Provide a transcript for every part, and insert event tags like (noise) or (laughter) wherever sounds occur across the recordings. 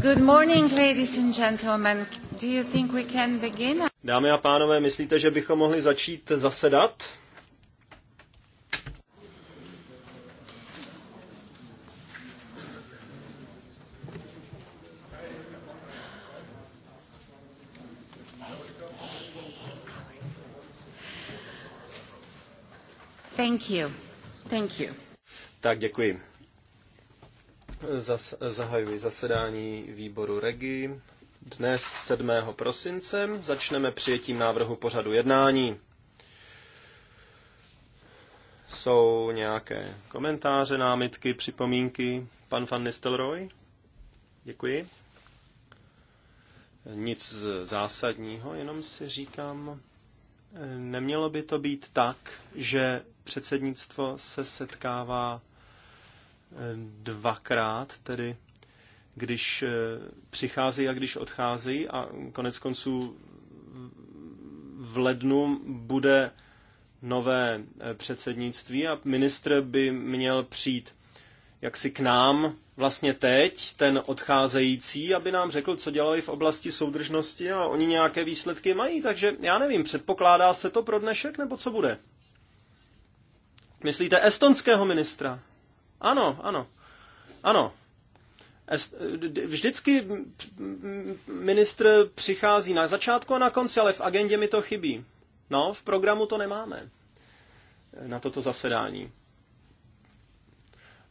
Good morning, ladies and gentlemen. Do you think we can begin? Dámy a pánové, myslíte, že bychom mohli začít zasedat? Thank you. Thank you. Tak děkuji. Zas, zahajuji zasedání výboru REGI. Dnes 7. prosince začneme přijetím návrhu pořadu jednání. Jsou nějaké komentáře, námitky, připomínky? Pan van Nistelrooy? Děkuji. Nic zásadního, jenom si říkám, nemělo by to být tak, že předsednictvo se setkává dvakrát, tedy když eh, přicházejí a když odcházejí a konec konců v lednu bude nové eh, předsednictví a ministr by měl přijít jaksi k nám vlastně teď, ten odcházející, aby nám řekl, co dělali v oblasti soudržnosti a oni nějaké výsledky mají, takže já nevím, předpokládá se to pro dnešek nebo co bude? Myslíte estonského ministra? Ano, ano. Ano. Vždycky ministr přichází na začátku a na konci, ale v agendě mi to chybí. No, v programu to nemáme na toto zasedání.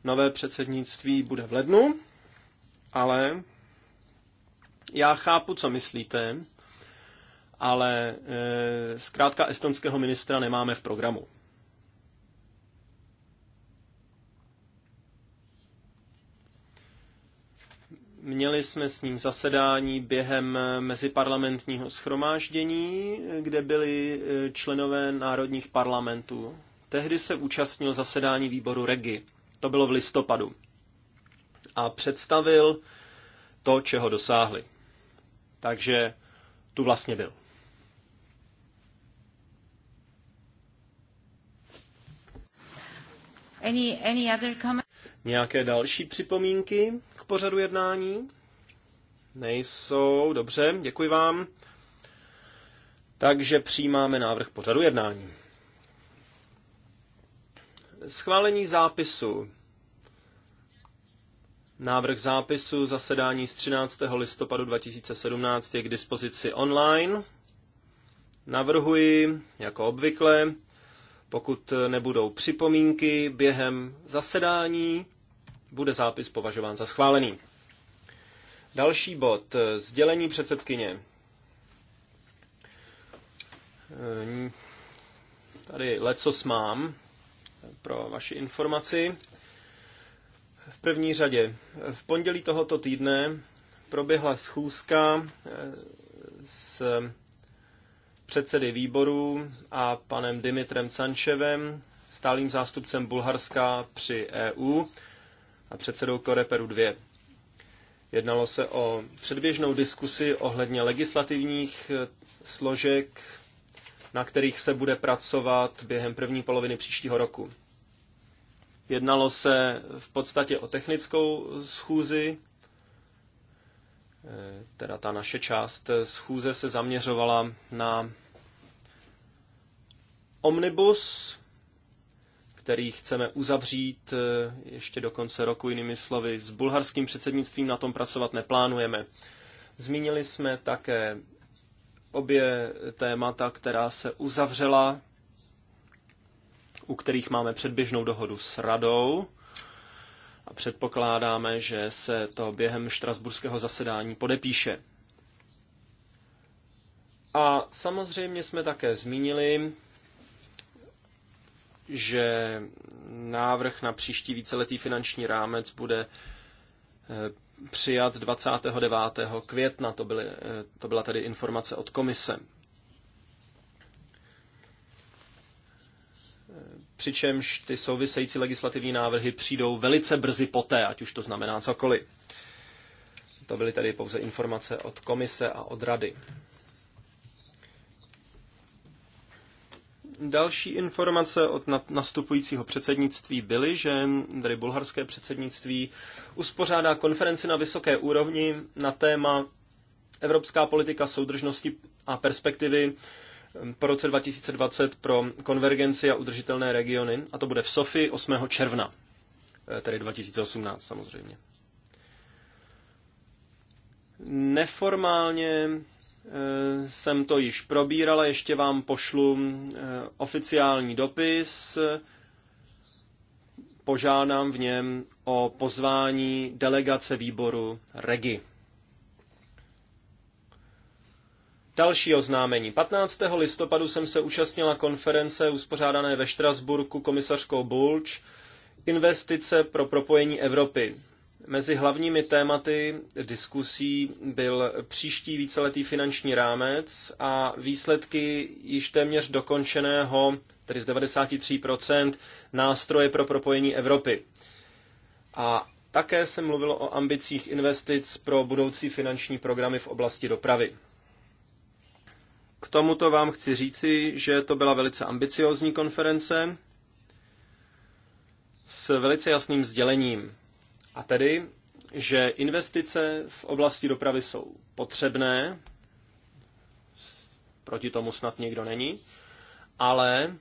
Nové předsednictví bude v lednu, ale já chápu, co myslíte, ale e, zkrátka estonského ministra nemáme v programu. Měli jsme s ním zasedání během meziparlamentního schromáždění, kde byli eh, členové národních parlamentů. Tehdy se účastnil zasedání výboru REGI. To bylo v listopadu. A představil to, čeho dosáhli. Takže tu vlastně byl. Any, any other comment? Nějaké další připomínky k pořadu jednání? Nejsou, dobře, děkuji vám. Takže přijímáme návrh pořadu jednání. Schválení zápisu. Návrh zápisu zasedání z 13. listopadu 2017 je k dispozici online. Navrhuji, jako obvykle, pokud nebudou připomínky během zasedání, bude zápis považován za schválený. Další bod. Sdělení předsedkyně. Ehm, tady lecos mám pro vaši informaci. V první řadě. V pondělí tohoto týdne proběhla schůzka ehm, s předsedy výboru a panem Dimitrem Sančevem, stálým zástupcem Bulharska při EU, a předsedou Koreperu 2. Jednalo se o předběžnou diskusi ohledně legislativních eh, složek, na kterých se bude pracovat během první poloviny příštího roku. Jednalo se v podstatě o technickou schůzi, eh, teda ta naše část eh, schůze se zaměřovala na omnibus, který chceme uzavřít eh, ještě do konce roku, jinými slovy. S bulharským předsednictvím na tom pracovat neplánujeme. Zmínili jsme také obě témata, která se uzavřela, u kterých máme předběžnou dohodu s radou a předpokládáme, že se to během štrasburského zasedání podepíše. A samozřejmě jsme také zmínili že návrh na příští víceletý finanční rámec bude eh, přijat 29. května. To, byly, eh, to byla tedy informace od komise. Eh, přičemž ty související legislativní návrhy přijdou velice brzy poté, ať už to znamená cokoliv. To byly tedy pouze informace od komise a od rady. Další informace od nastupujícího předsednictví byly, že tedy bulharské předsednictví uspořádá konferenci na vysoké úrovni na téma Evropská politika soudržnosti a perspektivy ehm, po roce 2020 pro konvergenci a udržitelné regiony, a to bude v Sofii 8. června, eh, tedy 2018 samozřejmě. Neformálně Eh, jsem to již probírala, ještě vám pošlu eh, oficiální dopis. Požádám v něm o pozvání delegace výboru REGI. Další oznámení. 15. listopadu jsem se účastnila konference uspořádané ve Štrasburku komisařkou Bulč investice pro propojení Evropy. Mezi hlavními tématy diskusí byl příští víceletý finanční rámec a výsledky již téměř dokončeného, tedy z 93%, nástroje pro propojení Evropy. A také se mluvilo o ambicích investic pro budoucí finanční programy v oblasti dopravy. K tomuto vám chci říci, že to byla velice ambiciózní konference s velice jasným sdělením a tedy, že investice v oblasti dopravy jsou potřebné, proti tomu snad nikdo není, ale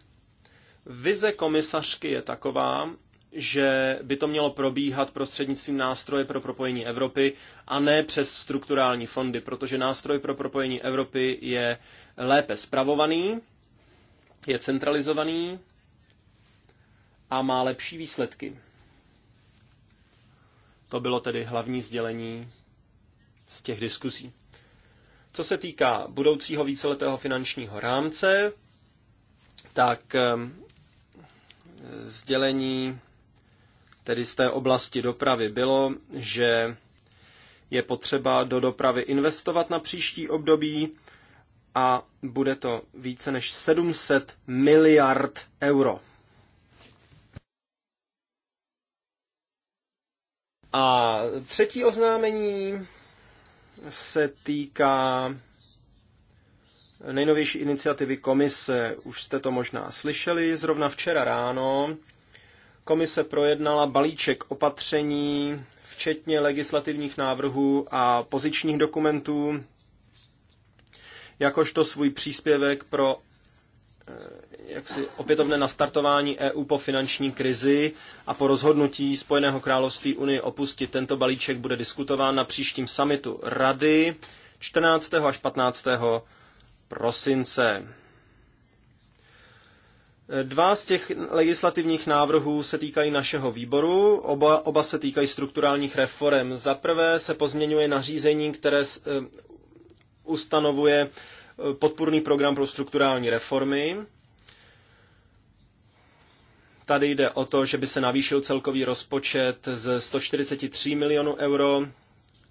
vize komisařky je taková, že by to mělo probíhat prostřednictvím nástroje pro propojení Evropy a ne přes strukturální fondy, protože nástroj pro propojení Evropy je lépe spravovaný, je centralizovaný a má lepší výsledky. To bylo tedy hlavní sdělení z těch diskuzí. Co se týká budoucího víceletého finančního rámce, tak ehm, sdělení tedy z té oblasti dopravy bylo, že je potřeba do dopravy investovat na příští období a bude to více než 700 miliard euro. A třetí oznámení se týká nejnovější iniciativy komise. Už jste to možná slyšeli, zrovna včera ráno komise projednala balíček opatření, včetně legislativních návrhů a pozičních dokumentů, jakožto svůj příspěvek pro Eh, jaksi opětovné nastartování EU po finanční krizi a po rozhodnutí Spojeného království Unii opustit tento balíček bude diskutován na příštím summitu Rady 14. až 15. prosince. Eh, dva z těch legislativních návrhů se týkají našeho výboru, oba, oba se týkají strukturálních reform. Za prvé se pozměňuje nařízení, které e, ustanovuje podpůrný program pro strukturální reformy. Tady jde o to, že by se navýšil celkový rozpočet z 143 milionů euro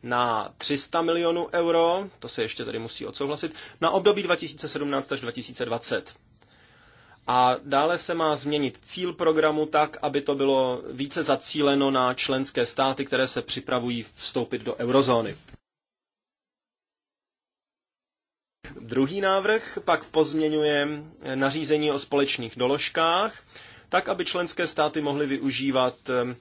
na 300 milionů euro, to se ještě tady musí odsouhlasit, na období 2017 až 2020. A dále se má změnit cíl programu tak, aby to bylo více zacíleno na členské státy, které se připravují vstoupit do eurozóny. Druhý návrh pak pozměňuje nařízení o společných doložkách, tak aby členské státy mohly využívat ehm,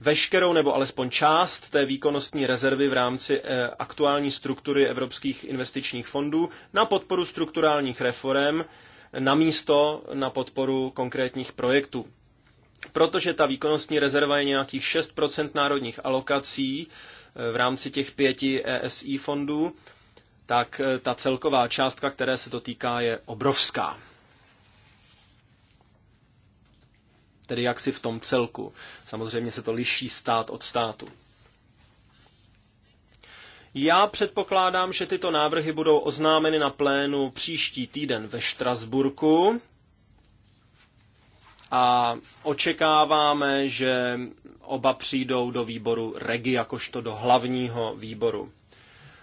veškerou nebo alespoň část té výkonnostní rezervy v rámci eh, aktuální struktury evropských investičních fondů na podporu strukturálních reform, eh, na místo na podporu konkrétních projektů. Protože ta výkonnostní rezerva je nějakých 6 národních alokací eh, v rámci těch pěti ESI fondů, tak eh, ta celková částka, které se to týká, je obrovská. Tedy jak si v tom celku. Samozřejmě se to liší stát od státu. Já předpokládám, že tyto návrhy budou oznámeny na plénu příští týden ve Štrasburku a očekáváme, že oba přijdou do výboru REGI jakožto do hlavního výboru.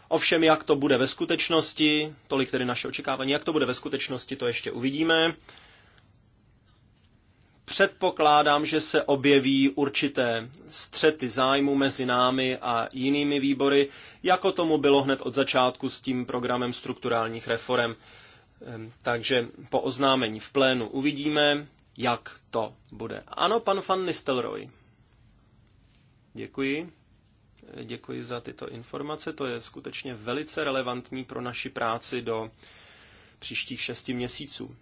Ovšem, jak to bude ve skutečnosti, tolik tedy naše očekávání, jak to bude ve skutečnosti, to ještě uvidíme. Předpokládám, že se objeví určité střety zájmu mezi námi a jinými výbory, jako tomu bylo hned od začátku s tím programem strukturálních reform. Ehm, takže po oznámení v plénu uvidíme, jak to bude. Ano, pan Van Nistelrooy. Děkuji. Děkuji za tyto informace, to je skutečně velice relevantní pro naši práci do příštích šesti měsíců.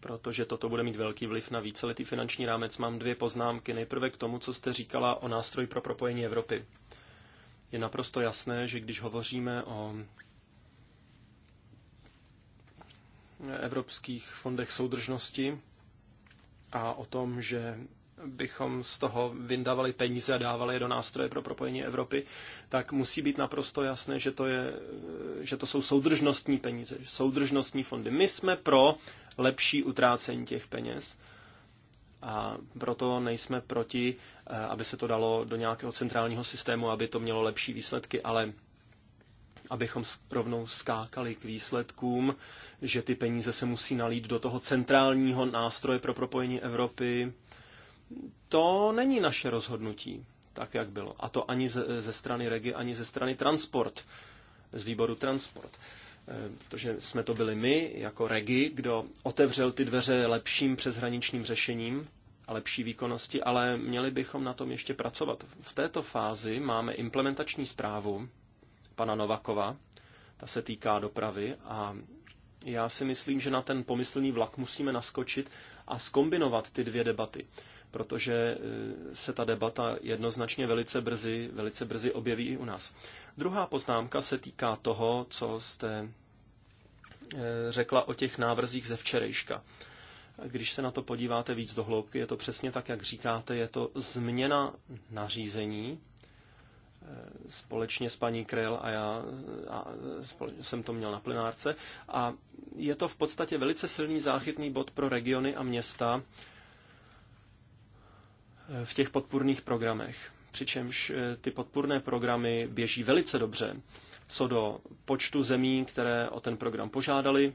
Protože toto bude mít velký vliv na víceletý finanční rámec, mám dvě poznámky. Nejprve k tomu, co jste říkala o nástroji pro propojení Evropy. Je naprosto jasné, že když hovoříme o evropských fondech soudržnosti a o tom, že bychom z toho vyndávali peníze a dávali je do nástroje pro propojení Evropy, tak musí být naprosto jasné, že to, je, že to jsou soudržnostní peníze, soudržnostní fondy. My jsme pro lepší utrácení těch peněz a proto nejsme proti, eh, aby se to dalo do nějakého centrálního systému, aby to mělo lepší výsledky, ale abychom rovnou skákali k výsledkům, že ty peníze se musí nalít do toho centrálního nástroje pro propojení Evropy, to není naše rozhodnutí, tak jak bylo. A to ani ze, ze strany Regi, ani ze strany Transport, z výboru Transport. Eh, protože jsme to byli my, jako Regi, kdo otevřel ty dveře lepším přeshraničním řešením a lepší výkonnosti, ale měli bychom na tom ještě pracovat. V této fázi máme implementační zprávu pana Novakova, ta se týká dopravy a já si myslím, že na ten pomyslný vlak musíme naskočit a skombinovat ty dvě debaty protože e, se ta debata jednoznačně velice brzy, velice brzy objeví i u nás. Druhá poznámka se týká toho, co jste e, řekla o těch návrzích ze včerejška. Když se na to podíváte víc do hloubky, je to přesně tak, jak říkáte, je to změna nařízení, e, společně s paní Krel a já a jsem to měl na plenárce. A je to v podstatě velice silný záchytný bod pro regiony a města, v těch podpůrných programech. Přičemž eh, ty podpůrné programy běží velice dobře, co do počtu zemí, které o ten program požádali.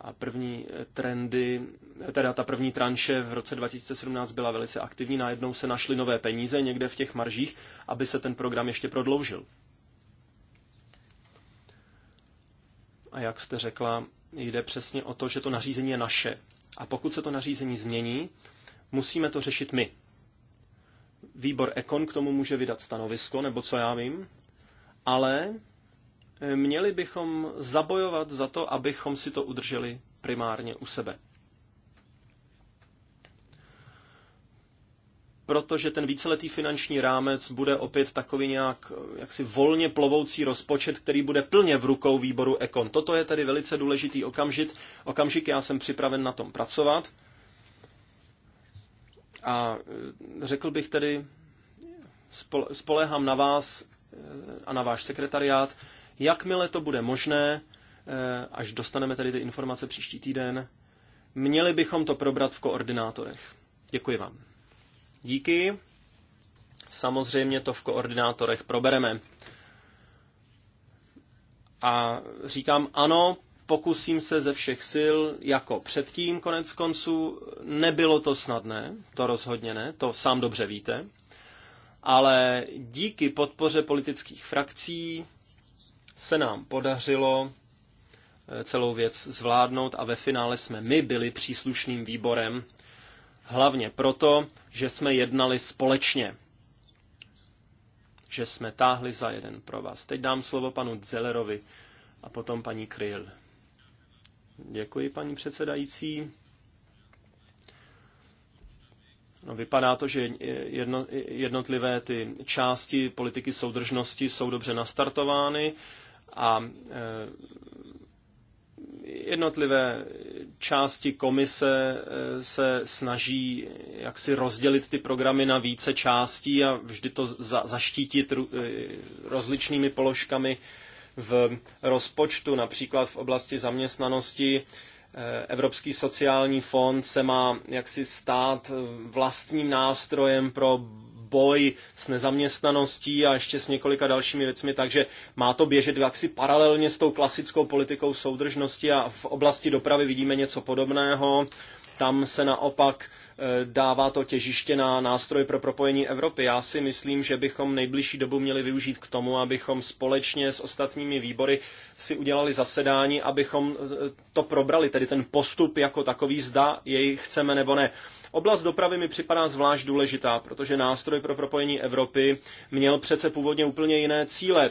A první eh, trendy, eh, teda ta první tranše v roce 2017 byla velice aktivní, najednou se našly nové peníze někde v těch maržích, aby se ten program ještě prodloužil. A jak jste řekla, jde přesně o to, že to nařízení je naše. A pokud se to nařízení změní, Musíme to řešit my. Výbor Ekon k tomu může vydat stanovisko, nebo co já vím, ale eh, měli bychom zabojovat za to, abychom si to udrželi primárně u sebe. protože ten víceletý finanční rámec bude opět takový nějak eh, jaksi volně plovoucí rozpočet, který bude plně v rukou výboru Ekon. Toto je tedy velice důležitý okamžik. Okamžik já jsem připraven na tom pracovat a e, řekl bych tedy, spolehám na vás e, a na váš sekretariát, jakmile to bude možné, e, až dostaneme tedy ty informace příští týden, měli bychom to probrat v koordinátorech. Děkuji vám. Díky. Samozřejmě to v koordinátorech probereme. A říkám ano, Pokusím se ze všech sil, jako předtím konec konců. Nebylo to snadné, to rozhodně ne, to sám dobře víte. Ale díky podpoře politických frakcí se nám podařilo eh, celou věc zvládnout a ve finále jsme my byli příslušným výborem, hlavně proto, že jsme jednali společně, že jsme táhli za jeden pro vás. Teď dám slovo panu Zellerovi a potom paní Kryl. Děkuji, paní předsedající. No, vypadá to, že jedno, jednotlivé ty části politiky soudržnosti jsou dobře nastartovány a eh, jednotlivé části komise eh, se snaží jaksi rozdělit ty programy na více částí a vždy to za, zaštítit eh, rozličnými položkami v rozpočtu, například v oblasti zaměstnanosti. Eh, Evropský sociální fond se má jaksi stát eh, vlastním nástrojem pro boj s nezaměstnaností a ještě s několika dalšími věcmi, takže má to běžet jaksi paralelně s tou klasickou politikou soudržnosti a v oblasti dopravy vidíme něco podobného. Tam se naopak Eh, dává to těžiště na nástroj pro propojení Evropy. Já si myslím, že bychom nejbližší dobu měli využít k tomu, abychom společně s ostatními výbory si udělali zasedání, abychom eh, to probrali, tedy ten postup jako takový, zda jej chceme nebo ne. Oblast dopravy mi připadá zvlášť důležitá, protože nástroj pro propojení Evropy měl přece původně úplně jiné cíle,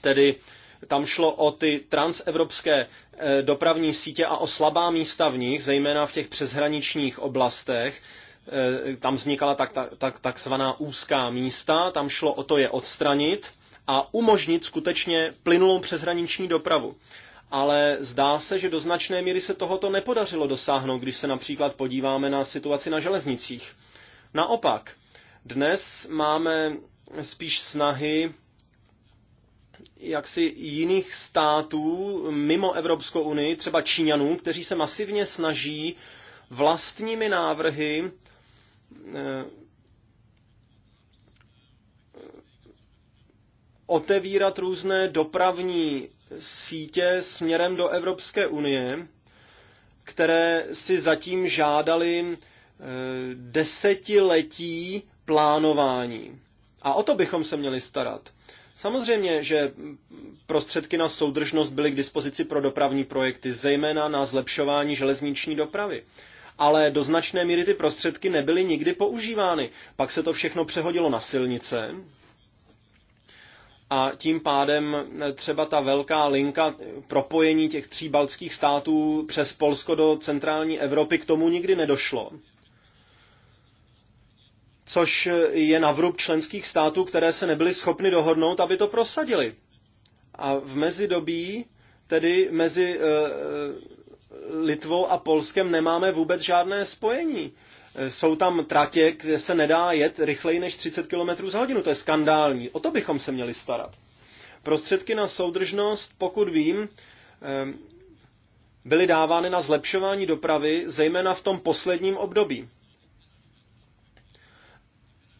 tedy tam šlo o ty transevropské eh, dopravní sítě a o slabá místa v nich, zejména v těch přeshraničních oblastech. Eh, tam vznikala tak, tak, tak, takzvaná úzká místa, tam šlo o to je odstranit a umožnit skutečně plynulou přeshraniční dopravu ale zdá se, že do značné míry se tohoto nepodařilo dosáhnout, když se například podíváme na situaci na železnicích. Naopak, dnes máme spíš snahy jaksi jiných států mimo Evropskou unii, třeba Číňanů, kteří se masivně snaží vlastními návrhy eh, otevírat různé dopravní sítě směrem do Evropské unie, které si zatím žádali eh, desetiletí plánování. A o to bychom se měli starat. Samozřejmě, že prostředky na soudržnost byly k dispozici pro dopravní projekty, zejména na zlepšování železniční dopravy. Ale do značné míry ty prostředky nebyly nikdy používány. Pak se to všechno přehodilo na silnice, a tím pádem eh, třeba ta velká linka propojení těch tří baltských států přes Polsko do centrální Evropy k tomu nikdy nedošlo což je na vrub členských států, které se nebyly schopny dohodnout, aby to prosadili. A v mezidobí, tedy mezi eh, eh, Litvou a Polskem, nemáme vůbec žádné spojení. Eh, jsou tam tratě, kde se nedá jet rychleji než 30 km za hodinu. To je skandální. O to bychom se měli starat. Prostředky na soudržnost, pokud vím, byly dávány na zlepšování dopravy, zejména v tom posledním období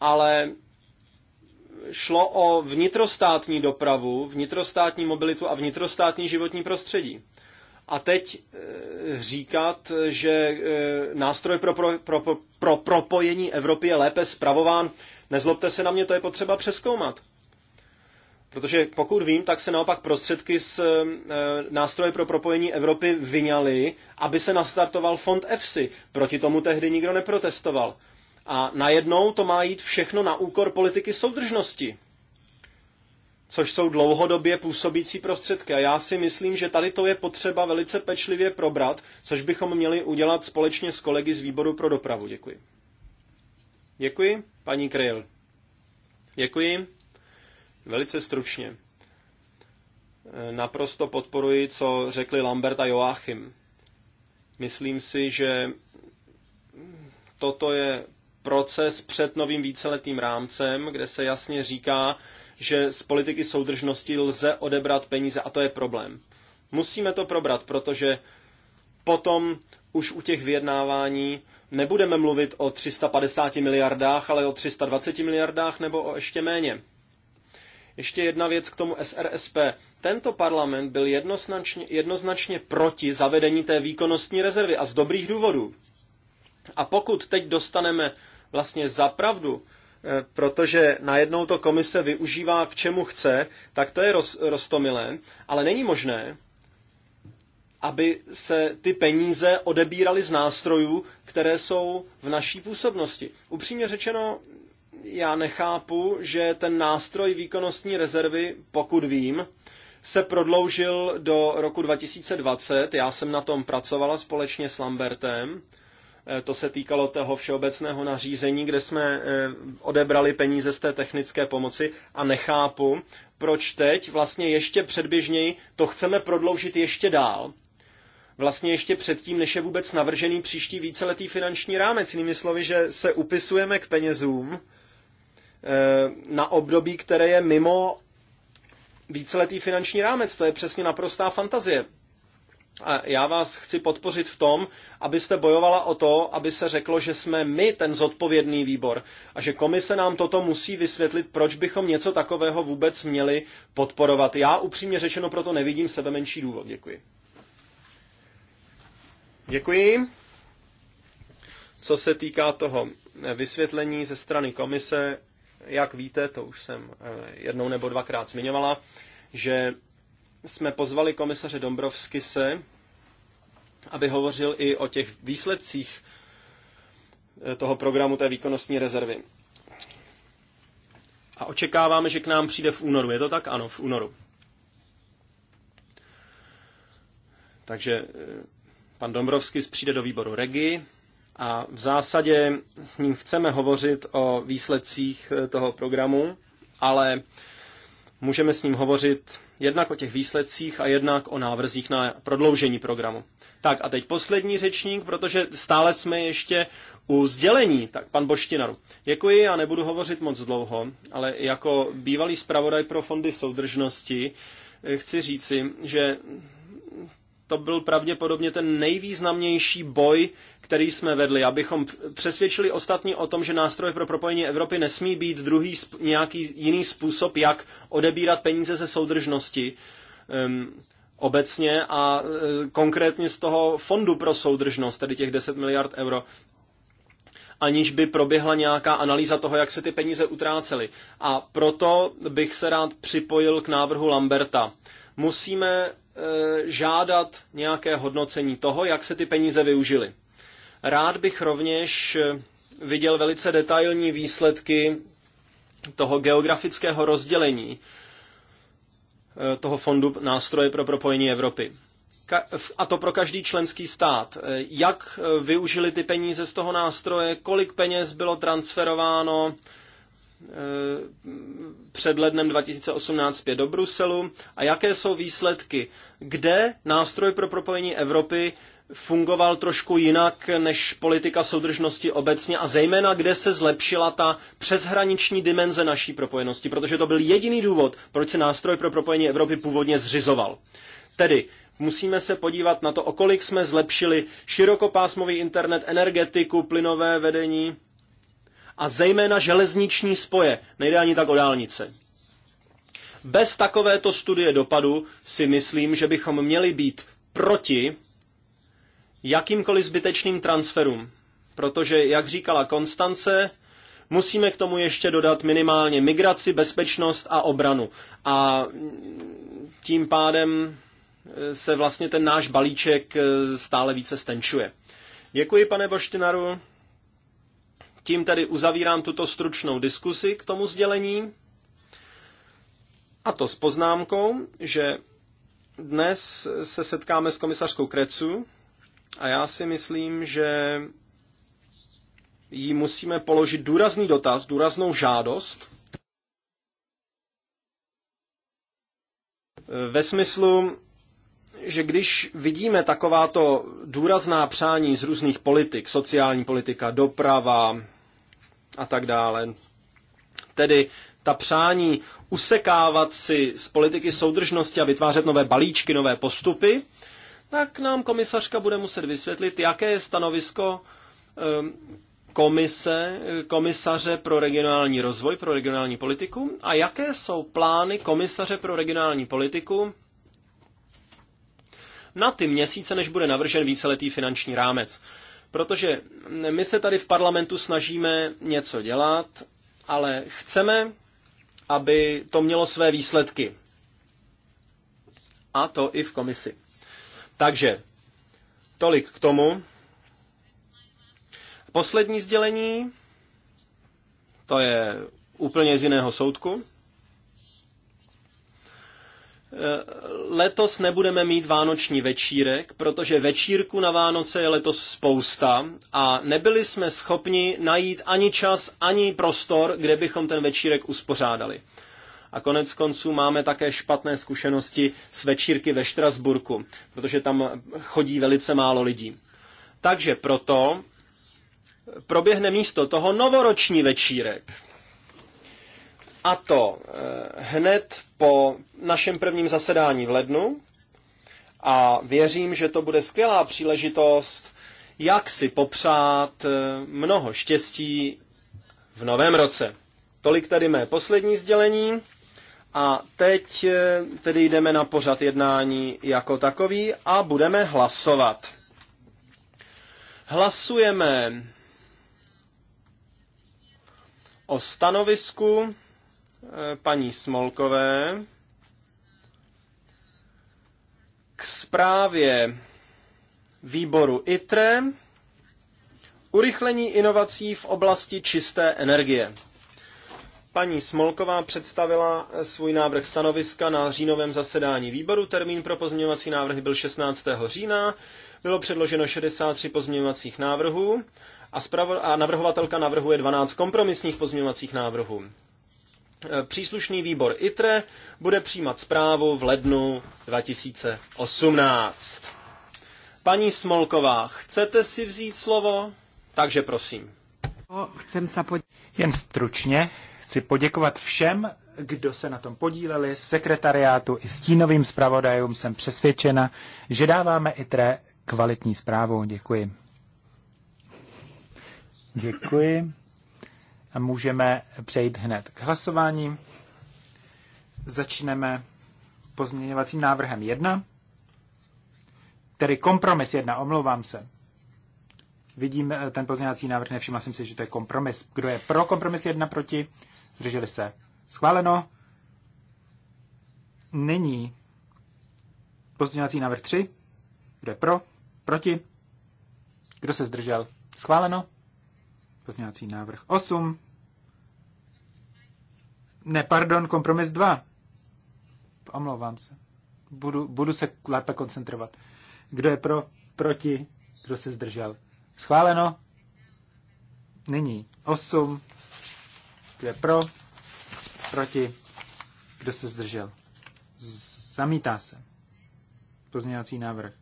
ale šlo o vnitrostátní dopravu, vnitrostátní mobilitu a vnitrostátní životní prostředí. A teď e, říkat, že e, nástroj pro, pro, pro, pro propojení Evropy je lépe spravován, nezlobte se na mě, to je potřeba přeskoumat. Protože pokud vím, tak se naopak prostředky z e, nástroje pro propojení Evropy vyňaly, aby se nastartoval fond EFSI. Proti tomu tehdy nikdo neprotestoval. A najednou to má jít všechno na úkor politiky soudržnosti, což jsou dlouhodobě působící prostředky. A já si myslím, že tady to je potřeba velice pečlivě probrat, což bychom měli udělat společně s kolegy z výboru pro dopravu. Děkuji. Děkuji, paní Kryl. Děkuji. Velice stručně. Naprosto podporuji, co řekli Lambert a Joachim. Myslím si, že toto je proces před novým víceletým rámcem, kde se jasně říká, že z politiky soudržnosti lze odebrat peníze a to je problém. Musíme to probrat, protože potom už u těch vyjednávání nebudeme mluvit o 350 miliardách, ale o 320 miliardách nebo o ještě méně. Ještě jedna věc k tomu SRSP. Tento parlament byl jednoznačně, jednoznačně proti zavedení té výkonnostní rezervy a z dobrých důvodů. A pokud teď dostaneme vlastně pravdu, eh, protože najednou to komise využívá k čemu chce, tak to je roz, roztomilé, ale není možné, aby se ty peníze odebíraly z nástrojů, které jsou v naší působnosti. Upřímně řečeno, já nechápu, že ten nástroj výkonnostní rezervy, pokud vím, se prodloužil do roku 2020. Já jsem na tom pracovala společně s Lambertem. Eh, to se týkalo toho všeobecného nařízení, kde jsme eh, odebrali peníze z té technické pomoci a nechápu, proč teď vlastně ještě předběžněji to chceme prodloužit ještě dál. Vlastně ještě předtím, než je vůbec navržený příští víceletý finanční rámec. Jinými slovy, že se upisujeme k penězům eh, na období, které je mimo víceletý finanční rámec. To je přesně naprostá fantazie já vás chci podpořit v tom, abyste bojovala o to, aby se řeklo, že jsme my ten zodpovědný výbor a že komise nám toto musí vysvětlit, proč bychom něco takového vůbec měli podporovat. Já upřímně řečeno proto nevidím sebe menší důvod. Děkuji. Děkuji. Co se týká toho eh, vysvětlení ze strany komise, jak víte, to už jsem eh, jednou nebo dvakrát zmiňovala, že jsme pozvali komisaře Dombrovskise, aby hovořil i o těch výsledcích eh, toho programu té výkonnostní rezervy. A očekáváme, že k nám přijde v únoru. Je to tak? Ano, v únoru. Takže eh, pan Dombrovský přijde do výboru Regi a v zásadě s ním chceme hovořit o výsledcích eh, toho programu, ale Můžeme s ním hovořit jednak o těch výsledcích a jednak o návrzích na prodloužení programu. Tak a teď poslední řečník, protože stále jsme ještě u sdělení. Tak pan Boštinaru. Děkuji, já nebudu hovořit moc dlouho, ale jako bývalý zpravodaj pro fondy soudržnosti eh, chci říci, že to byl pravděpodobně ten nejvýznamnější boj, který jsme vedli, abychom přesvědčili ostatní o tom, že nástroje pro propojení Evropy nesmí být druhý nějaký jiný způsob, jak odebírat peníze ze soudržnosti um, obecně a uh, konkrétně z toho fondu pro soudržnost, tedy těch 10 miliard euro aniž by proběhla nějaká analýza toho, jak se ty peníze utrácely. A proto bych se rád připojil k návrhu Lamberta. Musíme Eh, žádat nějaké hodnocení toho, jak se ty peníze využily. Rád bych rovněž eh, viděl velice detailní výsledky toho geografického rozdělení eh, toho fondu nástroje pro propojení Evropy. A to pro každý členský stát. Jak využili ty peníze z toho nástroje, kolik peněz bylo transferováno, Eh, před lednem 2018 zpět do Bruselu a jaké jsou výsledky, kde nástroj pro propojení Evropy fungoval trošku jinak než politika soudržnosti obecně a zejména kde se zlepšila ta přeshraniční dimenze naší propojenosti, protože to byl jediný důvod, proč se nástroj pro propojení Evropy původně zřizoval. Tedy musíme se podívat na to, o kolik jsme zlepšili širokopásmový internet, energetiku, plynové vedení, a zejména železniční spoje. Nejde ani tak o dálnice. Bez takovéto studie dopadu si myslím, že bychom měli být proti jakýmkoliv zbytečným transferům. Protože, jak říkala Konstance, musíme k tomu ještě dodat minimálně migraci, bezpečnost a obranu. A tím pádem eh, se vlastně ten náš balíček eh, stále více stenčuje. Děkuji, pane Boštinaru. Tím tedy uzavírám tuto stručnou diskusi k tomu sdělení. A to s poznámkou, že dnes se setkáme s komisařkou Krecu a já si myslím, že jí musíme položit důrazný dotaz, důraznou žádost ve smyslu, že když vidíme takováto důrazná přání z různých politik, sociální politika, doprava, a tak dále. Tedy ta přání usekávat si z politiky soudržnosti a vytvářet nové balíčky, nové postupy, tak nám komisařka bude muset vysvětlit, jaké je stanovisko ehm, komise, komisaře pro regionální rozvoj, pro regionální politiku a jaké jsou plány komisaře pro regionální politiku na ty měsíce, než bude navržen víceletý finanční rámec. Protože my se tady v parlamentu snažíme něco dělat, ale chceme, aby to mělo své výsledky. A to i v komisi. Takže, tolik k tomu. Poslední sdělení, to je úplně z jiného soudku. Eh, letos nebudeme mít vánoční večírek, protože večírku na Vánoce je letos spousta a nebyli jsme schopni najít ani čas, ani prostor, kde bychom ten večírek uspořádali. A konec konců máme také špatné zkušenosti s večírky ve Štrasburku, protože tam chodí velice málo lidí. Takže proto proběhne místo toho novoroční večírek a to eh, hned po našem prvním zasedání v lednu. A věřím, že to bude skvělá příležitost, jak si popřát eh, mnoho štěstí v novém roce. Tolik tedy mé poslední sdělení. A teď eh, tedy jdeme na pořad jednání jako takový a budeme hlasovat. Hlasujeme o stanovisku Eh, paní Smolkové k zprávě výboru ITRE Urychlení inovací v oblasti čisté energie. Paní Smolková představila eh, svůj návrh stanoviska na říjnovém zasedání výboru. Termín pro pozměňovací návrhy byl 16. října. Bylo předloženo 63 pozměňovacích návrhů a, navrhovatelka navrhuje 12 kompromisních pozměňovacích návrhů. Eh, příslušný výbor ITRE bude přijímat zprávu v lednu 2018. Paní Smolková, chcete si vzít slovo? Takže prosím. Chcem se pod... Jen stručně chci poděkovat všem, kdo se na tom podíleli, sekretariátu i stínovým zpravodajům. Jsem přesvědčena, že dáváme ITRE kvalitní zprávu. Děkuji. Děkuji můžeme přejít hned k hlasování. Začneme pozměňovacím návrhem 1, tedy kompromis 1, omlouvám se. Vidím eh, ten pozměňovací návrh, nevšiml jsem si, že to je kompromis. Kdo je pro kompromis 1, proti? Zdrželi se. Schváleno. Nyní pozměňovací návrh 3. Kdo je pro? Proti? Kdo se zdržel? Schváleno. Pozměňovací návrh 8. Ne, pardon, kompromis 2. Omlouvám se. Budu, budu se lépe koncentrovat. Kdo je pro, proti, kdo se zdržel. Schváleno? Nyní 8. Kdo je pro, proti, kdo se zdržel. Zamítá se. Pozměňovací návrh.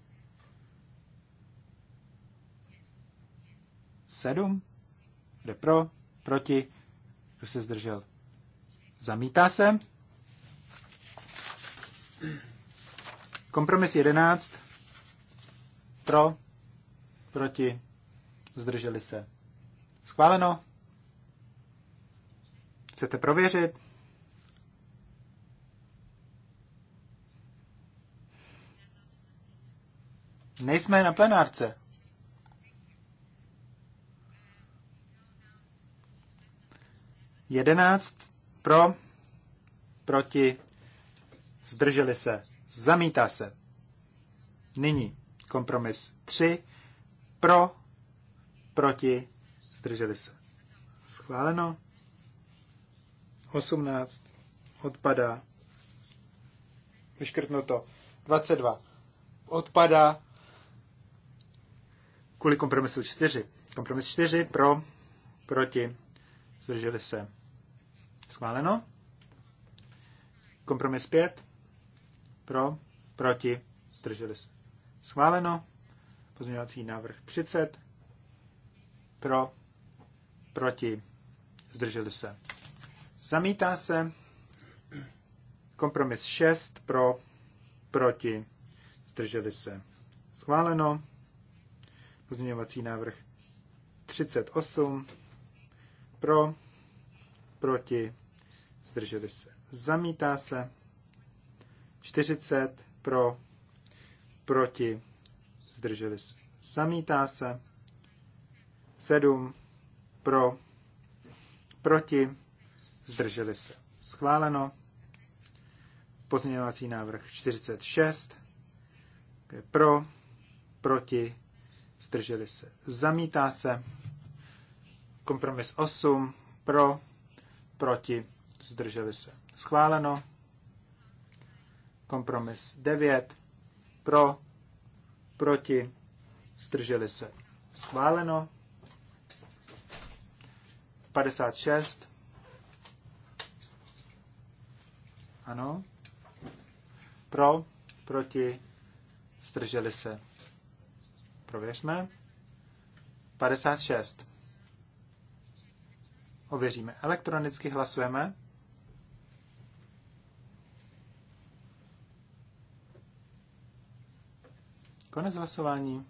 7. Kdo je pro, proti, kdo se zdržel Zamítá se. Kompromis 11. Pro. Proti. Zdrželi se. Schváleno. Chcete prověřit? Nejsme na plenárce. Jedenáct pro, proti, zdrželi se, zamítá se. Nyní kompromis 3. Pro, proti, zdrželi se. Schváleno. 18 odpadá. Vyškrtnuto. 22 odpadá. Kvůli kompromisu 4. Kompromis 4 pro, proti, zdrželi se Schváleno. Kompromis 5. Pro, proti, zdrželi se. Schváleno. Pozměňovací návrh 30. Pro, proti, zdrželi se. Zamítá se kompromis 6 pro, proti, zdrželi se. Schváleno. Pozměňovací návrh 38 pro, proti, zdrželi se. Zamítá se 40 pro, proti, zdrželi se. Zamítá se 7 pro, proti, zdrželi se. Schváleno. Pozměňovací návrh 46. Pro, proti, zdrželi se. Zamítá se. Kompromis 8. Pro, proti, zdrželi se. Schváleno. Kompromis 9, pro, proti, zdrželi se. Schváleno. 56. Ano. Pro, proti, zdrželi se. Prověřme. 56 ověříme. Elektronicky hlasujeme. Konec hlasování.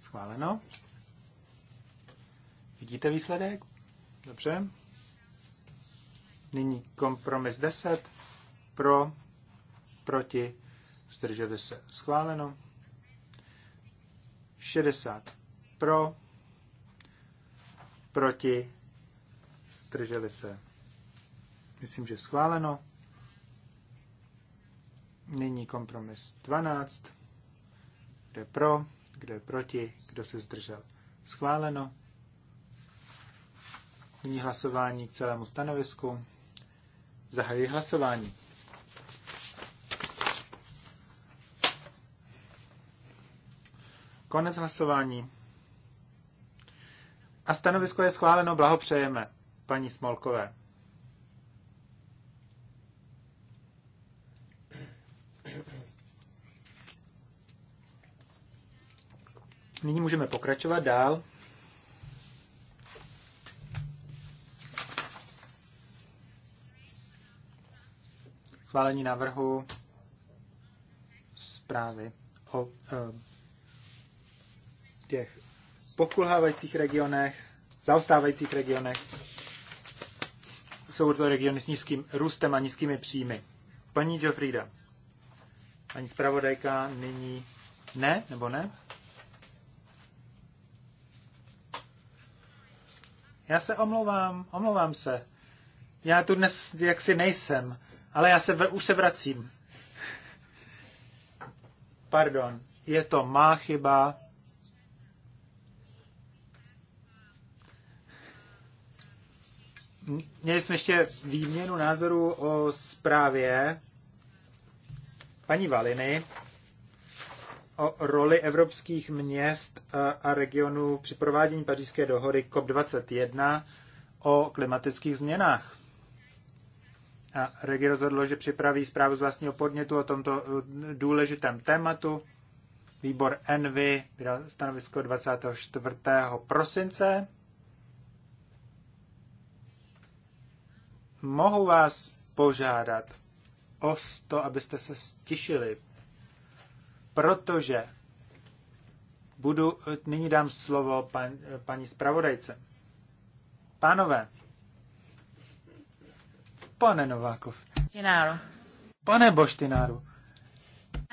Schváleno. Vidíte výsledek? Dobře. Nyní kompromis 10. Pro, proti, zdrželi se. Schváleno. 60 pro, proti, zdrželi se. Myslím, že schváleno. Nyní kompromis 12. Kdo je pro, kdo je proti, kdo se zdržel. Schváleno. Nyní hlasování k celému stanovisku. Zahajuji hlasování. Konec hlasování. A stanovisko je schváleno, blahopřejeme paní Smolkové. Nyní můžeme pokračovat dál. Chválení návrhu zprávy o e, těch pokulhávajících regionech, zaostávajících regionech jsou to regiony s nízkým růstem a nízkými příjmy. Paní Geoffrida, paní zpravodajka nyní ne, nebo ne? Já se omlouvám, omlouvám se. Já tu dnes jaksi nejsem, ale já se v, už se vracím. Pardon, je to má chyba. Měli jsme ještě výměnu názoru o zprávě paní Valiny o roli evropských měst a regionů při provádění pařížské dohody COP21 o klimatických změnách. A Regi rozhodlo, že připraví zprávu z vlastního podnětu o tomto eh, důležitém tématu. Výbor Envy vydal stanovisko 24. prosince mohu vás požádat o to, abyste se stišili, protože budu, nyní dám slovo pan, paní zpravodajce. Pánové, pane Novákov. Genaro. Pane Boštináru.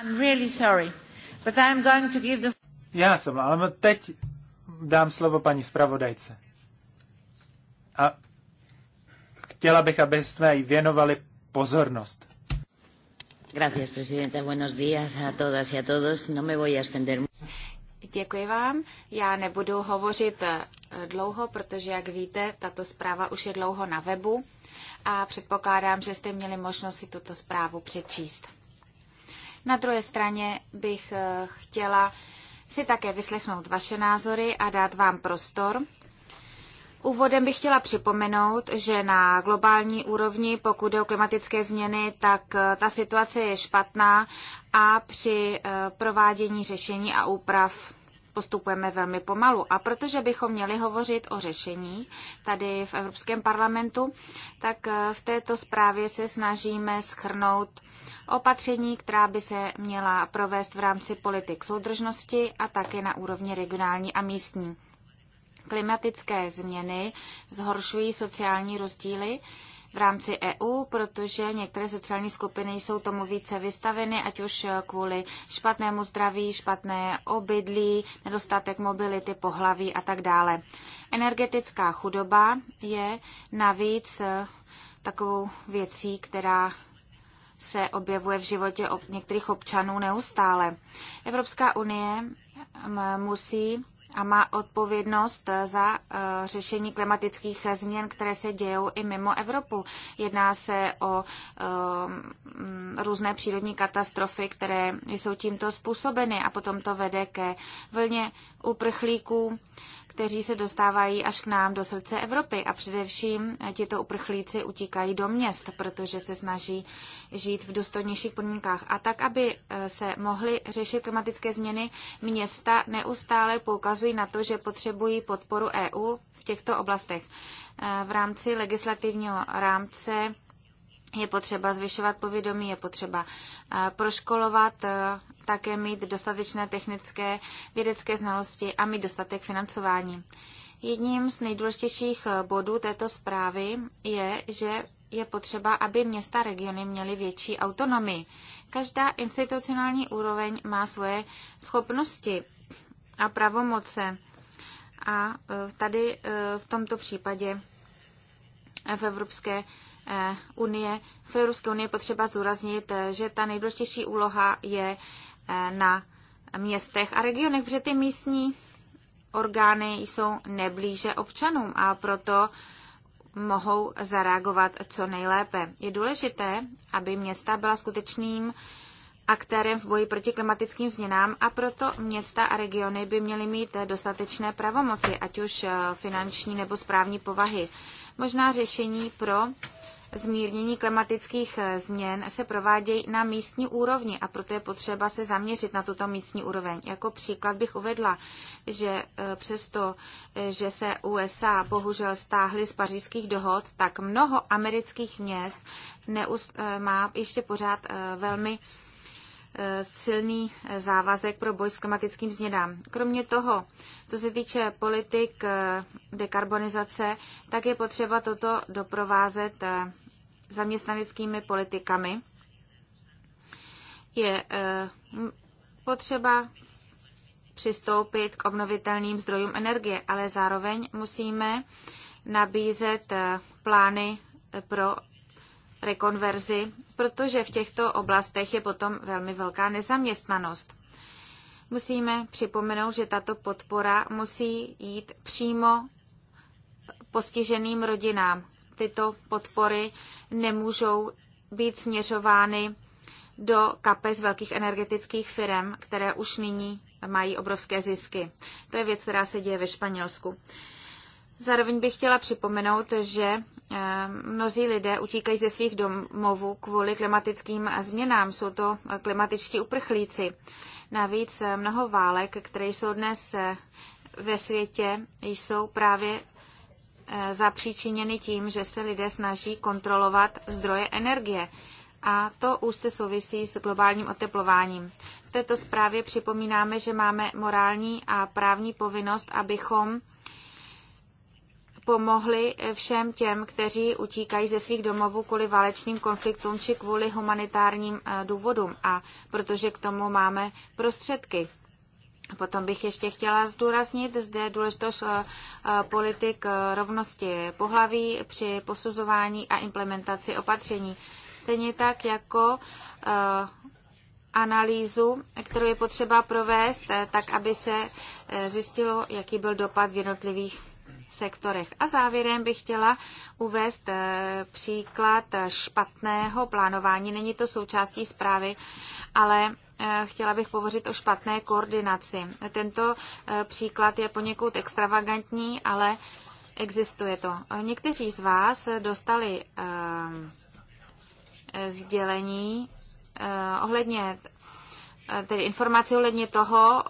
I'm really sorry, but I'm going to give the... Já jsem, ale teď dám slovo paní zpravodajce. A chtěla bych, aby jsme jí věnovali pozornost. Gracias, presidenta. Buenos días a todas y a todos. No me voy a extender. Děkuji vám. Já nebudu hovořit eh, dlouho, protože, jak víte, tato zpráva už je dlouho na webu a předpokládám, že jste měli možnost si tuto zprávu přečíst. Na druhé straně bych eh, chtěla si také vyslechnout vaše názory a dát vám prostor Úvodem bych chtěla připomenout, že na globální úrovni, pokud jde o klimatické změny, tak eh, ta situace je špatná a při eh, provádění řešení a úprav postupujeme velmi pomalu. A protože bychom měli hovořit o řešení tady v Evropském parlamentu, tak eh, v této zprávě se snažíme schrnout opatření, která by se měla provést v rámci politik soudržnosti a také na úrovni regionální a místní klimatické změny zhoršují sociální rozdíly v rámci EU, protože některé sociální skupiny jsou tomu více vystaveny, ať už kvůli špatnému zdraví, špatné obydlí, nedostatek mobility, pohlaví a tak dále. Energetická chudoba je navíc eh, takovou věcí, která se objevuje v životě některých občanů neustále. Evropská unie musí a má odpovědnost za eh, řešení klimatických změn, které se dějou i mimo Evropu. Jedná se o eh, různé přírodní katastrofy, které jsou tímto způsobeny a potom to vede ke vlně uprchlíků kteří se dostávají až k nám do srdce Evropy a především eh, tito uprchlíci utíkají do měst, protože se snaží žít v důstojnějších podmínkách. A tak, aby eh, se mohly řešit klimatické změny, města neustále poukazují na to, že potřebují podporu EU v těchto oblastech. Eh, v rámci legislativního rámce je potřeba zvyšovat povědomí, je potřeba eh, proškolovat, eh, také mít dostatečné technické vědecké znalosti a mít dostatek financování. Jedním z nejdůležitějších eh, bodů této zprávy je, že je potřeba, aby města a regiony měly větší autonomii. Každá institucionální úroveň má svoje schopnosti a pravomoce. A tady v tomto případě v Evropské Eh, unie, v Evropské unii potřeba zdůraznit, eh, že ta nejdůležitější úloha je eh, na městech a regionech, protože ty místní orgány jsou neblíže občanům a proto mohou zareagovat co nejlépe. Je důležité, aby města byla skutečným aktérem v boji proti klimatickým změnám a proto města a regiony by měly mít dostatečné pravomoci, ať už finanční nebo správní povahy. Možná řešení pro zmírnění klimatických eh, změn se provádějí na místní úrovni a proto je potřeba se zaměřit na tuto místní úroveň. Jako příklad bych uvedla, že eh, přesto, eh, že se USA bohužel stáhly z pařížských dohod, tak mnoho amerických měst neust- má ještě pořád velmi silný závazek pro boj s klimatickým změnám. Kromě toho, co se týče politik dekarbonizace, tak je potřeba toto doprovázet zaměstnaneckými politikami, je eh, potřeba přistoupit k obnovitelným zdrojům energie, ale zároveň musíme nabízet eh, plány eh, pro rekonverzi, protože v těchto oblastech je potom velmi velká nezaměstnanost. Musíme připomenout, že tato podpora musí jít přímo postiženým rodinám, tyto podpory nemůžou být směřovány do kapes velkých energetických firm, které už nyní mají obrovské zisky. To je věc, která se děje ve Španělsku. Zároveň bych chtěla připomenout, že eh, mnozí lidé utíkají ze svých domovů kvůli klimatickým změnám. Jsou to eh, klimatičtí uprchlíci. Navíc eh, mnoho válek, které jsou dnes ve světě, jsou právě Eh, zapříčiněny tím, že se lidé snaží kontrolovat zdroje energie. A to úzce souvisí s globálním oteplováním. V této zprávě připomínáme, že máme morální a právní povinnost, abychom pomohli všem těm, kteří utíkají ze svých domovů kvůli válečným konfliktům či kvůli humanitárním eh, důvodům a protože k tomu máme prostředky. Potom bych ještě chtěla zdůraznit zde důležitost eh, eh, politik eh, rovnosti pohlaví při posuzování a implementaci opatření. Stejně tak jako analýzu, kterou je potřeba provést, tak aby se zjistilo, jaký byl dopad v jednotlivých sektorech. A závěrem bych chtěla uvést příklad špatného plánování. Není to součástí zprávy, ale Eh, chtěla bych povořit o špatné koordinaci. Tento eh, příklad je poněkud extravagantní, ale existuje to. Eh, někteří z vás dostali sdělení ohledně tedy informaci ohledně toho,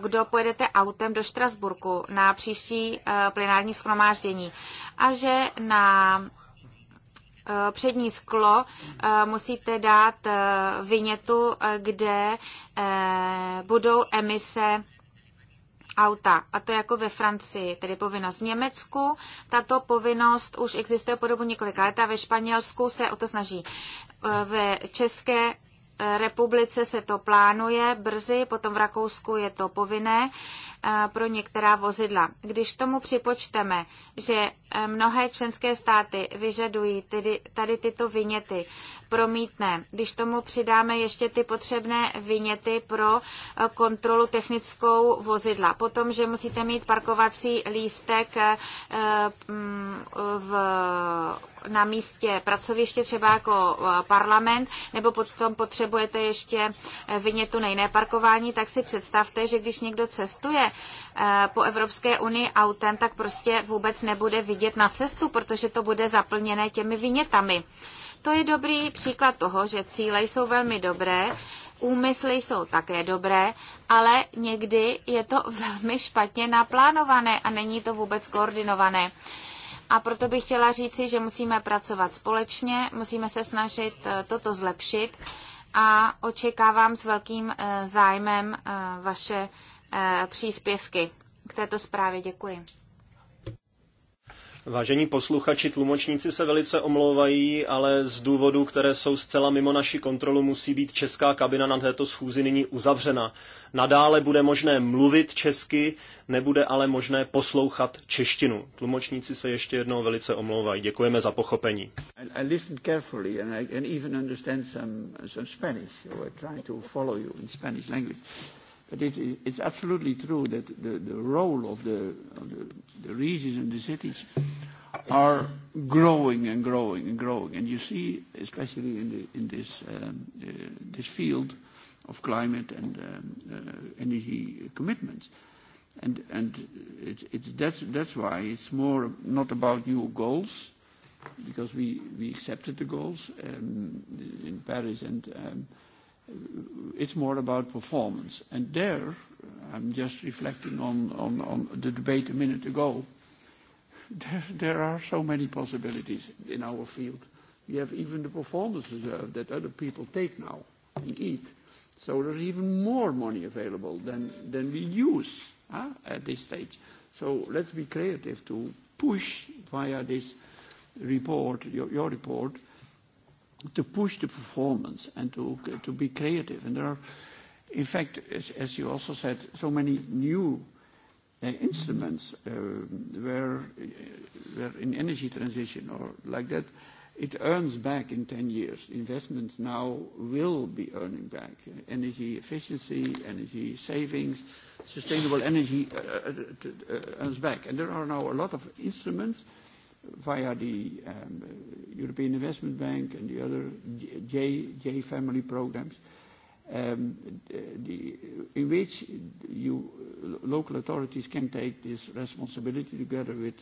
kdo pojedete autem do Štrasburku na příští plenární schromáždění a že na Eh, přední sklo eh, musíte dát eh, vinětu, kde budou emise auta, a to jako ve Francii, tedy povinnost. V Německu tato povinnost už existuje po dobu několika let a ve Španělsku se o to snaží. Ve České republice se to plánuje brzy, potom v Rakousku je to povinné pro některá vozidla. Když tomu připočteme, že e, mnohé členské státy vyžadují tedy, tady tyto vyněty pro mítné, když tomu přidáme ještě ty potřebné vyněty pro e, kontrolu technickou vozidla, potom, že musíte mít parkovací lístek e, v, na místě pracoviště, třeba jako parlament, nebo potom potřebujete ještě vynětu na jiné parkování, tak si představte, že když někdo cestuje Eh, po Evropské unii autem, tak prostě vůbec nebude vidět na cestu, protože to bude zaplněné těmi vinětami. To je dobrý příklad toho, že cíle jsou velmi dobré, úmysly jsou také dobré, ale někdy je to (laughs) velmi špatně naplánované a není to vůbec koordinované. A proto bych chtěla říci, že musíme pracovat společně, musíme se snažit eh, toto zlepšit a očekávám s velkým eh, zájmem vaše Eh, příspěvky k této zprávě. Děkuji. Vážení posluchači, tlumočníci se velice omlouvají, ale z důvodů, které jsou zcela mimo naši kontrolu, musí být česká kabina na této schůzi nyní uzavřena. Nadále bude možné mluvit česky, nebude ale možné poslouchat češtinu. Tlumočníci se ještě jednou velice omlouvají. Děkujeme za pochopení. I, I But it, it's absolutely true that the, the role of, the, of the, the regions and the cities are growing and growing and growing. And you see, especially in, the, in this, um, uh, this field of climate and um, uh, energy commitments. And, and it, it's, that's, that's why it's more not about new goals, because we, we accepted the goals um, in Paris and um, it's more about performance. And there, I'm just reflecting on, on, on the debate a minute ago, there, there are so many possibilities in our field. You have even the performance reserve that other people take now and eat. So there's even more money available than, than we use huh, at this stage. So let's be creative to push via this report, your, your report, to push the performance and to, to be creative. And there are, in fact, as, as you also said, so many new uh, instruments uh, where, uh, where in energy transition or like that, it earns back in 10 years. Investments now will be earning back. Energy efficiency, energy savings, sustainable energy uh, uh, uh earns back. And there are now a lot of instruments via the um, European Investment Bank and the other J, J family programs, um, the, in which you, local authorities can take this responsibility together with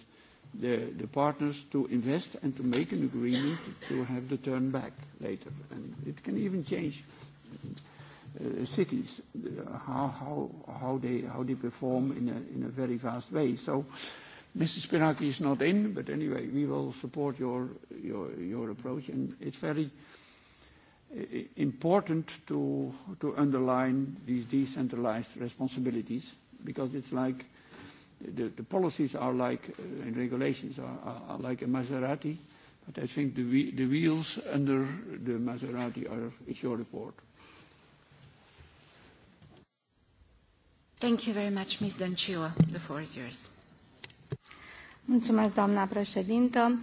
the, the partners to invest and to make an agreement to have the turn back later. And it can even change uh, cities, uh, how, how, how, they, how they perform in a, in a very fast way. So Mrs. Spinaki is not in, but anyway, we will support your, your, your approach. And it's very important to, to underline these decentralized responsibilities because it's like the, the policies are like, uh, and regulations are, are, are like a Maserati, but I think the, the wheels under the Maserati are, is your report. Thank you very much, Ms. Danchila. The floor is yours. Mulțumesc, doamna președintă.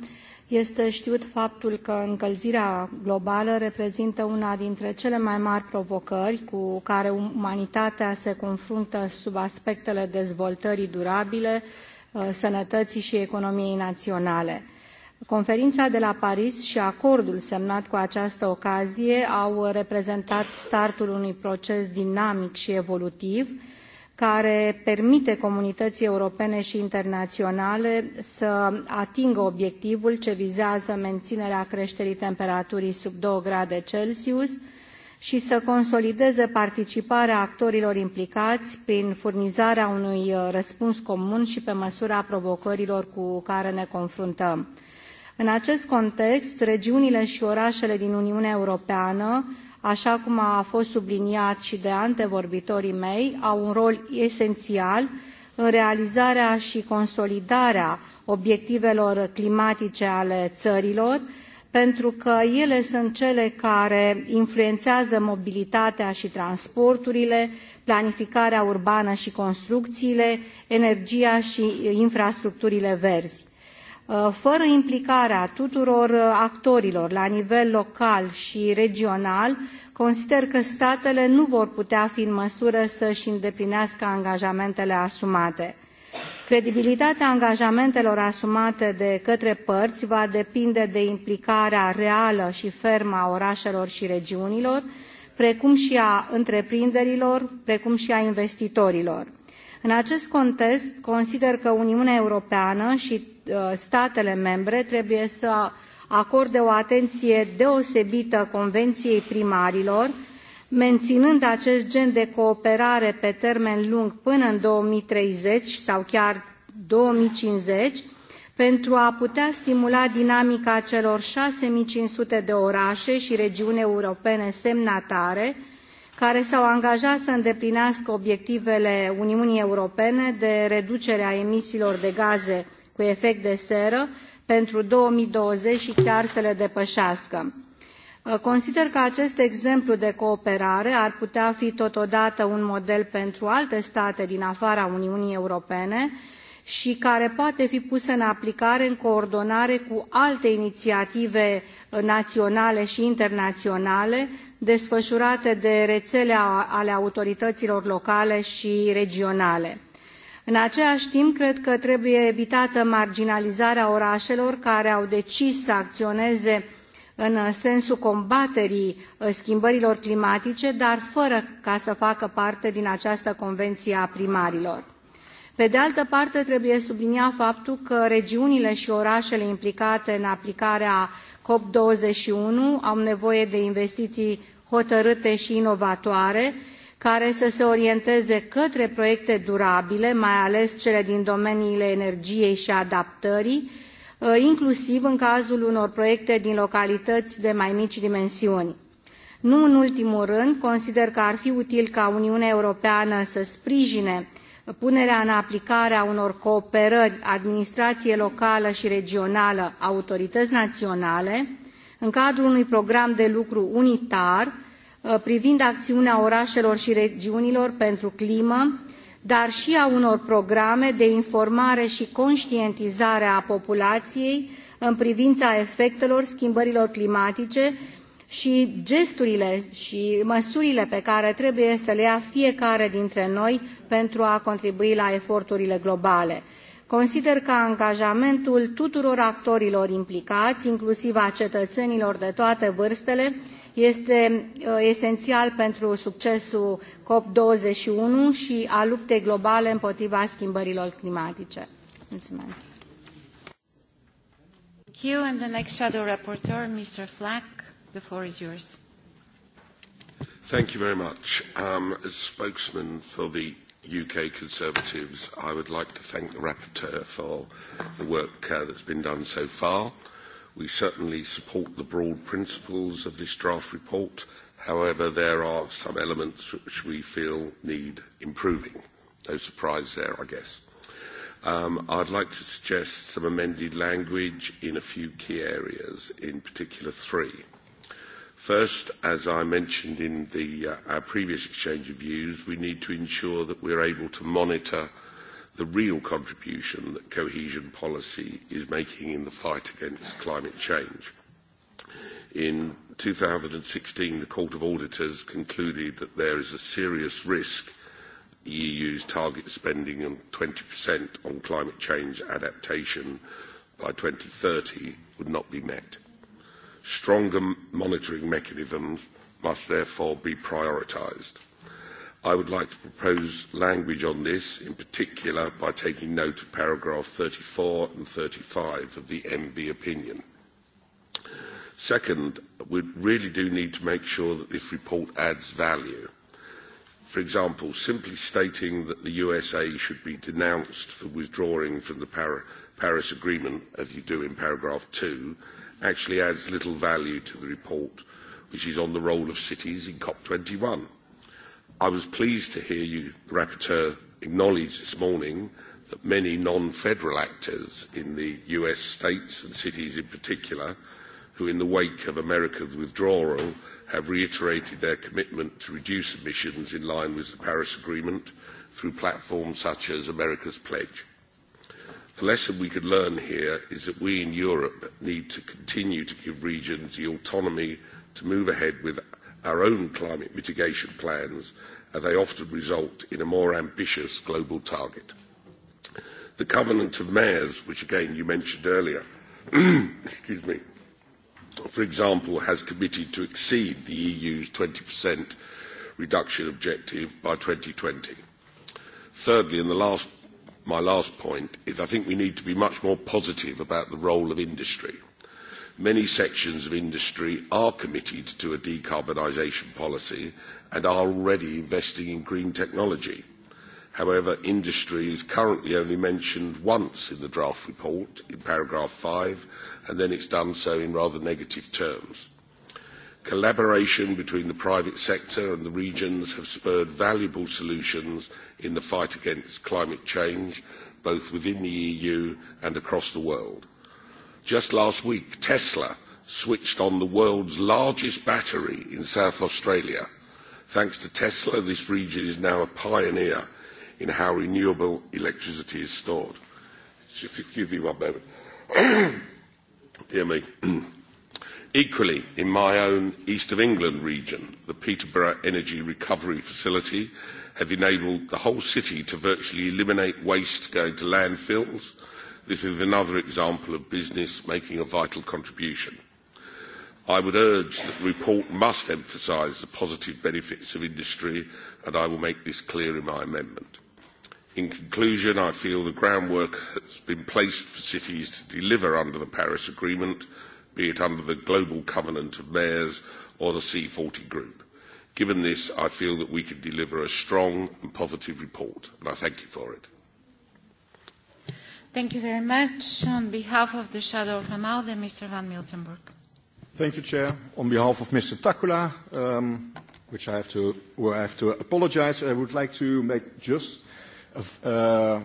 Este știut faptul că încălzirea globală reprezintă una dintre cele mai mari provocări cu care umanitatea se confruntă sub aspectele dezvoltării durabile, uh, sănătății și economiei naționale. Conferința de la Paris și acordul semnat cu această ocazie au reprezentat startul unui proces dinamic și evolutiv, care permite comunității europene și internaționale să atingă obiectivul ce vizează menținerea creșterii temperaturii sub 2 grade Celsius și să consolideze participarea actorilor implicați prin furnizarea unui uh, răspuns comun și pe măsura provocărilor cu care ne confruntăm. În acest context, regiunile și orașele din Uniunea Europeană așa cum a fost subliniat și de antevorbitorii mei, au un rol esențial în realizarea și consolidarea obiectivelor climatice ale țărilor, pentru că ele sunt cele care influențează mobilitatea și transporturile, planificarea urbană și construcțiile, energia și infrastructurile verzi Uh, fără implicarea tuturor uh, actorilor la nivel local și regional, consider că statele nu vor putea fi în măsură să-și îndeplinească angajamentele asumate. Credibilitatea angajamentelor asumate de către părți va depinde de implicarea reală și fermă a orașelor și regiunilor, precum și a întreprinderilor, precum și a investitorilor. În acest context, consider că Uniunea Europeană și uh, statele membre trebuie să acorde o atenție deosebită Convenției Primarilor, menținând acest gen de cooperare pe termen lung până în 2030 sau chiar 2050, pentru a putea stimula dinamica celor 6500 de orașe și regiuni europene semnatare, care s-au angajat să îndeplinească obiectivele Uniunii Europene de reducere a emisiilor de gaze cu efect de seră pentru 2020 și chiar să le depășească. Uh, consider că acest exemplu de cooperare ar putea fi totodată un model pentru alte state din afara Uniunii Europene, uh, și care poate fi pusă în aplicare în coordonare cu alte inițiative naționale și internaționale desfășurate de rețele ale autorităților locale și regionale. În același timp, cred că trebuie evitată marginalizarea orașelor care au decis să acționeze în sensul combaterii uh, schimbărilor climatice, dar fără ca să facă parte din această convenție a primarilor Pe de altă parte, trebuie subliniat faptul că regiunile și orașele implicate în aplicarea COP21 au nevoie de investiții hotărâte și inovatoare, care să se orienteze către proiecte durabile, mai ales cele din domeniile energiei și adaptării, inclusiv în cazul unor proiecte din localități de mai mici dimensiuni. Nu în ultimul rând, consider că ar fi util ca Uniunea Europeană să sprijine uh, punerea în aplicare a unor cooperări administrație locală și regională, autorități naționale, în cadrul unui program de lucru unitar uh, privind acțiunea orașelor și regiunilor pentru climă, dar și a unor programe de informare și conștientizare a populației în privința efectelor schimbărilor climatice și gesturile și măsurile pe care trebuie să le ia fiecare dintre noi pentru a contribui la eforturile globale. Consider că angajamentul tuturor actorilor implicați, inclusiv a cetățenilor de toate vârstele, este uh, esențial pentru succesul COP21 și a luptei globale împotriva schimbărilor climatice. Mulțumesc. Thank you. And the next shadow rapporteur, Mr. Flack. The floor is yours. Thank you very much. Um, as spokesman for the UK Conservatives, I would like to thank the rapporteur for the work uh, that's been done so far. We certainly support the broad principles of this draft report. However, there are some elements which we feel need improving. No surprise there, I guess. Um, I'd like to suggest some amended language in a few key areas, in particular three. First, as I mentioned in the, uh, our previous exchange of views, we need to ensure that we're able to monitor the real contribution that cohesion policy is making in the fight against climate change. In 2016, the Court of Auditors concluded that there is a serious risk the EU's target spending on 20% on climate change adaptation by 2030 would not be met. Stronger monitoring mechanisms must therefore be prioritised. I would like to propose language on this, in particular by taking note of paragraph 34 and 35 of the MV opinion. Second, we really do need to make sure that this report adds value. For example, simply stating that the USA should be denounced for withdrawing from the Paris Agreement, as you do in paragraph 2, actually adds little value to the report, which is on the role of cities in COP21. I was pleased to hear you, the rapporteur, acknowledge this morning that many non-federal actors in the US states and cities in particular, who in the wake of America's withdrawal have reiterated their commitment to reduce emissions in line with the Paris Agreement through platforms such as America's Pledge. The lesson we can learn here is that we in Europe need to continue to give regions the autonomy to move ahead with our own climate mitigation plans, and they often result in a more ambitious global target. The Covenant of Mayors, which again you mentioned earlier, (clears throat) excuse me, for example, has committed to exceed the EU's 20% reduction objective by 2020. Thirdly, and the last my last point is I think we need to be much more positive about the role of industry. Many sections of industry are committed to a decarbonisation policy and are already investing in green technology. However, industry is currently only mentioned once in the draft report, in paragraph five, and then it's done so in rather negative terms. Collaboration between the private sector and the regions have spurred valuable solutions in the fight against climate change, both within the EU and across the world. Just last week, Tesla switched on the world's largest battery in South Australia. Thanks to Tesla, this region is now a pioneer in how renewable electricity is stored. Just give me one moment. (coughs) Dear me. Equally, in my own East of England region, the Peterborough Energy Recovery Facility have enabled the whole city to virtually eliminate waste going to landfills. This is another example of business making a vital contribution. I would urge that the report must emphasise the positive benefits of industry, and I will make this clear in my amendment. In conclusion, I feel the groundwork has been placed for cities to deliver under the Paris Agreement be it under the Global Covenant of Mayors or the C40 Group. Given this, I feel that we can deliver a strong and positive report, and I thank you for it. Thank you very much. On behalf of the shadow of Amaude, Mr. van Miltenburg. Thank you, Chair. On behalf of Mr. Takula, um, which I have to, where I have to apologize, I would like to make just a, uh,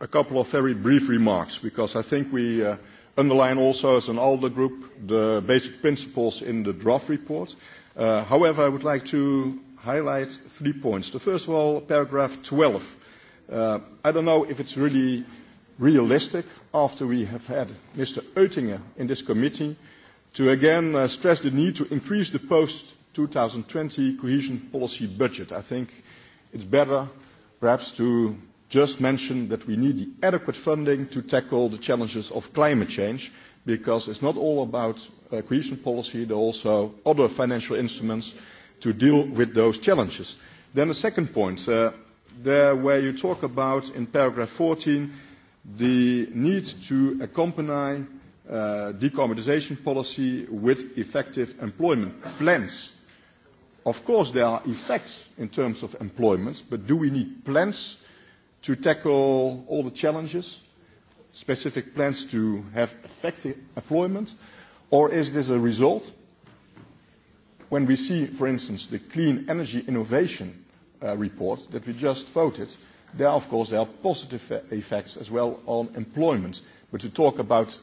a couple of very brief remarks, because I think we uh, – underline also as an ALDE group the basic principles in the draft report. Uh, however, I would like to highlight three points. The first of all, paragraph 12. Uh, I don't know if it's really realistic after we have had Mr. Oettinger in this committee to again uh, stress the need to increase the post-2020 cohesion policy budget. I think it's better perhaps to just mention that we need the adequate funding to tackle the challenges of climate change because it's not all about uh, cohesion policy, there are also other financial instruments to deal with those challenges. Then the second point, uh, there where you talk about in paragraph 14 the need to accompany uh, decarbonization policy with effective employment plans. Of course, there are effects in terms of employment, but do we need plans to tackle all the challenges, specific plans to have effective employment, or is this a result? When we see, for instance, the Clean Energy Innovation uh, report that we just voted, there, of course, there are positive e-, effects as well on employment. But to talk about,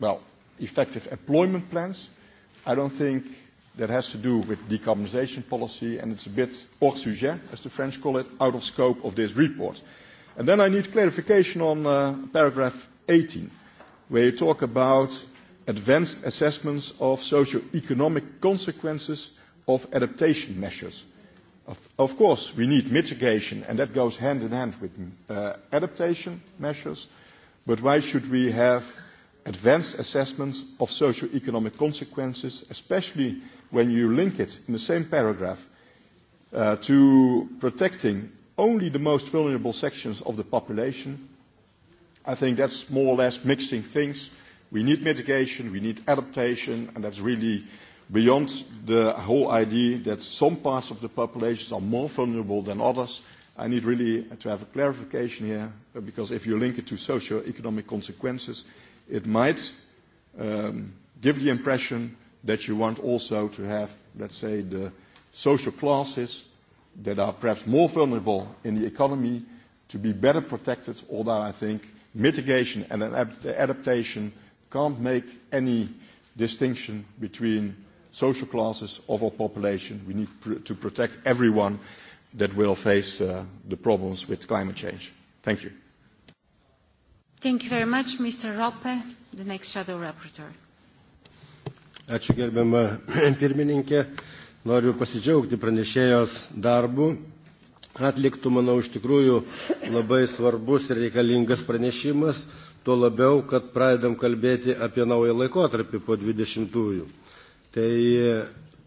well, effective employment plans, I don't think that has to do with decarbonisation policy, and it's a bit hors sujet, as the French call it, out of scope of this report. And then I need clarification on uh, paragraph 18, where you talk about advanced assessments of socio-economic consequences of adaptation measures. Of, of course, we need mitigation, and that goes hand in hand with uh, adaptation measures, but why should we have advanced assessments of socio-economic consequences, especially when you link it in the same paragraph uh, to protecting only the most vulnerable sections of the population, I think that's more or less mixing things. We need mitigation, we need adaptation, and that's really beyond the whole idea that some parts of the populations are more vulnerable than others. I need really to have a clarification here, uh, because if you link it to socio-economic consequences, it might um, give the impression that you want also to have, let's say, the social classes that are perhaps more vulnerable in the economy to be better protected, although I think mitigation and adaptation can't make any distinction between social classes of our population. We need pr to protect everyone that will face uh, the problems with climate change. Thank you. Thank you very much, Mr. Rope, the next shadow rapporteur. Ačiū gerbiama (clears throat) pirmininkė. Noriu pasidžiaugti pranešėjos darbu. Atliktų, manau, iš tikrųjų labai svarbus ir reikalingas pranešimas, tuo labiau, kad pradedam kalbėti apie naują laikotarpį po 20-ųjų. Tai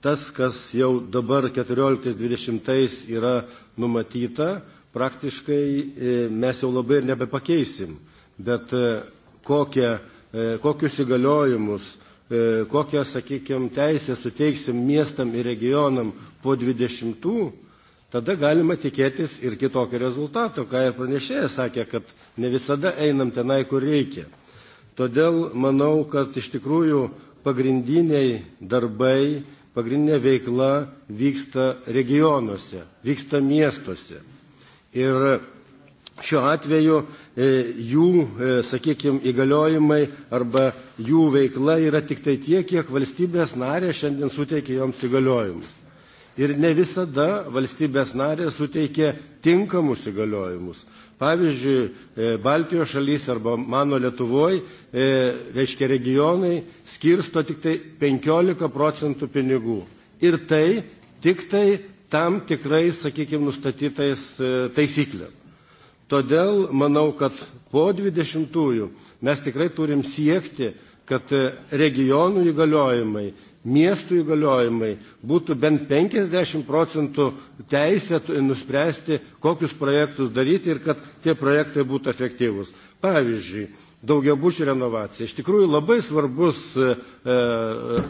tas, kas jau dabar 14-20 yra numatyta, praktiškai e, mes jau labai ir nebepakeisim bet e, kokia, e, kokius įgaliojimus, e, kokią, sakykime, teisę suteiksim miestam ir regionam po 20-ų, tada galima tikėtis ir kitokio rezultato, ką ir pranešėjas sakė, kad ne visada einam tenai, kur reikia. Todėl manau, kad iš tikrųjų pagrindiniai darbai, pagrindinė veikla vyksta regionuose, vyksta miestuose. Ir šiuo atveju e, jų, e, sakykime, įgaliojimai arba jų veikla yra tik tai tiek, kiek valstybės narė šiandien suteikia joms įgaliojimus. Ir ne visada valstybės narė suteikia tinkamus įgaliojimus. Pavyzdžiui, e, Baltijos šalys arba mano Lietuvoj, reiškia regionai, skirsto tik tai 15 procentų pinigų. Ir tai tik tai tam tikrais, sakykime, nustatytais taisyklėmis. Todėl manau, kad po 20-ųjų mes tikrai turim siekti, kad regionų įgaliojimai, miestų įgaliojimai būtų bent 50 procentų teisę nuspręsti, kokius projektus daryti ir kad tie projektai būtų efektyvūs. Pavyzdžiui, daugiabučių renovacija. Iš tikrųjų labai svarbus e, e,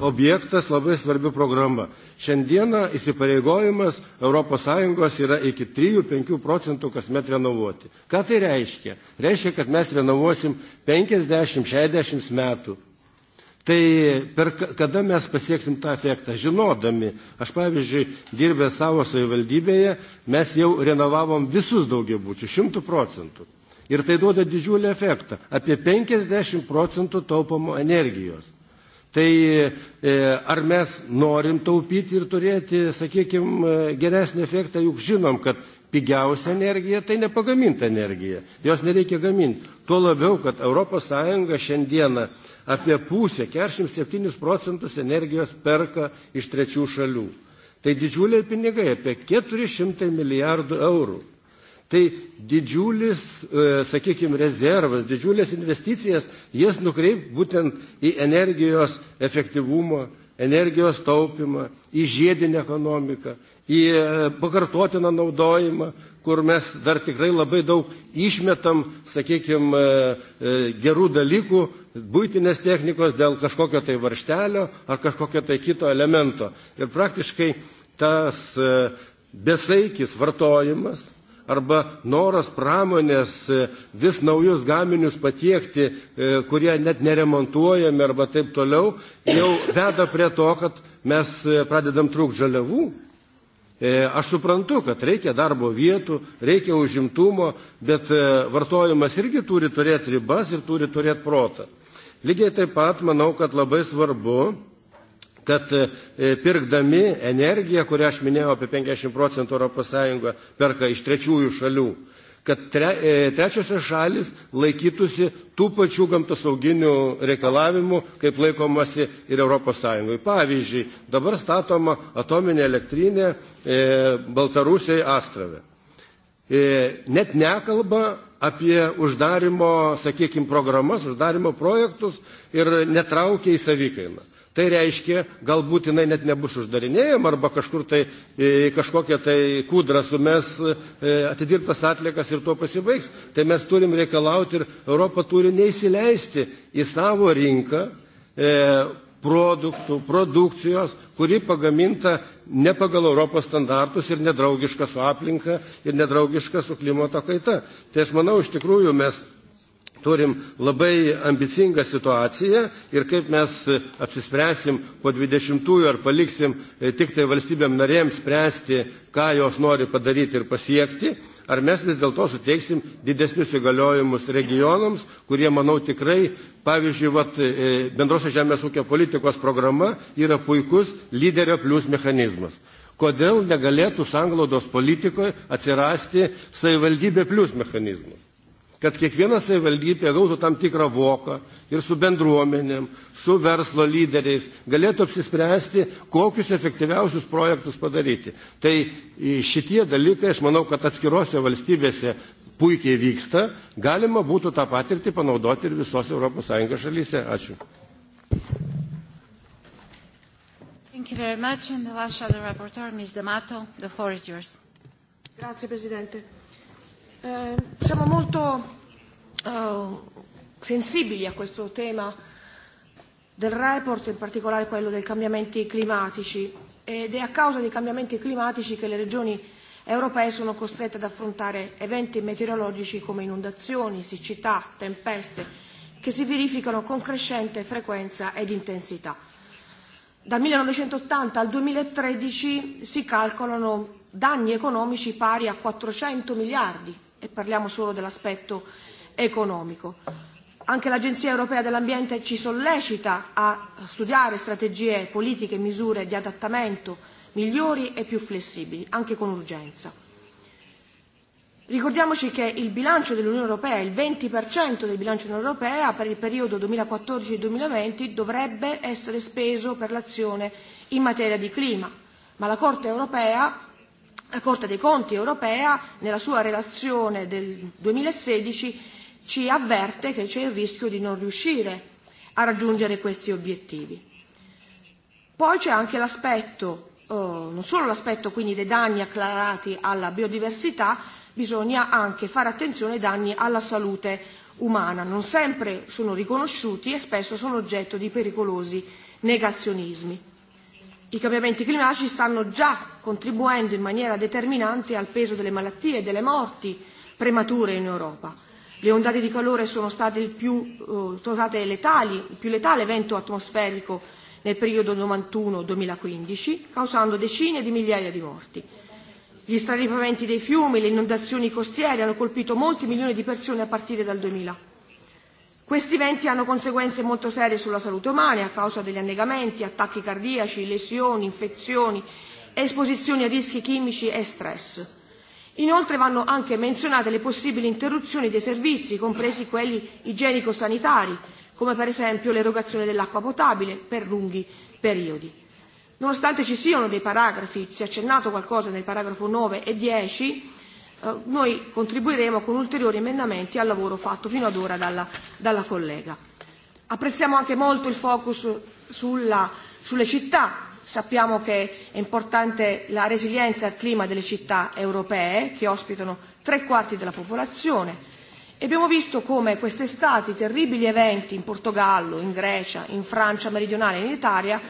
objektas, labai svarbi programa. Šiandieną įsipareigojimas ES yra iki 3-5 procentų kasmet renovuoti. Ką tai reiškia? Reiškia, kad mes renovuosim 50-60 metų. Tai per kada mes pasieksim tą efektą? Žinodami, aš pavyzdžiui, dirbę savo savivaldybėje, mes jau renovavom visus daugiabučių, šimtų procentų. Ir tai duoda didžiulį efektą. Apie 50 procentų taupomo energijos. Tai e, ar mes norim taupyti ir turėti, sakykime, geresnį efektą, juk žinom, kad pigiausia energija tai nepagaminta energija, jos nereikia gaminti. Tuo labiau, kad ES šiandieną apie pusę, 47 procentus energijos perka iš trečių šalių. Tai didžiuliai pinigai, apie 400 milijardų eurų. Tai didžiulis, e, sakykime, rezervas, didžiulės investicijas, jas nukreip būtent į energijos efektyvumą, energijos taupimą, į žiedinę ekonomiką, į e, pakartotiną naudojimą, kur mes dar tikrai labai daug išmetam, sakykime, e, gerų dalykų, būtinės technikos dėl kažkokio tai varštelio ar kažkokio tai kito elemento. Ir praktiškai tas besaikis vartojimas arba noras pramonės e, vis naujus gaminius patiekti, e, kurie net neremontuojami arba taip toliau, jau veda prie to, kad mes e, pradedam trūk žaliavų. Aš suprantu, kad reikia darbo vietų, reikia užimtumo, bet vartojimas irgi turi turėti ribas ir turi turėti protą. Lygiai taip pat manau, kad labai svarbu kad e, pirkdami energiją, kurią aš minėjau apie 50 procentų ES perka iš trečiųjų šalių, kad tre, e, trečiosios šalis laikytųsi tų pačių gamtosauginių reikalavimų, kaip laikomasi ir Sąjungoje. Pavyzdžiui, dabar statoma atominė elektrinė e, Baltarusiai Astrave. E, net nekalba apie uždarimo, sakykime, programas, uždarimo projektus ir netraukia į savykainą. Tai reiškia, galbūt jinai net nebus uždarinėjama arba kažkur tai e, kažkokia tai kūdrą sumes e, atidirbtas atlikas ir tuo pasibaigs. Tai mes turim reikalauti ir Europą turi neįsileisti į savo rinką e, produktų, produkcijos, kuri pagaminta ne pagal Europos standartus ir nedraugiška su aplinka ir nedraugiška su klimato kaita. Tai aš manau, iš tikrųjų mes turim labai ambicingą situaciją ir kaip mes e, apsispręsim po 20 ar paliksim e, tik tai valstybėm narėms spręsti, ką jos nori padaryti ir pasiekti, ar mes vis dėlto suteiksim didesnius įgaliojimus regionams, kurie, manau, tikrai, pavyzdžiui, vat, e, bendrosios žemės ūkio politikos programa yra puikus lyderio plus mechanizmas kodėl negalėtų sanglaudos politikoje atsirasti savivaldybė plus mechanizmas kad kiekviena savivaldybė gautų tam tikrą voką ir su bendruomenėm, su verslo lyderiais galėtų apsispręsti, kokius efektyviausius projektus padaryti. Tai e, šitie dalykai, aš manau, kad atskirose valstybėse puikiai vyksta, galima būtų tą patirtį panaudoti ir visos ES šalyse. Ačiū. Thank you very much. And the last shadow rapporteur, Ms. D'Amato, the floor is yours. Grazie, Presidente. Eh, siamo molto eh, sensibili a questo tema del report, in particolare quello dei cambiamenti climatici, ed è a causa dei cambiamenti climatici che le regioni europee sono costrette ad affrontare eventi meteorologici come inondazioni, siccità, tempeste, che si verificano con crescente frequenza ed intensità. Dal 1980 al 2013 si calcolano danni economici pari a 400 miliardi e parliamo solo dell'aspetto economico. Anche l'Agenzia europea dell'ambiente ci sollecita a studiare strategie, politiche e misure di adattamento migliori e più flessibili, anche con urgenza. Ricordiamoci che il bilancio dell'Unione europea, il 20% del bilancio dell'Unione europea per il periodo 2014-2020 dovrebbe essere speso per l'azione in materia di clima, ma la Corte europea La Corte dei Conti europea, nella sua relazione del 2016, ci avverte che c'è il rischio di non riuscire a raggiungere questi obiettivi. Poi c'è anche l'aspetto, eh, non solo l'aspetto quindi dei danni acclarati alla biodiversità, bisogna anche fare attenzione ai danni alla salute umana. Non sempre sono riconosciuti e spesso sono oggetto di pericolosi negazionismi. I cambiamenti climatici stanno già contribuendo in maniera determinante al peso delle malattie e delle morti premature in Europa. Le ondate di calore sono state, il più, eh, sono state letali, il più letale evento atmosferico nel periodo 91-2015, causando decine di migliaia di morti. Gli straripamenti dei fiumi, le inondazioni costiere hanno colpito molti milioni di persone a partire dal 2000 Questi eventi hanno conseguenze molto serie sulla salute umana a causa degli annegamenti, attacchi cardiaci, lesioni, infezioni, esposizioni a rischi chimici e stress. Inoltre vanno anche menzionate le possibili interruzioni dei servizi, compresi quelli igienico-sanitari, come per esempio l'erogazione dell'acqua potabile per lunghi periodi. Nonostante ci siano dei paragrafi, si è accennato qualcosa nel paragrafo 9 e 10, Eh, noi contribuiremo con ulteriori emendamenti al lavoro fatto fino ad ora dalla, dalla collega. Apprezziamo anche molto il focus sulla, sulle città. Sappiamo che è importante la resilienza al e clima delle città europee, che ospitano tre quarti della popolazione. E abbiamo visto come quest'estate i terribili eventi in Portogallo, in Grecia, in Francia meridionale e in Italia eh,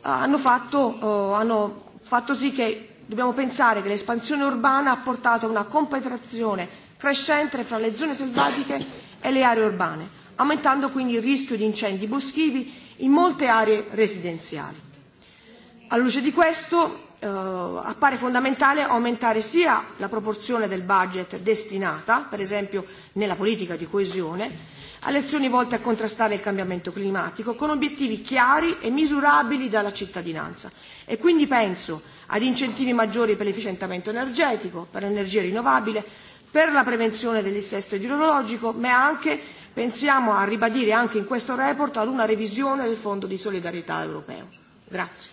hanno fatto, eh, hanno fatto sì che Dobbiamo pensare che l'espansione urbana ha portato a una compenetrazione crescente fra le zone selvatiche e le aree urbane, aumentando quindi il rischio di incendi boschivi in molte aree residenziali. Alla luce di questo eh, appare fondamentale aumentare sia la proporzione del budget destinata, per esempio nella politica di coesione, alle azioni volte a contrastare il cambiamento climatico, con obiettivi chiari e misurabili dalla cittadinanza, E quindi penso ad incentivi maggiori per l'efficientamento energetico, per l'energia rinnovabile, per la prevenzione del dissesto idrogeologico, ma anche pensiamo a ribadire anche in questo report ad una revisione del Fondo di solidarietà europeo. Grazie.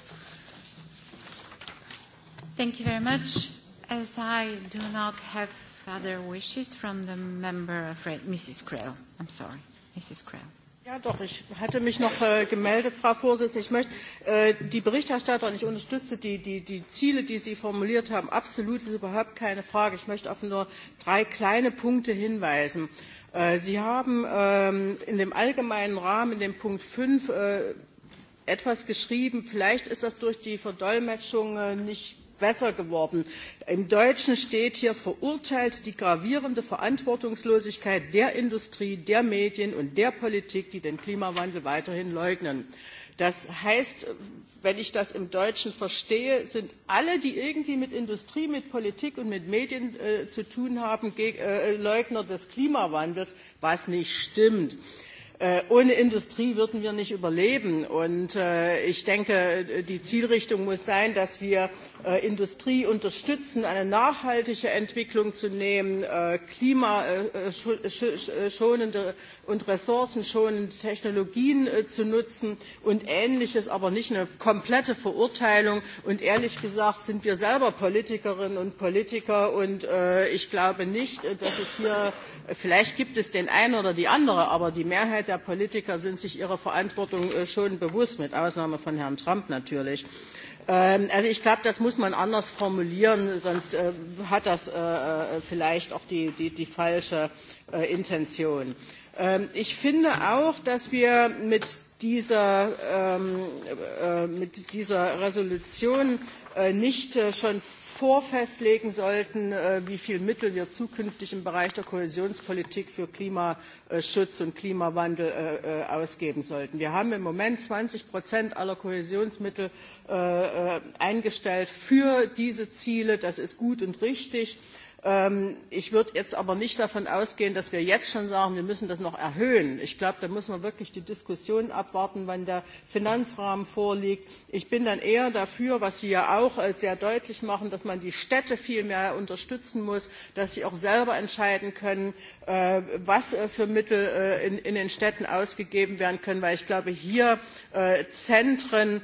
Thank you very much. As I do not have other wishes from the member of Mrs. Creel. I'm sorry, Mrs. Creel. Ja, doch, ich hatte mich noch äh, gemeldet, Frau Vorsitzende. Ich möchte äh, die Berichterstatterin, ich unterstütze die, die, die Ziele, die Sie formuliert haben, absolut, ist überhaupt keine Frage. Ich möchte auf nur drei kleine Punkte hinweisen. Äh, Sie haben ähm, in dem allgemeinen Rahmen, in dem Punkt 5, äh, etwas geschrieben. Vielleicht ist das durch die Verdolmetschung äh, nicht besser geworden. Im Deutschen steht hier verurteilt die gravierende Verantwortungslosigkeit der Industrie, der Medien und der Politik, die den Klimawandel weiterhin leugnen. Das heißt, wenn ich das im Deutschen verstehe, sind alle, die irgendwie mit Industrie, mit Politik und mit Medien äh, zu tun haben, Geg äh, Leugner des Klimawandels, was nicht stimmt. Äh, ohne Industrie würden wir nicht überleben. Und äh, ich denke, die Zielrichtung muss sein, dass wir äh, Industrie unterstützen, eine nachhaltige Entwicklung zu nehmen, klimaschonende und ressourcenschonende Technologien zu nutzen und ähnliches, aber nicht eine komplette Verurteilung. Und ehrlich gesagt sind wir selber Politikerinnen und Politiker und ich glaube nicht, dass es hier, vielleicht gibt es den einen oder die andere, aber die Mehrheit der Politiker sind sich ihrer Verantwortung äh, schon bewusst, mit Ausnahme von Herrn Trump natürlich. Ähm, also ich glaube, das muss man anders formulieren, sonst äh, hat das äh, vielleicht auch die, die, die falsche Intention. Ähm, ich finde auch, dass wir mit dieser, ähm, mit dieser Resolution nicht schon vorfestlegen sollten, äh, wie viel Mittel wir zukünftig im Bereich der Kohäsionspolitik für Klimaschutz und Klimawandel äh, äh, ausgeben sollten. Wir haben im Moment 20 Prozent aller Kohäsionsmittel eingestellt für diese Ziele. Das ist gut und richtig Ähm, ich würde jetzt aber nicht davon ausgehen, dass wir jetzt schon sagen, wir müssen das noch erhöhen. Ich glaube, da muss man wirklich die Diskussion abwarten, wann der Finanzrahmen vorliegt. Ich bin dann eher dafür, was Sie ja auch äh, sehr deutlich machen, dass man die Städte viel mehr unterstützen muss, dass sie auch selber entscheiden können, äh, was äh, für Mittel in, den Städten ausgegeben werden können, weil ich glaube, hier Zentren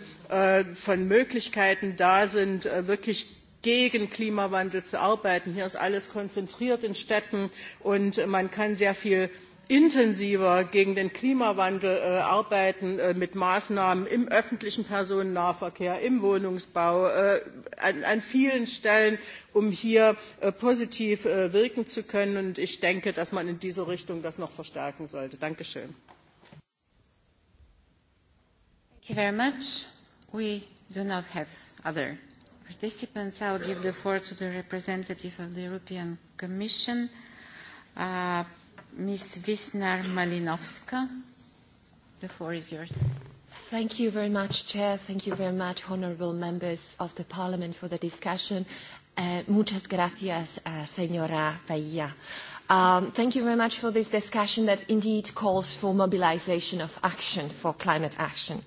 von Möglichkeiten da sind, wirklich gegen Klimawandel zu arbeiten. Hier ist alles konzentriert in Städten und man kann sehr viel intensiver gegen den Klimawandel äh, arbeiten äh, mit Maßnahmen im öffentlichen Personennahverkehr, im Wohnungsbau, äh, an, vielen Stellen, um hier positiv wirken zu können. Und ich denke, dass man das in dieser Richtung noch verstärken sollte. danke schön participants. I'll give the floor to the representative of the European Commission, uh, Ms. Visnar Malinowska. The floor is yours. Thank you very much, Chair. Thank you very much, honorable members of the Parliament, for the discussion. Uh, muchas gracias, uh, Señora Bahia. Um, thank you very much for this discussion that indeed calls for mobilization of action for climate action.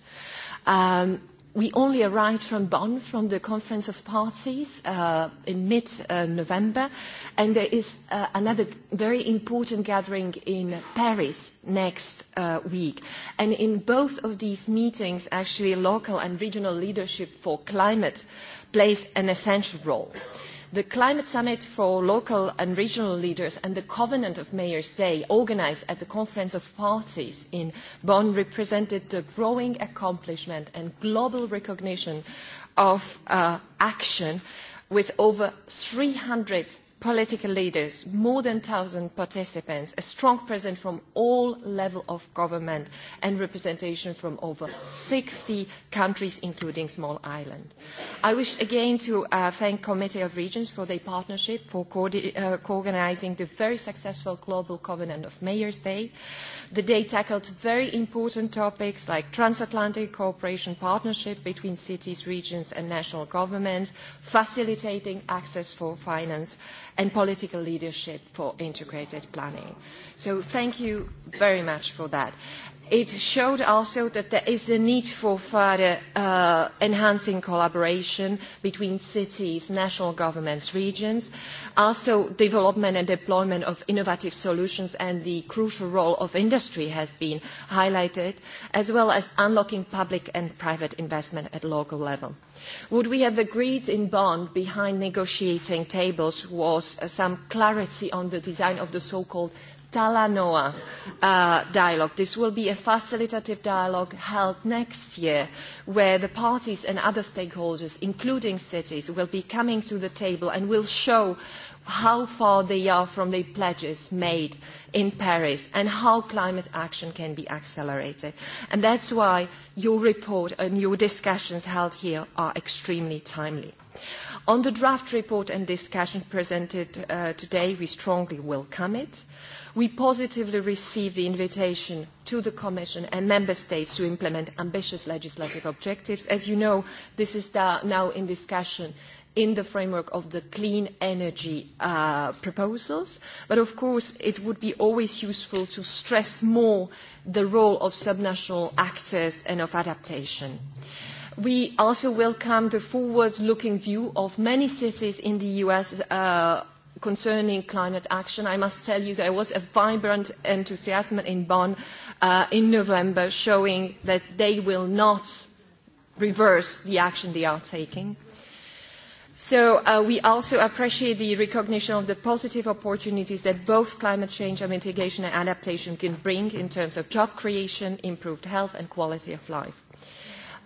Um, We only arrived from Bonn, from the Conference of Parties uh, in mid-November, and there is uh, another very important gathering in Paris next uh, week. And in both of these meetings, actually, local and regional leadership for climate plays an essential role. The Climate Summit for Local and Regional Leaders and the Covenant of Mayors Day, organized at the Conference of Parties in Bonn, represented the growing accomplishment and global recognition of uh, action with over 300 political leaders, more than 1,000 participants, a strong presence from all levels of government and representation from over 60 countries, including small island. I wish again to uh, thank Committee of Regions for their partnership for uh, co-organizing uh, co the very successful Global Covenant of Mayors Day. The day tackled very important topics like transatlantic cooperation partnership between cities, regions and national governments, facilitating access for finance, and political leadership for integrated planning. So thank you very much for that it showed also that there is a need for further uh, enhancing collaboration between cities, national governments, regions, also development and deployment of innovative solutions and the crucial role of industry has been highlighted, as well as unlocking public and private investment at local level. What we have agreed in Bonn behind negotiating tables was uh, some clarity on the design of the so-called Talanoa uh, dialogue. This will be a facilitative dialogue held next year where the parties and other stakeholders, including cities, will be coming to the table and will show how far they are from the pledges made in Paris and how climate action can be accelerated. And that's why your report and your discussions held here are extremely timely. On the draft report and discussion presented uh, today, we strongly welcome it we positively received the invitation to the Commission and Member States to implement ambitious legislative objectives. As you know, this is now in discussion in the framework of the clean energy uh, proposals. But of course, it would be always useful to stress more the role of subnational actors and of adaptation. We also welcome the forward-looking view of many cities in the US uh, concerning climate action, I must tell you there was a vibrant enthusiasm in Bonn uh, in November showing that they will not reverse the action they are taking. So uh, we also appreciate the recognition of the positive opportunities that both climate change and mitigation and adaptation can bring in terms of job creation, improved health and quality of life.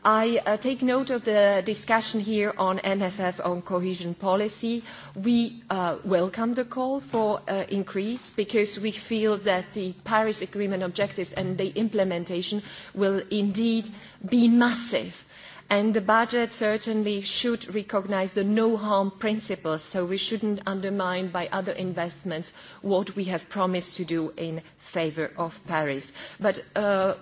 I uh, take note of the discussion here on MFF on cohesion policy. We uh, welcome the call for uh, increase because we feel that the Paris Agreement objectives and the implementation will indeed be massive and the budget certainly should recognise the no harm principle so we shouldn't undermine by other investments what we have promised to do in favour of paris but uh,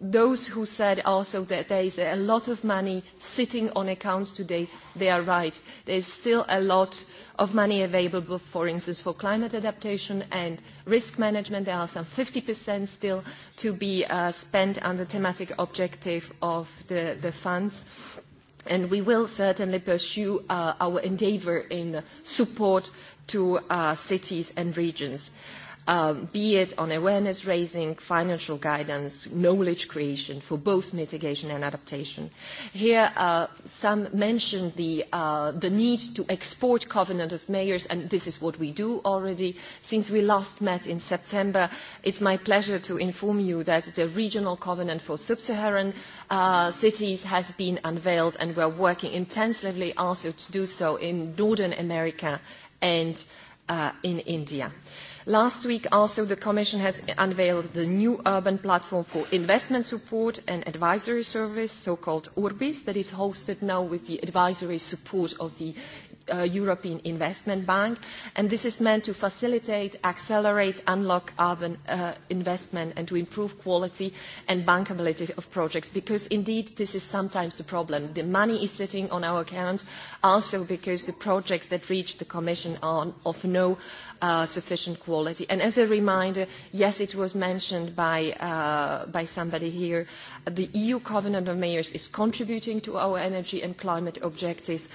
those who said also that there is a lot of money sitting on accounts today, they are right. There is still a lot of money available, for instance, for climate adaptation and risk management. There are some 50% still to be uh, spent on the thematic objective of the, the funds. And we will certainly pursue uh, our endeavour in support to uh, cities and regions. Uh, Uh, be it on awareness raising, financial guidance, knowledge creation for both mitigation and adaptation. Here, uh, some mentioned the, uh, the need to export Covenant of Mayors, and this is what we do already. Since we last met in September, it's my pleasure to inform you that the Regional Covenant for Sub-Saharan uh, Cities has been unveiled, and we're working intensively also to do so in Northern America and uh, in India. Uh, Last week also the Commission has unveiled the new urban platform for investment support and advisory service, so-called URBIS, that is hosted now with the advisory support of the Uh, European Investment Bank, and this is meant to facilitate, accelerate, unlock urban uh, investment, and to improve quality and bankability of projects, because indeed this is sometimes the problem. The money is sitting on our account, also because the projects that reach the Commission are of no uh, sufficient quality. And as a reminder, yes, it was mentioned by, uh, by somebody here, the EU Covenant of Mayors is contributing to our energy and climate objectives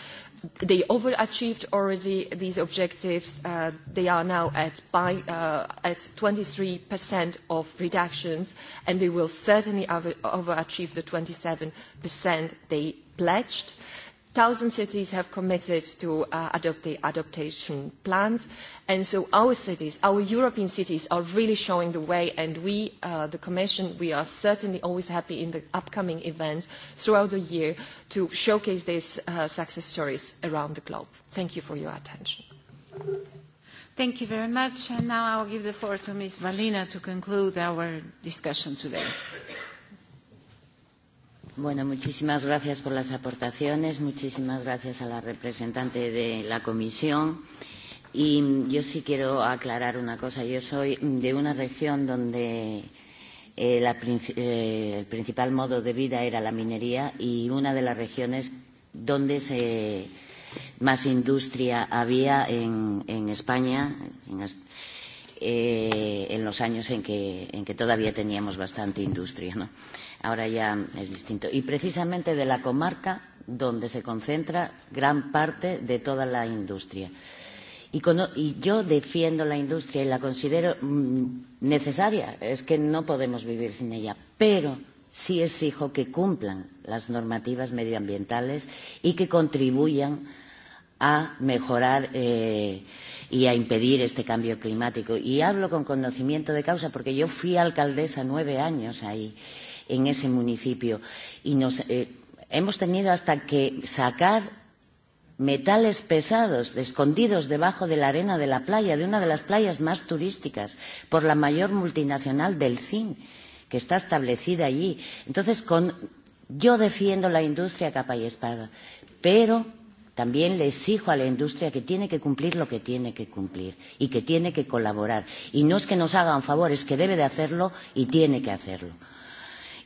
they overachieved already these objectives. Uh, they are now at, by, uh, at 23% of reductions, and they will certainly over overachieve the 27% they pledged. Thousand cities have committed to uh, adopt the adaptation plans, and so our cities, our European cities, are really showing the way, and we, uh, the Commission, we are certainly always happy in the upcoming events throughout the year to showcase these uh, success stories around the globe. Thank you for your attention. Thank you very much. And now I will give the floor to Ms. Valina to conclude our discussion today. Bueno, muchísimas gracias por las aportaciones, muchísimas gracias a la representante de la comisión. Y yo sí quiero aclarar una cosa. Yo soy de una región donde eh, la, eh, el principal modo de vida era la minería y una de las regiones donde se, más industria había en, en España, en, eh, en los años en que, en que todavía teníamos bastante industria. ¿no? Ahora ya es distinto. Y precisamente de la comarca donde se concentra gran parte de toda la industria. Y, con, y yo defiendo la industria y la considero mm, necesaria. Es que no podemos vivir sin ella. Pero sí exijo que cumplan las normativas medioambientales y que contribuyan a mejorar eh, y a impedir este cambio climático. Y hablo con conocimiento de causa porque yo fui alcaldesa nueve años ahí, en ese municipio, y nos, eh, hemos tenido hasta que sacar metales pesados escondidos debajo de la arena de la playa, de una de las playas más turísticas, por la mayor multinacional del zinc que está establecida allí. Entonces, con, yo defiendo la industria capa y espada, pero También le exijo a la industria que tiene que cumplir lo que tiene que cumplir y que tiene que colaborar. Y no es que nos hagan favores, que debe de hacerlo y tiene que hacerlo.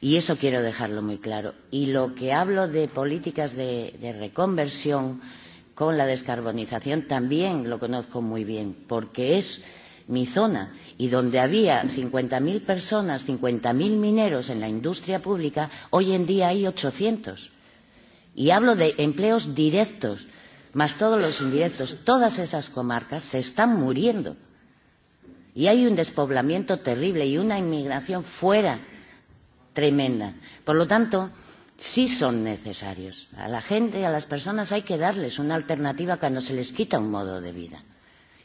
Y eso quiero dejarlo muy claro. Y lo que hablo de políticas de, de reconversión con la descarbonización también lo conozco muy bien, porque es mi zona y donde había 50.000 personas, 50.000 mineros en la industria pública, hoy en día hay 800 Y hablo de empleos directos, más todos los indirectos. Todas esas comarcas se están muriendo. Y hay un despoblamiento terrible y una inmigración fuera tremenda. Por lo tanto, sí son necesarios. A la gente, a las personas hay que darles una alternativa cuando se les quita un modo de vida.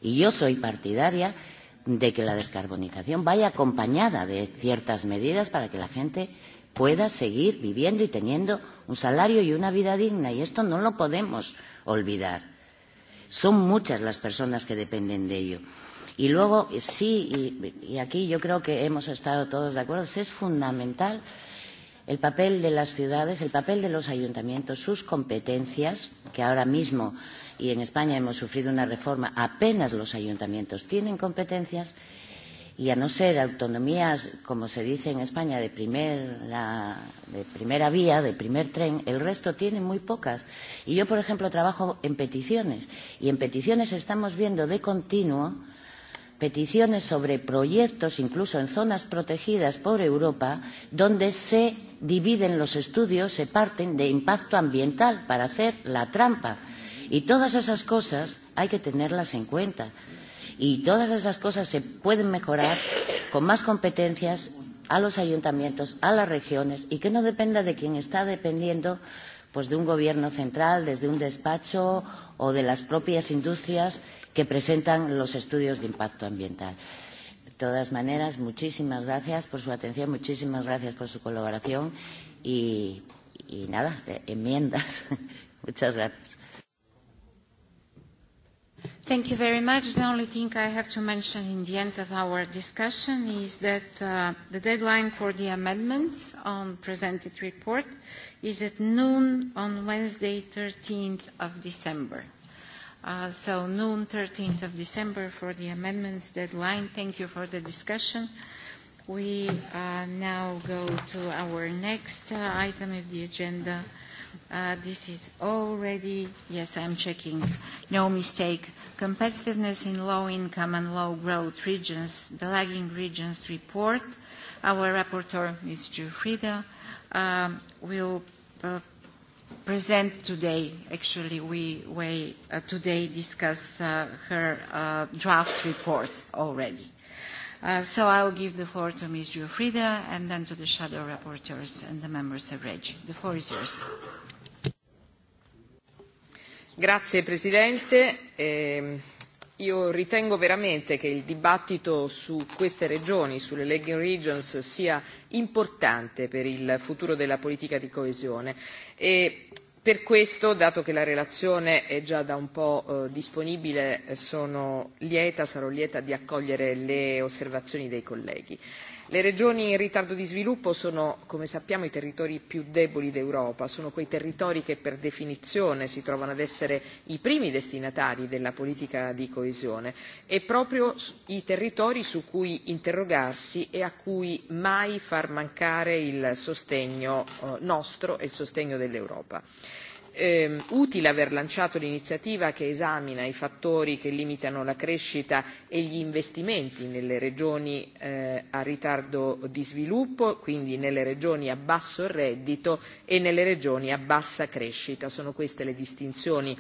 Y yo soy partidaria de que la descarbonización vaya acompañada de ciertas medidas para que la gente pueda seguir viviendo y teniendo un salario y una vida digna. Y esto no lo podemos olvidar. Son muchas las personas que dependen de ello. Y luego, sí, y, y aquí yo creo que hemos estado todos de acuerdo, es fundamental el papel de las ciudades, el papel de los ayuntamientos, sus competencias, que ahora mismo y en España hemos sufrido una reforma, apenas los ayuntamientos tienen competencias y a no ser autonomías, como se dice en España, de, primera, de primera vía, de primer tren, el resto tiene muy pocas. Y yo, por ejemplo, trabajo en peticiones y en peticiones estamos viendo de continuo peticiones sobre proyectos, incluso en zonas protegidas por Europa, donde se dividen los estudios, se parten de impacto ambiental para hacer la trampa. Y todas esas cosas hay que tenerlas en cuenta. Y todas esas cosas se pueden mejorar con más competencias a los ayuntamientos, a las regiones y que no dependa de quien está dependiendo pues de un gobierno central, desde un despacho o de las propias industrias que presentan los estudios de impacto ambiental. De todas maneras, muchísimas gracias por su atención, muchísimas gracias por su colaboración y, y nada, eh, enmiendas. (laughs) Muchas gracias. Thank you very much. The only thing I have to mention in the end of our discussion is that uh, the deadline for the amendments on presented report is at noon on Wednesday, 13th of December. Uh, so noon, 13th of December for the amendments deadline. Thank you for the discussion. We uh, now go to our next uh, item of the agenda, Uh, this is already, yes, I'm checking, no mistake. Competitiveness in low-income and low-growth regions, the lagging regions report. Our rapporteur, Ms. Giuffrida, um, will uh, present today. Actually, we, we uh, today discuss her draft report already. So I will give the floor to Ms. Giuffrida and then to the shadow rapporteurs and the members of REGI. The floor is yours signor Presidente. onorevoli ehm, colleghi io ritengo veramente che il dibattito su queste regioni, sulle lake Regions, sia importante per il futuro della politica di coesione e per questo, dato che la relazione è già da un po' eh, disponibile, sono lieta, sarò lieta di accogliere le osservazioni dei colleghi le regioni in ritardo di sviluppo sono come sappiamo i territori più deboli d'europa sono quei territori che per definizione si trovano ad essere i primi destinatari della politica di coesione e proprio i territori su cui interrogarsi e a cui mai far mancare il sostegno eh, nostro e il sostegno dell'europa. Ehm, utile aver lanciato l'iniziativa che esamina i fattori che limitano la crescita e gli investimenti nelle regioni eh, a ritardo di sviluppo, quindi nelle regioni a basso reddito e nelle regioni a bassa crescita. Sono queste le distinzioni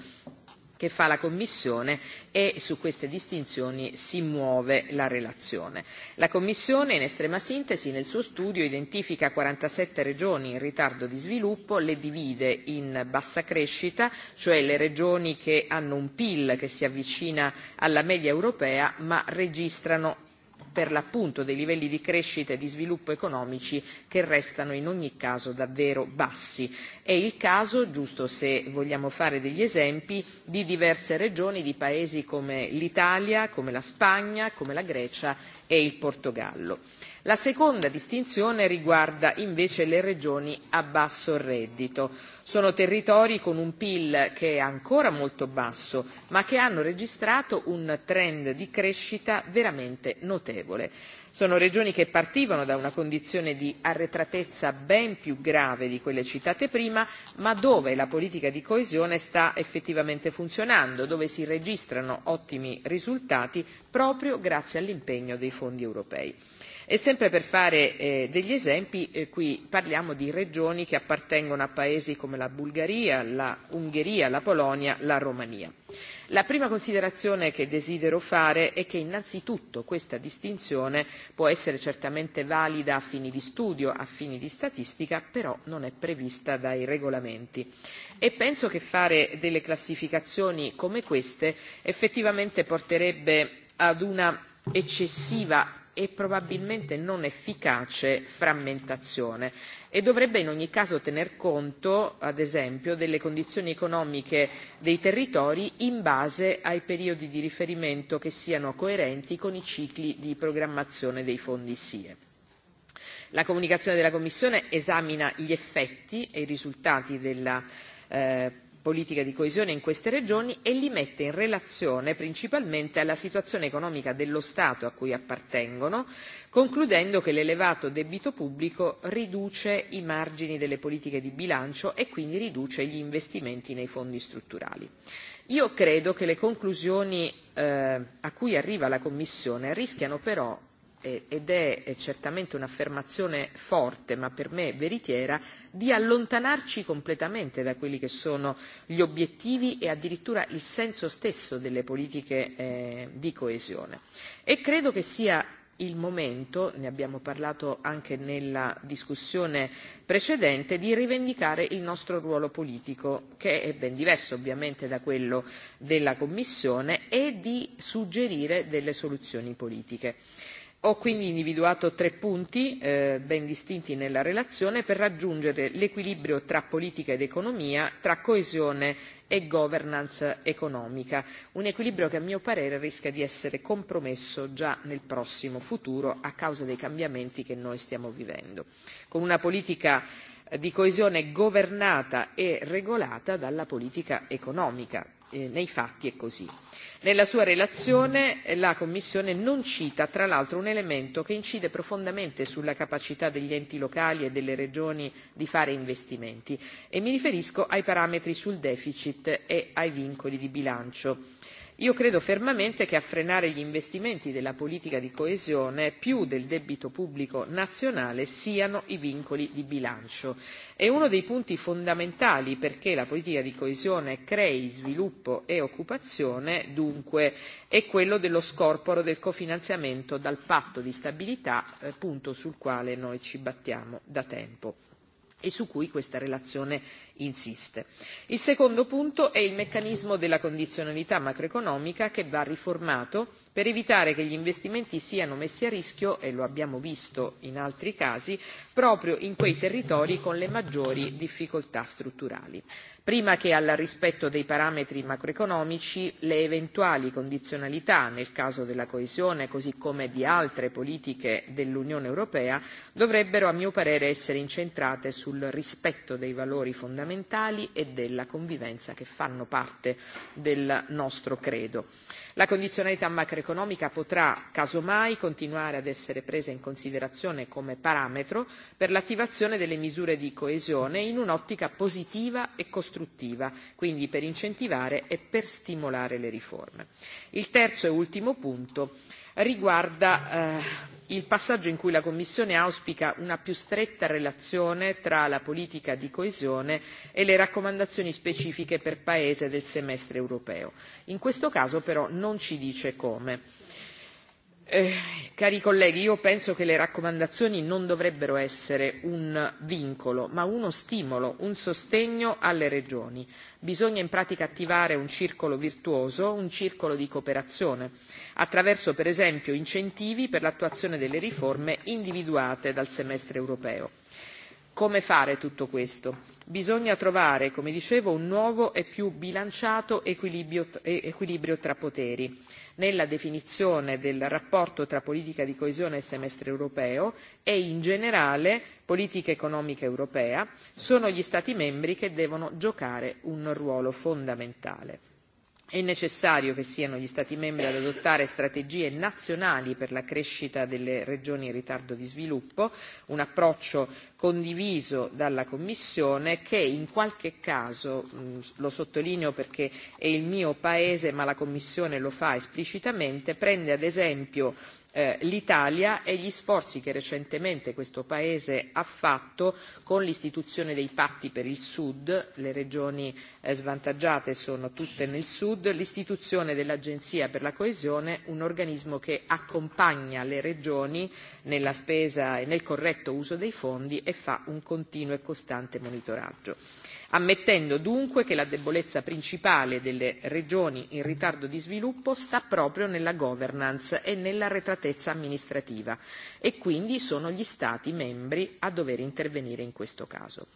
che fa la Commissione e su queste distinzioni si muove la relazione. La Commissione, in estrema sintesi, nel suo studio identifica 47 regioni in ritardo di sviluppo, le divide in bassa crescita, cioè le regioni che hanno un PIL che si avvicina alla media europea ma registrano per l'appunto dei livelli di crescita e di sviluppo economici che restano in ogni caso davvero bassi. È il caso, giusto se vogliamo fare degli esempi, di diverse regioni di paesi come l'Italia, come la Spagna, come la Grecia e il Portogallo La seconda distinzione riguarda invece le regioni a basso reddito. Sono territori con un PIL che è ancora molto basso, ma che hanno registrato un trend di crescita veramente notevole. Sono regioni che partivano da una condizione di arretratezza ben più grave di quelle citate prima, ma dove la politica di coesione sta effettivamente funzionando, dove si registrano ottimi risultati proprio grazie all'impegno dei fondi europei. E sempre per fare eh, degli esempi, eh, qui parliamo di regioni che appartengono a paesi come la Bulgaria, l'ungheria la Polonia, la Romania. La prima considerazione che desidero fare è che innanzitutto questa distinzione può essere certamente valida a fini di studio, a fini di statistica, però non è prevista dai regolamenti e penso che fare delle classificazioni come queste effettivamente porterebbe ad una eccessiva e probabilmente non efficace frammentazione e dovrebbe in ogni caso tener conto, ad esempio, delle condizioni economiche dei territori in base ai periodi di riferimento che siano coerenti con i cicli di programmazione dei fondi SIE. La comunicazione della Commissione esamina gli effetti e i risultati della eh, politica di coesione in queste regioni e li mette in relazione principalmente alla situazione economica dello Stato a cui appartengono, concludendo che l'elevato debito pubblico riduce i margini delle politiche di bilancio e quindi riduce gli investimenti nei fondi strutturali. Io credo che le conclusioni eh, a cui arriva la Commissione rischiano però E, ed è e certamente un'affermazione forte, ma per me veritiera, di allontanarci completamente da quelli che sono gli obiettivi e addirittura il senso stesso delle politiche eh, di coesione. E credo che sia il momento, ne abbiamo parlato anche nella discussione precedente, di rivendicare il nostro ruolo politico, che è ben diverso ovviamente da quello della Commissione, e di suggerire delle soluzioni politiche ho quindi individuato tre punti eh, ben distinti nella relazione per raggiungere l'equilibrio tra politica ed economia tra coesione e governance economica un equilibrio che a mio parere rischia di essere compromesso già nel prossimo futuro a causa dei cambiamenti che noi stiamo vivendo con una politica eh, di coesione governata e regolata dalla politica economica eh, nei fatti è così nella sua relazione la commissione non cita tra l'altro un elemento che incide profondamente sulla capacità degli enti locali e delle regioni di fare investimenti e mi riferisco ai parametri sul deficit e ai vincoli di bilancio io credo fermamente che a frenare gli investimenti della politica di coesione più del debito pubblico nazionale siano i vincoli di bilancio e uno dei punti fondamentali perché la politica di coesione crei sviluppo e occupazione dunque è quello dello scorporo del cofinanziamento dal patto di stabilità eh, punto sul quale noi ci battiamo da tempo e su cui questa relazione insiste. Il secondo punto è il meccanismo della condizionalità macroeconomica che va riformato per evitare che gli investimenti siano messi a rischio e lo abbiamo visto in altri casi proprio in quei territori con le maggiori difficoltà strutturali prima che al rispetto dei parametri macroeconomici le eventuali condizionalità nel caso della coesione così come di altre politiche dell'Unione europea dovrebbero a mio parere essere incentrate sul rispetto dei valori fondamentali e della convivenza che fanno parte del nostro credo la condizionalità macroeconomica potrà casomai continuare ad essere presa in considerazione come parametro per l'attivazione delle misure di coesione in un'ottica positiva e costruttiva quindi per incentivare e per stimolare le riforme. il terzo e ultimo punto riguarda eh, il passaggio in cui la Commissione auspica una più stretta relazione tra la politica di coesione e le raccomandazioni specifiche per Paese del semestre europeo. In questo caso però non ci dice come. Eh, cari colleghi, io penso che le raccomandazioni non dovrebbero essere un vincolo, ma uno stimolo, un sostegno alle regioni. Bisogna in pratica attivare un circolo virtuoso, un circolo di cooperazione, attraverso per esempio incentivi per l'attuazione delle riforme individuate dal semestre europeo Come fare tutto questo? Bisogna trovare, come dicevo, un nuovo e più bilanciato equilibrio, e-, equilibrio tra poteri nella definizione del rapporto tra politica di coesione e semestre europeo e in generale politica economica europea sono gli stati membri che devono giocare un ruolo fondamentale. È necessario che siano gli Stati membri ad adottare strategie nazionali per la crescita delle regioni in ritardo di sviluppo, un approccio condiviso dalla Commissione che in qualche caso, lo sottolineo perché è il mio Paese ma la Commissione lo fa esplicitamente, prende ad esempio Eh, l'Italia e gli sforzi che recentemente questo Paese ha fatto con l'istituzione dei patti per il Sud, le regioni eh, svantaggiate sono tutte nel Sud, l'istituzione dell'Agenzia per la coesione, un organismo che accompagna le regioni nella spesa e nel corretto uso dei fondi e fa un continuo e costante monitoraggio ammettendo dunque che la debolezza principale delle regioni in ritardo di sviluppo sta proprio nella governance e nell'arretratezza amministrativa e quindi sono gli Stati membri a dover intervenire in questo caso.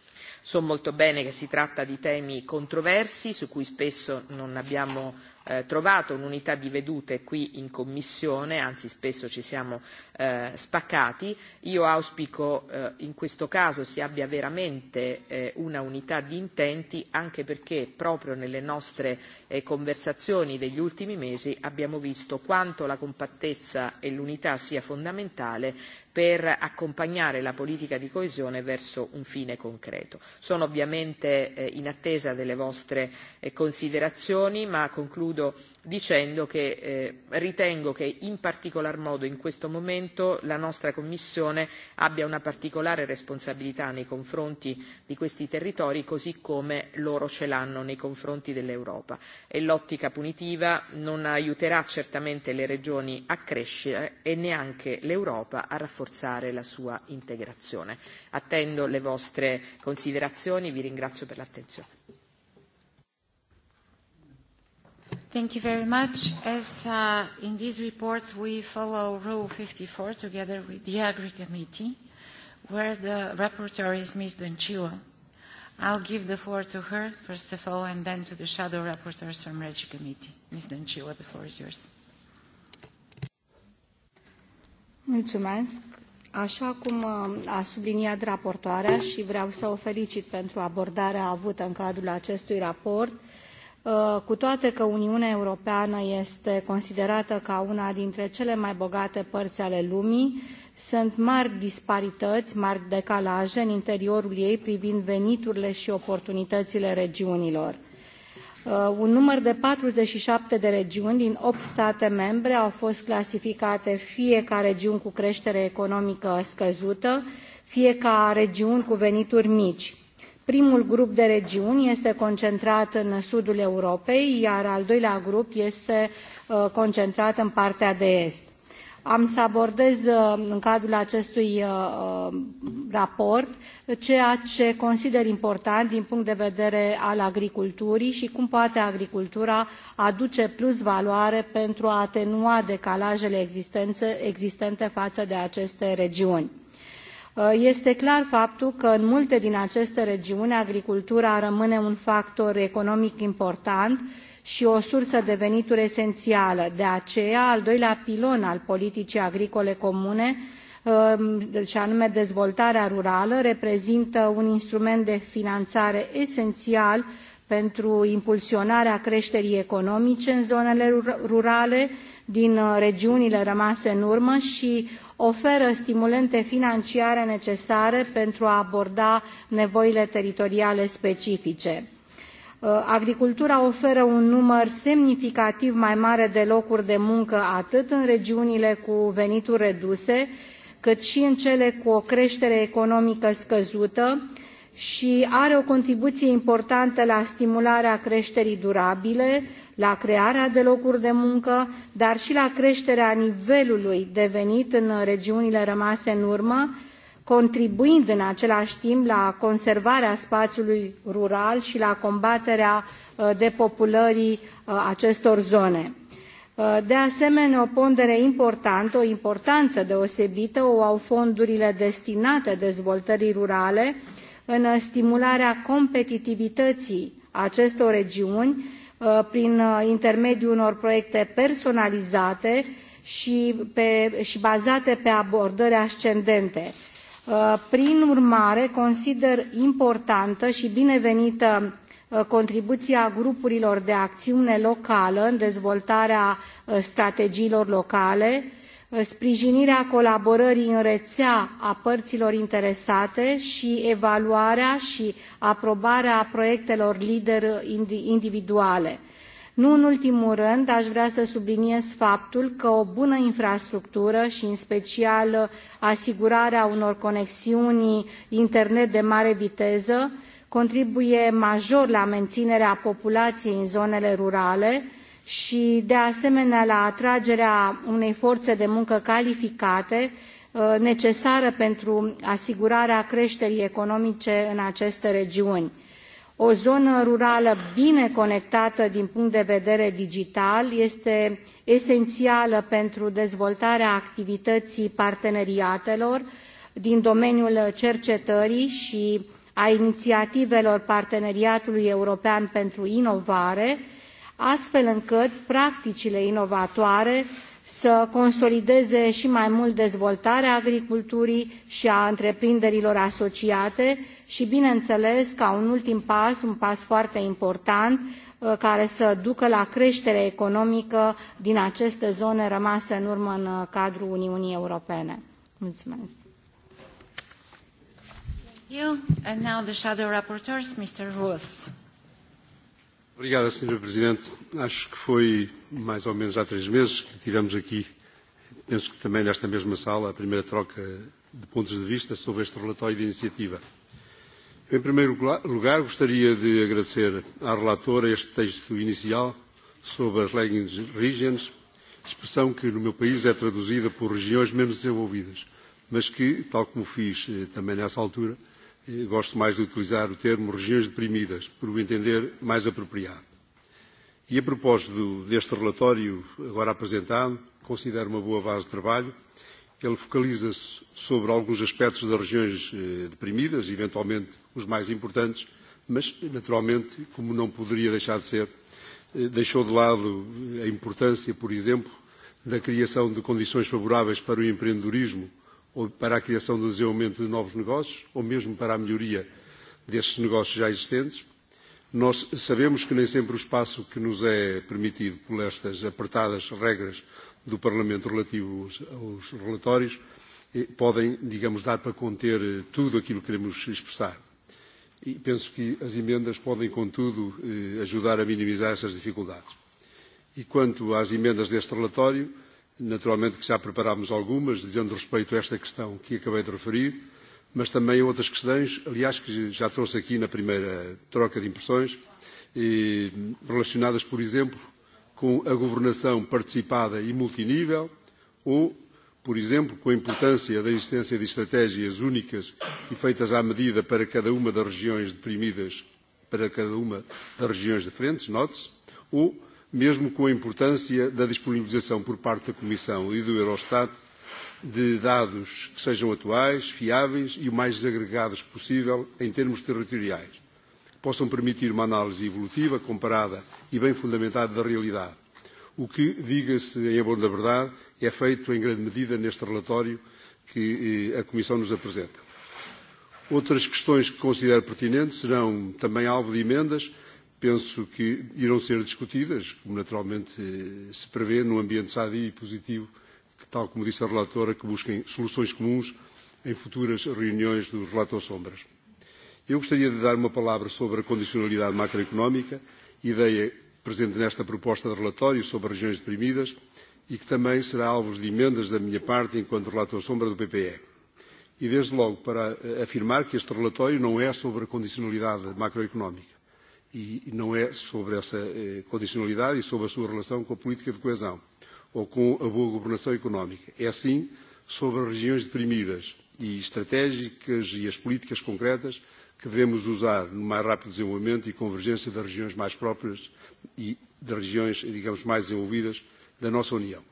So molto bene che si tratta di temi controversi su cui spesso non abbiamo eh, trovato un'unità di vedute qui in Commissione, anzi spesso ci siamo eh, spaccati. Io auspico eh, in questo caso si abbia veramente eh, una unità di intenti, anche perché proprio nelle nostre eh, conversazioni degli ultimi mesi abbiamo visto quanto la compattezza e l'unità sia fondamentale per accompagnare la politica di coesione verso un fine concreto. Sono ovviamente eh, in attesa delle vostre eh, considerazioni, ma concludo dicendo che eh, ritengo che in particolar modo in questo momento la nostra Commissione abbia una particolare responsabilità nei confronti di questi territori così come loro ce l'hanno nei confronti dell'Europa e l'ottica punitiva non aiuterà certamente le regioni a crescere e neanche l'Europa a rafforzare la sua integrazione. Attendo le vostre considerazioni, vi ringrazio per l'attenzione. Thank you very much. As uh, in this report, we follow Rule 54 together with the Agri Committee, where the rapporteur is Ms. Dăncilă. I'll give the floor to her, first of all, and then to the shadow rapporteurs from Regi Committee. Ms. Dăncilă, the floor is yours. Mulțumesc. Așa cum uh, a subliniat raportoarea și vreau să o felicit pentru abordarea avută în cadrul acestui raport, Uh, cu toate că Uniunea Europeană este considerată ca una dintre cele mai bogate părți ale lumii, sunt mari disparități, mari decalaje în interiorul ei privind veniturile și oportunitățile regiunilor. Uh, un număr de 47 de regiuni din 8 state membre au fost clasificate fie ca regiuni cu creștere economică scăzută, fie ca regiuni cu venituri mici primul grup de regiuni este concentrat în sudul europei iar al doilea grup este uh, concentrat în partea de est. am să abordez uh, în cadrul acestui uh, raport ceea ce consider important din punct de vedere al agriculturii și cum poate agricultura aduce plus valoare pentru a atenua decalajele existente față de aceste regiuni Uh, este clar faptul că în multe din aceste regiuni agricultura rămâne un factor economic important și o sursă de venituri esențială. De aceea, al doilea pilon al politicii agricole comune um, și anume dezvoltarea rurală, reprezintă un instrument de finanțare esențial pentru impulsionarea creșterii economice în zonele rurale din uh, regiunile rămase în urmă și oferă stimulente financiare necesare pentru a aborda nevoile teritoriale specifice. Uh, agricultura oferă un număr semnificativ mai mare de locuri de muncă atât în regiunile cu venituri reduse, cât și în cele cu o creștere economică scăzută, și are o contribuție importantă la stimularea creșterii durabile, la crearea de locuri de muncă, dar și la creșterea nivelului de venit în regiunile rămase în urmă, contribuind în același timp la conservarea spațiului rural și la combaterea uh, depopulării uh, acestor zone. Uh, de asemenea, o pondere importantă, o importanță deosebită o au fondurile destinate dezvoltării rurale, în stimularea competitivității acestor regiuni uh, prin uh, intermediul unor proiecte personalizate și, pe, și bazate pe abordări ascendente. Uh, prin urmare, consider importantă și binevenită contribuția grupurilor de acțiune locală în dezvoltarea strategiilor locale, sprijinirea colaborării în rețea a părților interesate și evaluarea și aprobarea proiectelor lider individuale. Nu în ultimul rând, aș vrea să subliniez faptul că o bună infrastructură și, în special, asigurarea unor conexiuni internet de mare viteză contribuie major la menținerea populației în zonele rurale, și, de asemenea, la atragerea unei forțe de muncă calificate uh, necesară pentru asigurarea creșterii economice în aceste regiuni. O zonă rurală bine conectată din punct de vedere digital este esențială pentru dezvoltarea activității parteneriatelor din domeniul cercetării și a inițiativelor Parteneriatului European pentru Inovare, astfel încât practicile inovatoare să consolideze și mai mult dezvoltarea agriculturii și a întreprinderilor asociate și, bineînțeles, ca un ultim pas, un pas foarte important, uh, care să ducă la creștere economică din aceste zone rămase în urmă în uh, cadrul Uniunii Europene. Mulțumesc. You and now the shadow rapporteurs, Mr. Ruth. Obrigado, Sr. Presidente. Acho que foi mais ou menos há três meses que tivemos aqui, penso que também nesta mesma sala, a primeira troca de pontos de vista sobre este relatório de iniciativa. Em primeiro lugar, gostaria de agradecer à relatora este texto inicial sobre as leggings regions, expressão que no meu país é traduzida por regiões menos desenvolvidas, mas que, tal como fiz eh, também nessa altura, E gosto mais de utilizar o termo regiões deprimidas, por o entender mais apropriado. E a propósito deste relatório agora apresentado, considero uma boa base de trabalho. Ele focaliza-se sobre alguns aspectos das regiões eh, deprimidas, eventualmente os mais importantes, mas, naturalmente, como não poderia deixar de ser, eh, deixou de lado eh, a importância, por exemplo, da criação de condições favoráveis para o empreendedorismo para a criação do desenvolvimento de novos negócios, ou mesmo para a melhoria destes negócios já existentes. Nós sabemos que nem sempre o espaço que nos é permitido por estas apertadas regras do Parlamento relativos aos relatórios eh, podem, digamos, dar para conter eh, tudo aquilo que queremos expressar. E penso que as emendas podem, contudo, eh, ajudar a minimizar essas dificuldades. E quanto às emendas deste relatório, Naturalmente que já preparámos algumas, dizendo respeito a esta questão que acabei de referir, mas também a outras questões, aliás, que já trouxe aqui na primeira troca de impressões, e relacionadas, por exemplo, com a governação participada e multinível, ou, por exemplo, com a importância da existência de estratégias únicas e feitas à medida para cada uma das regiões deprimidas, para cada uma das regiões diferentes, note-se, ou mesmo com a importância da disponibilização por parte da Comissão e do Eurostat de dados que sejam atuais, fiáveis e o mais desagregados possível em termos territoriais, que possam permitir uma análise evolutiva, comparada e bem fundamentada da realidade. O que, diga-se em abono da verdade, é feito em grande medida neste relatório que eh, a Comissão nos apresenta. Outras questões que considero pertinentes serão também alvo de emendas, penso que irão ser discutidas, como naturalmente se prevê, num ambiente sadio e positivo, que, tal como disse a relatora, que busquem soluções comuns em futuras reuniões dos relatores sombras. Eu gostaria de dar uma palavra sobre a condicionalidade macroeconómica, ideia presente nesta proposta de relatório sobre regiões deprimidas e que também será alvo de emendas da minha parte enquanto relator sombra do PPE. E desde logo para afirmar que este relatório não é sobre a condicionalidade macroeconómica E, e não é sobre essa eh, condicionalidade e sobre a sua relação com a política de coesão ou com a boa governação económica. É sim sobre as regiões deprimidas e estratégicas e as políticas concretas que devemos usar no mais rápido desenvolvimento e convergência das regiões mais próprias e das regiões, digamos, mais desenvolvidas da nossa União.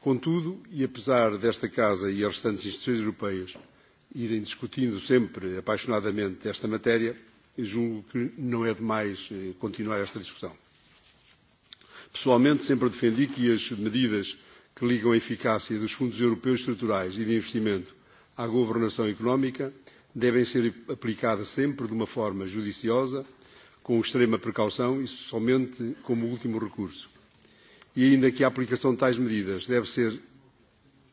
Contudo, e apesar desta Casa e as restantes instituições europeias irem discutindo sempre apaixonadamente esta matéria, E julgo que não é demais eh, continuar esta discussão. Pessoalmente, sempre defendi que as medidas que ligam a eficácia dos fundos europeus estruturais e de investimento à governação económica devem ser aplicadas sempre de uma forma judiciosa, com extrema precaução e somente como último recurso. E ainda que a aplicação de tais medidas deve ser,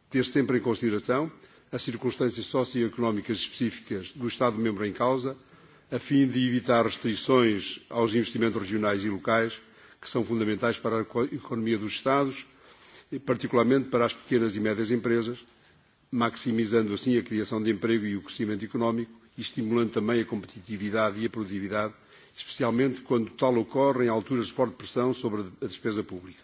ter sempre em consideração as circunstâncias socioeconómicas específicas do Estado-membro em causa, a fim de evitar restrições aos investimentos regionais e locais, que são fundamentais para a economia dos Estados, e particularmente para as pequenas e médias empresas, maximizando assim a criação de emprego e o crescimento económico e estimulando também a competitividade e a produtividade, especialmente quando tal ocorre em alturas de forte pressão sobre a despesa pública.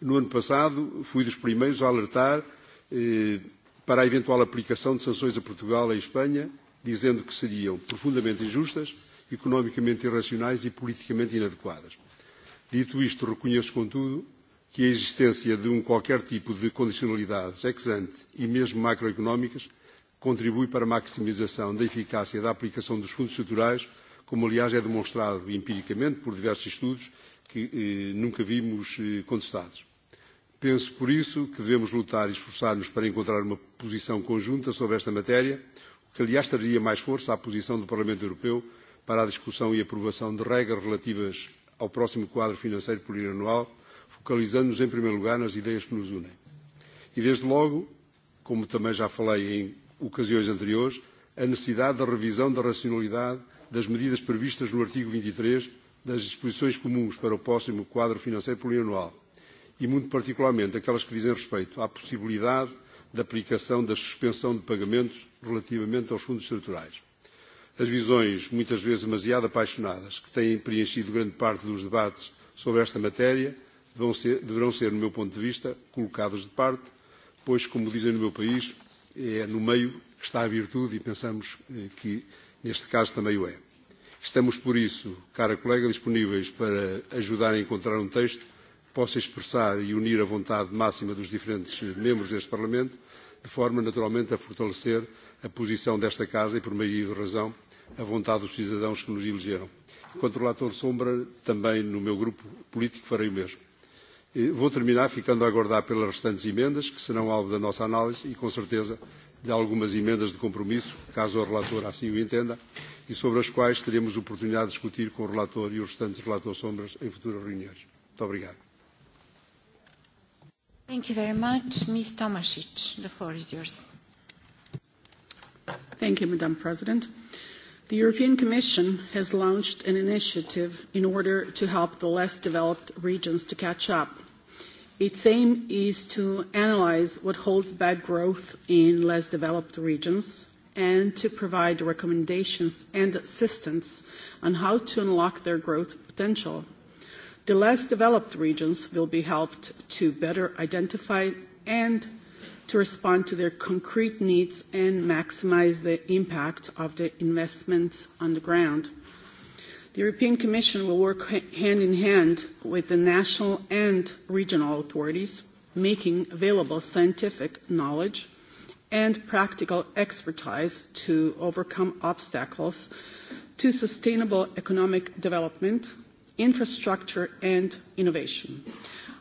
No ano passado, fui dos primeiros a alertar eh, para a eventual aplicação de sanções a Portugal e a Espanha dizendo que seriam profundamente injustas, economicamente irracionais e politicamente inadequadas. Dito isto, reconheço, contudo, que a existência de um qualquer tipo de condicionalidades ex ante e mesmo macroeconómicas contribui para a maximização da eficácia da aplicação dos fundos estruturais, como aliás é demonstrado empiricamente por diversos estudos que eh, nunca vimos eh, contestados. Penso, por isso, que devemos lutar e esforçar-nos para encontrar uma posição conjunta sobre esta matéria, que aliás traria mais força à posição do Parlamento Europeu para a discussão e aprovação de regras relativas ao próximo quadro financeiro plurianual, focalizando-nos em primeiro lugar nas ideias que nos unem. E desde logo, como também já falei em ocasiões anteriores, a necessidade da revisão da racionalidade das medidas previstas no artigo 23 e das disposições comuns para o próximo quadro financeiro plurianual e, muito particularmente, aquelas que dizem respeito à possibilidade da aplicação da suspensão de pagamentos relativamente aos fundos estruturais. As visões, muitas vezes demasiado apaixonadas, que têm preenchido grande parte dos debates sobre esta matéria, deverão ser, deverão ser no meu ponto de vista, colocadas de parte, pois, como dizem no meu país, é no meio que está a virtude e pensamos eh, que neste caso também o é. Estamos, por isso, cara colega, disponíveis para ajudar a encontrar um texto possa expressar e unir a vontade máxima dos diferentes membros deste Parlamento, de forma naturalmente a fortalecer a posição desta Casa e, por meio de razão, a vontade dos cidadãos que nos elegeram. Enquanto relator sombra, também no meu grupo político farei o mesmo. E vou terminar ficando a aguardar pelas restantes emendas, que serão alvo da nossa análise e, com certeza, de algumas emendas de compromisso, caso o relator assim o entenda, e sobre as quais teremos oportunidade de discutir com o relator e os restantes relatores sombras em futuras reuniões. Muito obrigado. Thank you very much. Ms. Tomasic, the floor is yours. Thank you, Madam President. The European Commission has launched an initiative in order to help the less developed regions to catch up. Its aim is to analyze what holds back growth in less developed regions and to provide recommendations and assistance on how to unlock their growth potential The less developed regions will be helped to better identify and to respond to their concrete needs and maximize the impact of the investment on the ground. The European Commission will work hand in hand with the national and regional authorities, making available scientific knowledge and practical expertise to overcome obstacles to sustainable economic development infrastructure and innovation.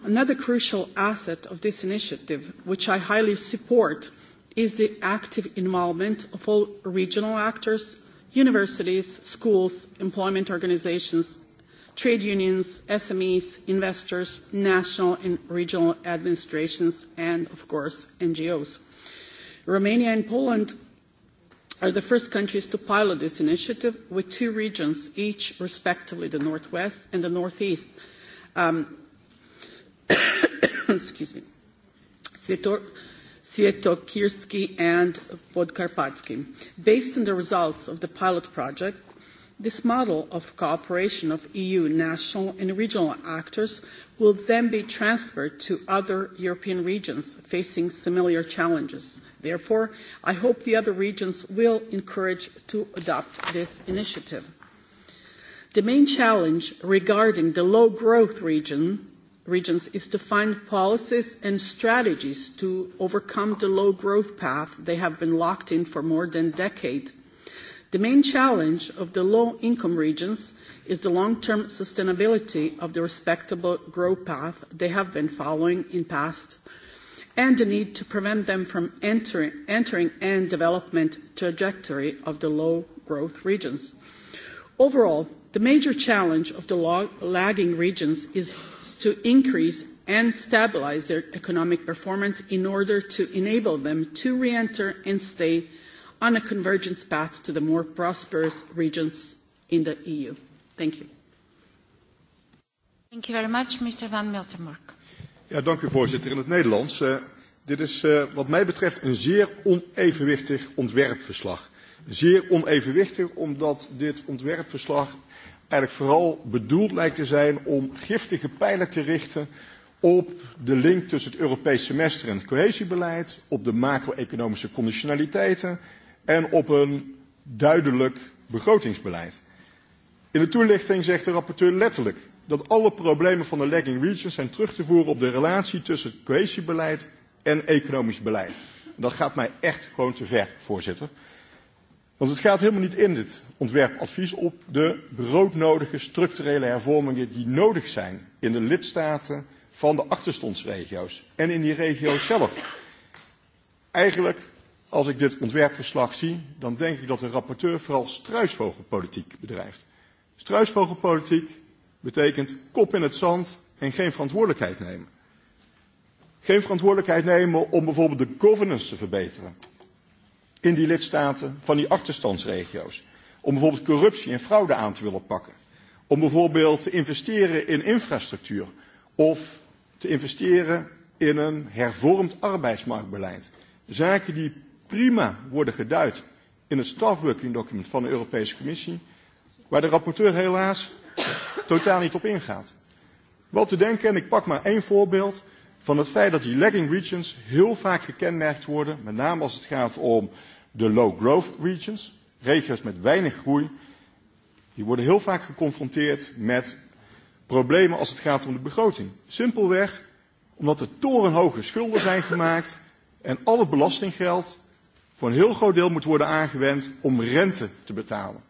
Another crucial asset of this initiative, which I highly support, is the active involvement of all regional actors, universities, schools, employment organizations, trade unions, SMEs, investors, national and regional administrations, and of course, NGOs. Romania and Poland are the first countries to pilot this initiative with two regions, each respectively the Northwest and the Northeast. Um, (coughs) excuse me. Svetor, Svetokirski and Podkarpatsky. Based on the results of the pilot project, this model of cooperation of EU national and regional actors will then be transferred to other European regions facing similar challenges Therefore, I hope the other regions will encourage to adopt this initiative. The main challenge regarding the low growth region, regions is to find policies and strategies to overcome the low growth path they have been locked in for more than a decade. The main challenge of the low income regions is the long-term sustainability of the respectable growth path they have been following in past and the need to prevent them from entering, entering and development trajectory of the low growth regions. Overall, the major challenge of the lagging regions is to increase and stabilize their economic performance in order to enable them to re-enter and stay on a convergence path to the more prosperous regions in the EU. Thank you. Thank you very much, Mr. Van Miltenburg. Ja, dank u voorzitter. In het Nederlands. Uh, dit is uh, wat mij betreft een zeer onevenwichtig ontwerpverslag. Zeer onevenwichtig omdat dit ontwerpverslag eigenlijk vooral bedoeld lijkt te zijn om giftige pijlen te richten op de link tussen het Europees semester en het cohesiebeleid, op de macro-economische conditionaliteiten en op een duidelijk begrotingsbeleid. In de toelichting zegt de rapporteur letterlijk dat alle problemen van de lagging regions zijn terug te voeren op de relatie tussen cohesiebeleid en economisch beleid. Dat gaat mij echt gewoon te ver, voorzitter. Want het gaat helemaal niet in dit ontwerpadvies op de broodnodige structurele hervormingen die nodig zijn in de lidstaten van de achterstandsregio's en in die regio's zelf. Eigenlijk, als ik dit ontwerpverslag zie, dan denk ik dat de rapporteur vooral struisvogelpolitiek bedrijft. Struisvogelpolitiek betekent kop in het zand en geen verantwoordelijkheid nemen. Geen verantwoordelijkheid nemen om bijvoorbeeld de governance te verbeteren in die lidstaten van die achterstandsregio's. Om bijvoorbeeld corruptie en fraude aan te willen pakken. Om bijvoorbeeld te investeren in infrastructuur of te investeren in een hervormd arbeidsmarktbeleid. Zaken die prima worden geduid in het staffworking document van de Europese Commissie, waar de rapporteur helaas totaal niet op ingaat. Wat te denken, en ik pak maar één voorbeeld, van het feit dat die lagging regions heel vaak gekenmerkt worden, met name als het gaat om de low growth regions, regio's met weinig groei, die worden heel vaak geconfronteerd met problemen als het gaat om de begroting. Simpelweg omdat er torenhoge schulden zijn gemaakt en al het belastinggeld voor een heel groot deel moet worden aangewend om rente te betalen.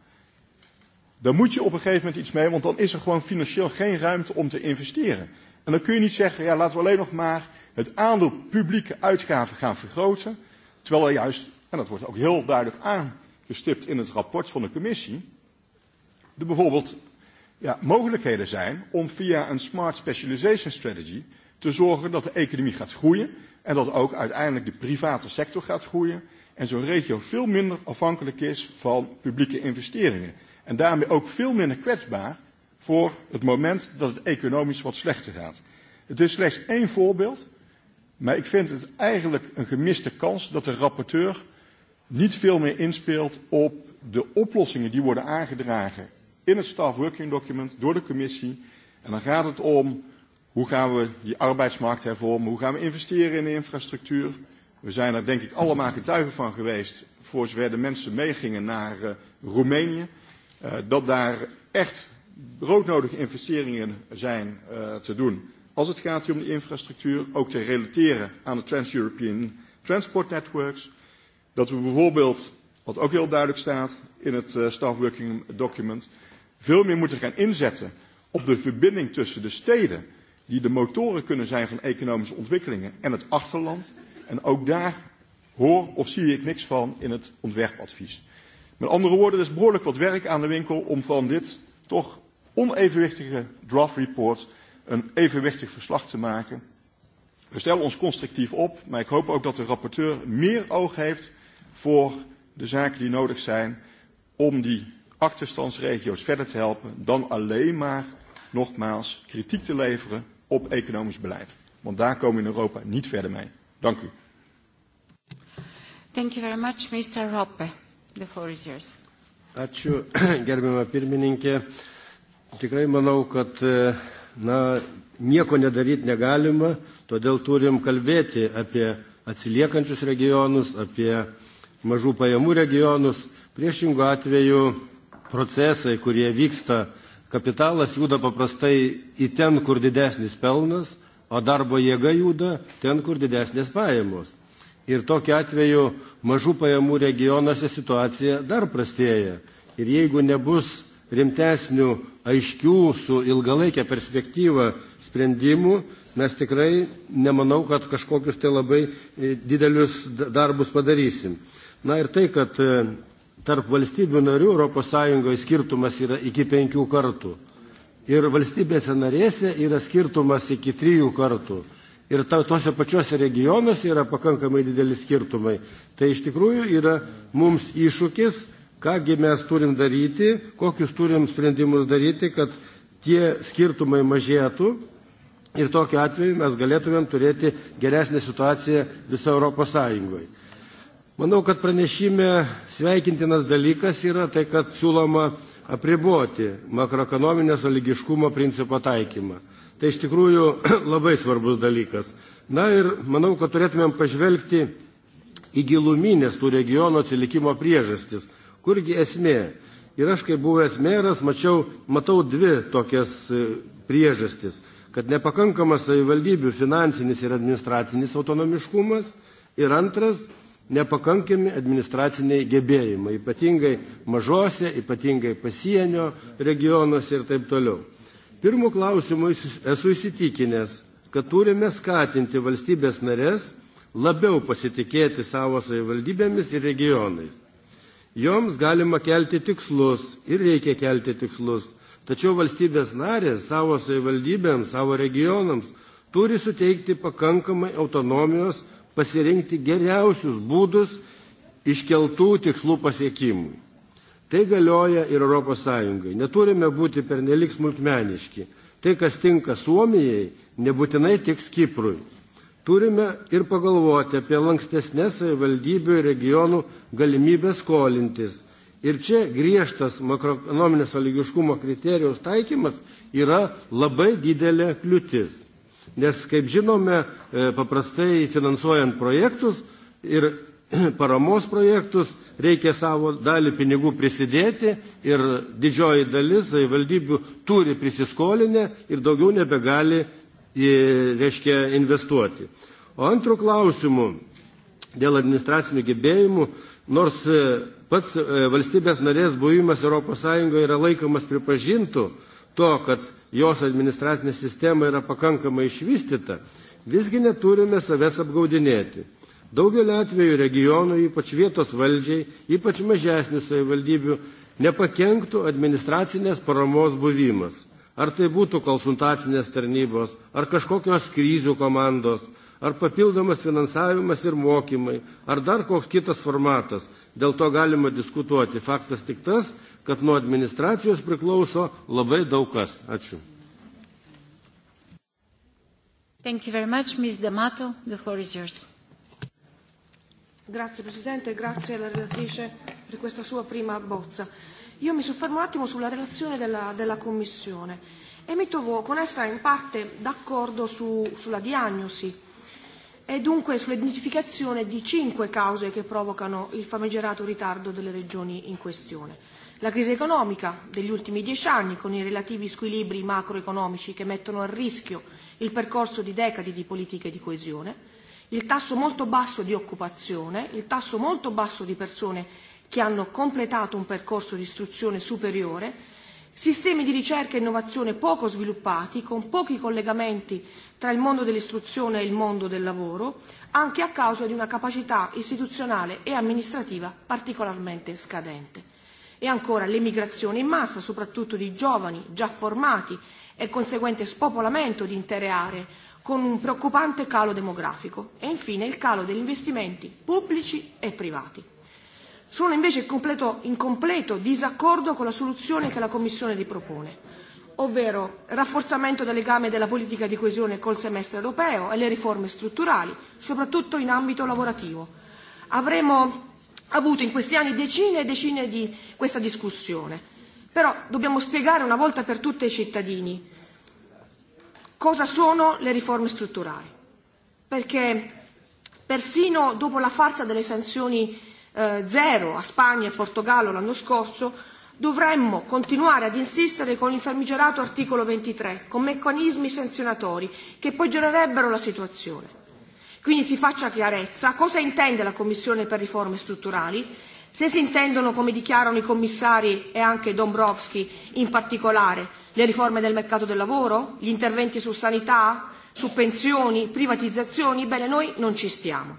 Daar moet je op een gegeven moment iets mee, want dan is er gewoon financieel geen ruimte om te investeren. En dan kun je niet zeggen, ja, laten we alleen nog maar het aandeel publieke uitgaven gaan vergroten. Terwijl er juist, en dat wordt ook heel duidelijk aangestipt in het rapport van de commissie, er bijvoorbeeld ja, mogelijkheden zijn om via een smart specialization strategy te zorgen dat de economie gaat groeien en dat ook uiteindelijk de private sector gaat groeien en zo'n regio veel minder afhankelijk is van publieke investeringen en daarmee ook veel minder kwetsbaar voor het moment dat het economisch wat slechter gaat. Het is slechts één voorbeeld, maar ik vind het eigenlijk een gemiste kans dat de rapporteur niet veel meer inspeelt op de oplossingen die worden aangedragen in het staff working document door de commissie. En dan gaat het om hoe gaan we die arbeidsmarkt hervormen, hoe gaan we investeren in de infrastructuur. We zijn er denk ik allemaal getuige van geweest voor zover de mensen meegingen naar uh, Roemenië uh, dat daar echt broodnodige investeringen zijn uh, te doen. Als het gaat om de infrastructuur, ook te relateren aan de Trans-European Transport Networks. Dat we bijvoorbeeld, wat ook heel duidelijk staat in het uh, Staff Working Document, veel meer moeten gaan inzetten op de verbinding tussen de steden, die de motoren kunnen zijn van economische ontwikkelingen, en het achterland. En ook daar hoor of zie ik niks van in het ontwerpadvies. Met andere woorden, er is behoorlijk wat werk aan de winkel om van dit toch onevenwichtige draft report een evenwichtig verslag te maken. We stellen ons constructief op, maar ik hoop ook dat de rapporteur meer oog heeft voor de zaken die nodig zijn om die achterstandsregio's verder te helpen dan alleen maar nogmaals kritiek te leveren op economisch beleid. Want daar komen we in Europa niet verder mee. Dank u. Thank you very much, Mr. Roppe. The floor is yours. Ačiū, (clears throat) gerbiamą pirmininkę. Tikrai manau, kad e, na, nieko nedaryti negalima, todėl turim kalbėti apie atsiliekančius regionus, apie mažų pajamų regionus. Priešingų atveju procesai, kurie vyksta, kapitalas juda paprastai į ten, kur didesnis pelnas, o darbo jėga juda ten, kur didesnės pajamos. Ir tokiu atveju mažų pajamų regionuose situacija dar prastėja. Ir jeigu nebus rimtesnių, aiškių, su ilgalaikė perspektyva sprendimų, mes tikrai nemanau, kad kažkokius tai labai e, didelius darbus padarysim. Na ir tai, kad e, tarp valstybių narių ES skirtumas yra iki penkių kartų. Ir valstybėse narėse yra skirtumas iki trijų kartų ir tose pačiose regionuose yra pakankamai dideli skirtumai. Tai iš tikrųjų yra mums iššūkis, kągi mes turim daryti, kokius turim sprendimus daryti, kad tie skirtumai mažėtų ir tokiu atveju mes galėtumėm turėti geresnę situaciją viso Europos Sąjungoje. Manau, kad pranešime sveikintinas dalykas yra tai, kad siūloma apriboti makroekonominės oligiškumo principo taikymą. Tai iš tikrųjų (clears throat) labai svarbus dalykas. Na ir manau, kad turėtumėm pažvelgti į giluminės tų regionų atsilikimo priežastis. Kurgi esmė? Ir aš, kaip buvęs meras, mačiau, matau dvi tokias e, priežastis. Kad nepakankamas savivaldybių finansinis ir administracinis autonomiškumas. Ir antras, nepakankami administraciniai gebėjimai, ypatingai mažose, ypatingai pasienio regionuose ir taip toliau. Pirmų klausimų esu įsitikinęs, kad turime skatinti valstybės narės labiau pasitikėti savo savivaldybėmis ir regionais. Joms galima kelti tikslus ir reikia kelti tikslus, tačiau valstybės narės savo savivaldybėms, savo regionams turi suteikti pakankamai autonomijos pasirinkti geriausius būdus iškeltų tikslų pasiekimui. Tai galioja ir Europos Sąjungai. Neturime būti pernelik smulkmeniški. Tai, kas tinka Suomijai, nebūtinai tik Kiprui. Turime ir pagalvoti apie lankstesnės savivaldybių ir regionų galimybę skolintis. Ir čia griežtas makroekonominės valygiškumo kriterijos taikymas yra labai didelė kliūtis. Nes, kaip žinome, e, paprastai finansuojant projektus ir (clears throat) paramos projektus reikia savo dalį pinigų prisidėti ir didžioji dalis savivaldybių turi prisiskolinę ir daugiau nebegali e, reiškia, investuoti. O antrų klausimų dėl administracinių gebėjimų, nors e, pats e, valstybės narės buvimas ES yra laikomas pripažintų to, kad jos administracinė sistema yra pakankamai išvystyta, visgi neturime savęs apgaudinėti daugeliu atvejų regionų, ypač vietos valdžiai, ypač mažesnių savivaldybių, nepakenktų administracinės paramos buvimas. Ar tai būtų konsultacinės tarnybos, ar kažkokios krizių komandos, ar papildomas finansavimas ir mokymai, ar dar koks kitas formatas. Dėl to galima diskutuoti. Faktas tik tas, kad nuo administracijos priklauso labai daug kas. Ačiū. Thank you very much, Ms. D'Amato. The floor is yours. Grazie Presidente, grazie alla relatrice per questa sua prima bozza. Io mi soffermo un attimo sulla relazione della, della Commissione e mi trovo con essa in parte d'accordo su, sulla diagnosi e dunque sull'identificazione di cinque cause che provocano il famigerato ritardo delle regioni in questione. La crisi economica degli ultimi dieci anni, con i relativi squilibri macroeconomici che mettono a rischio il percorso di decadi di politiche di coesione, il tasso molto basso di occupazione, il tasso molto basso di persone che hanno completato un percorso di istruzione superiore, sistemi di ricerca e innovazione poco sviluppati, con pochi collegamenti tra il mondo dell'istruzione e il mondo del lavoro, anche a causa di una capacità istituzionale e amministrativa particolarmente scadente. E ancora l'emigrazione in massa, soprattutto di giovani già formati e conseguente spopolamento di intere aree con un preoccupante calo demografico e infine il calo degli investimenti pubblici e privati. Sono invece completo, in completo disaccordo con la soluzione che la Commissione ripropone, ovvero rafforzamento del legame della politica di coesione col semestre europeo e le riforme strutturali, soprattutto in ambito lavorativo. Avremo avuto in questi anni decine e decine di questa discussione, però dobbiamo spiegare una volta per tutte ai cittadini cosa sono le riforme strutturali, perché persino dopo la farsa delle sanzioni eh, zero a Spagna e Portogallo l'anno scorso, dovremmo continuare ad insistere con il famigerato articolo 23, con meccanismi sanzionatori che peggiorerebbero la situazione. Quindi si faccia chiarezza cosa intende la Commissione per riforme strutturali se si intendono, come dichiarano i commissari e anche Dombrovski in particolare, le riforme del mercato del lavoro, gli interventi su sanità, su pensioni, privatizzazioni, bene, noi non ci stiamo.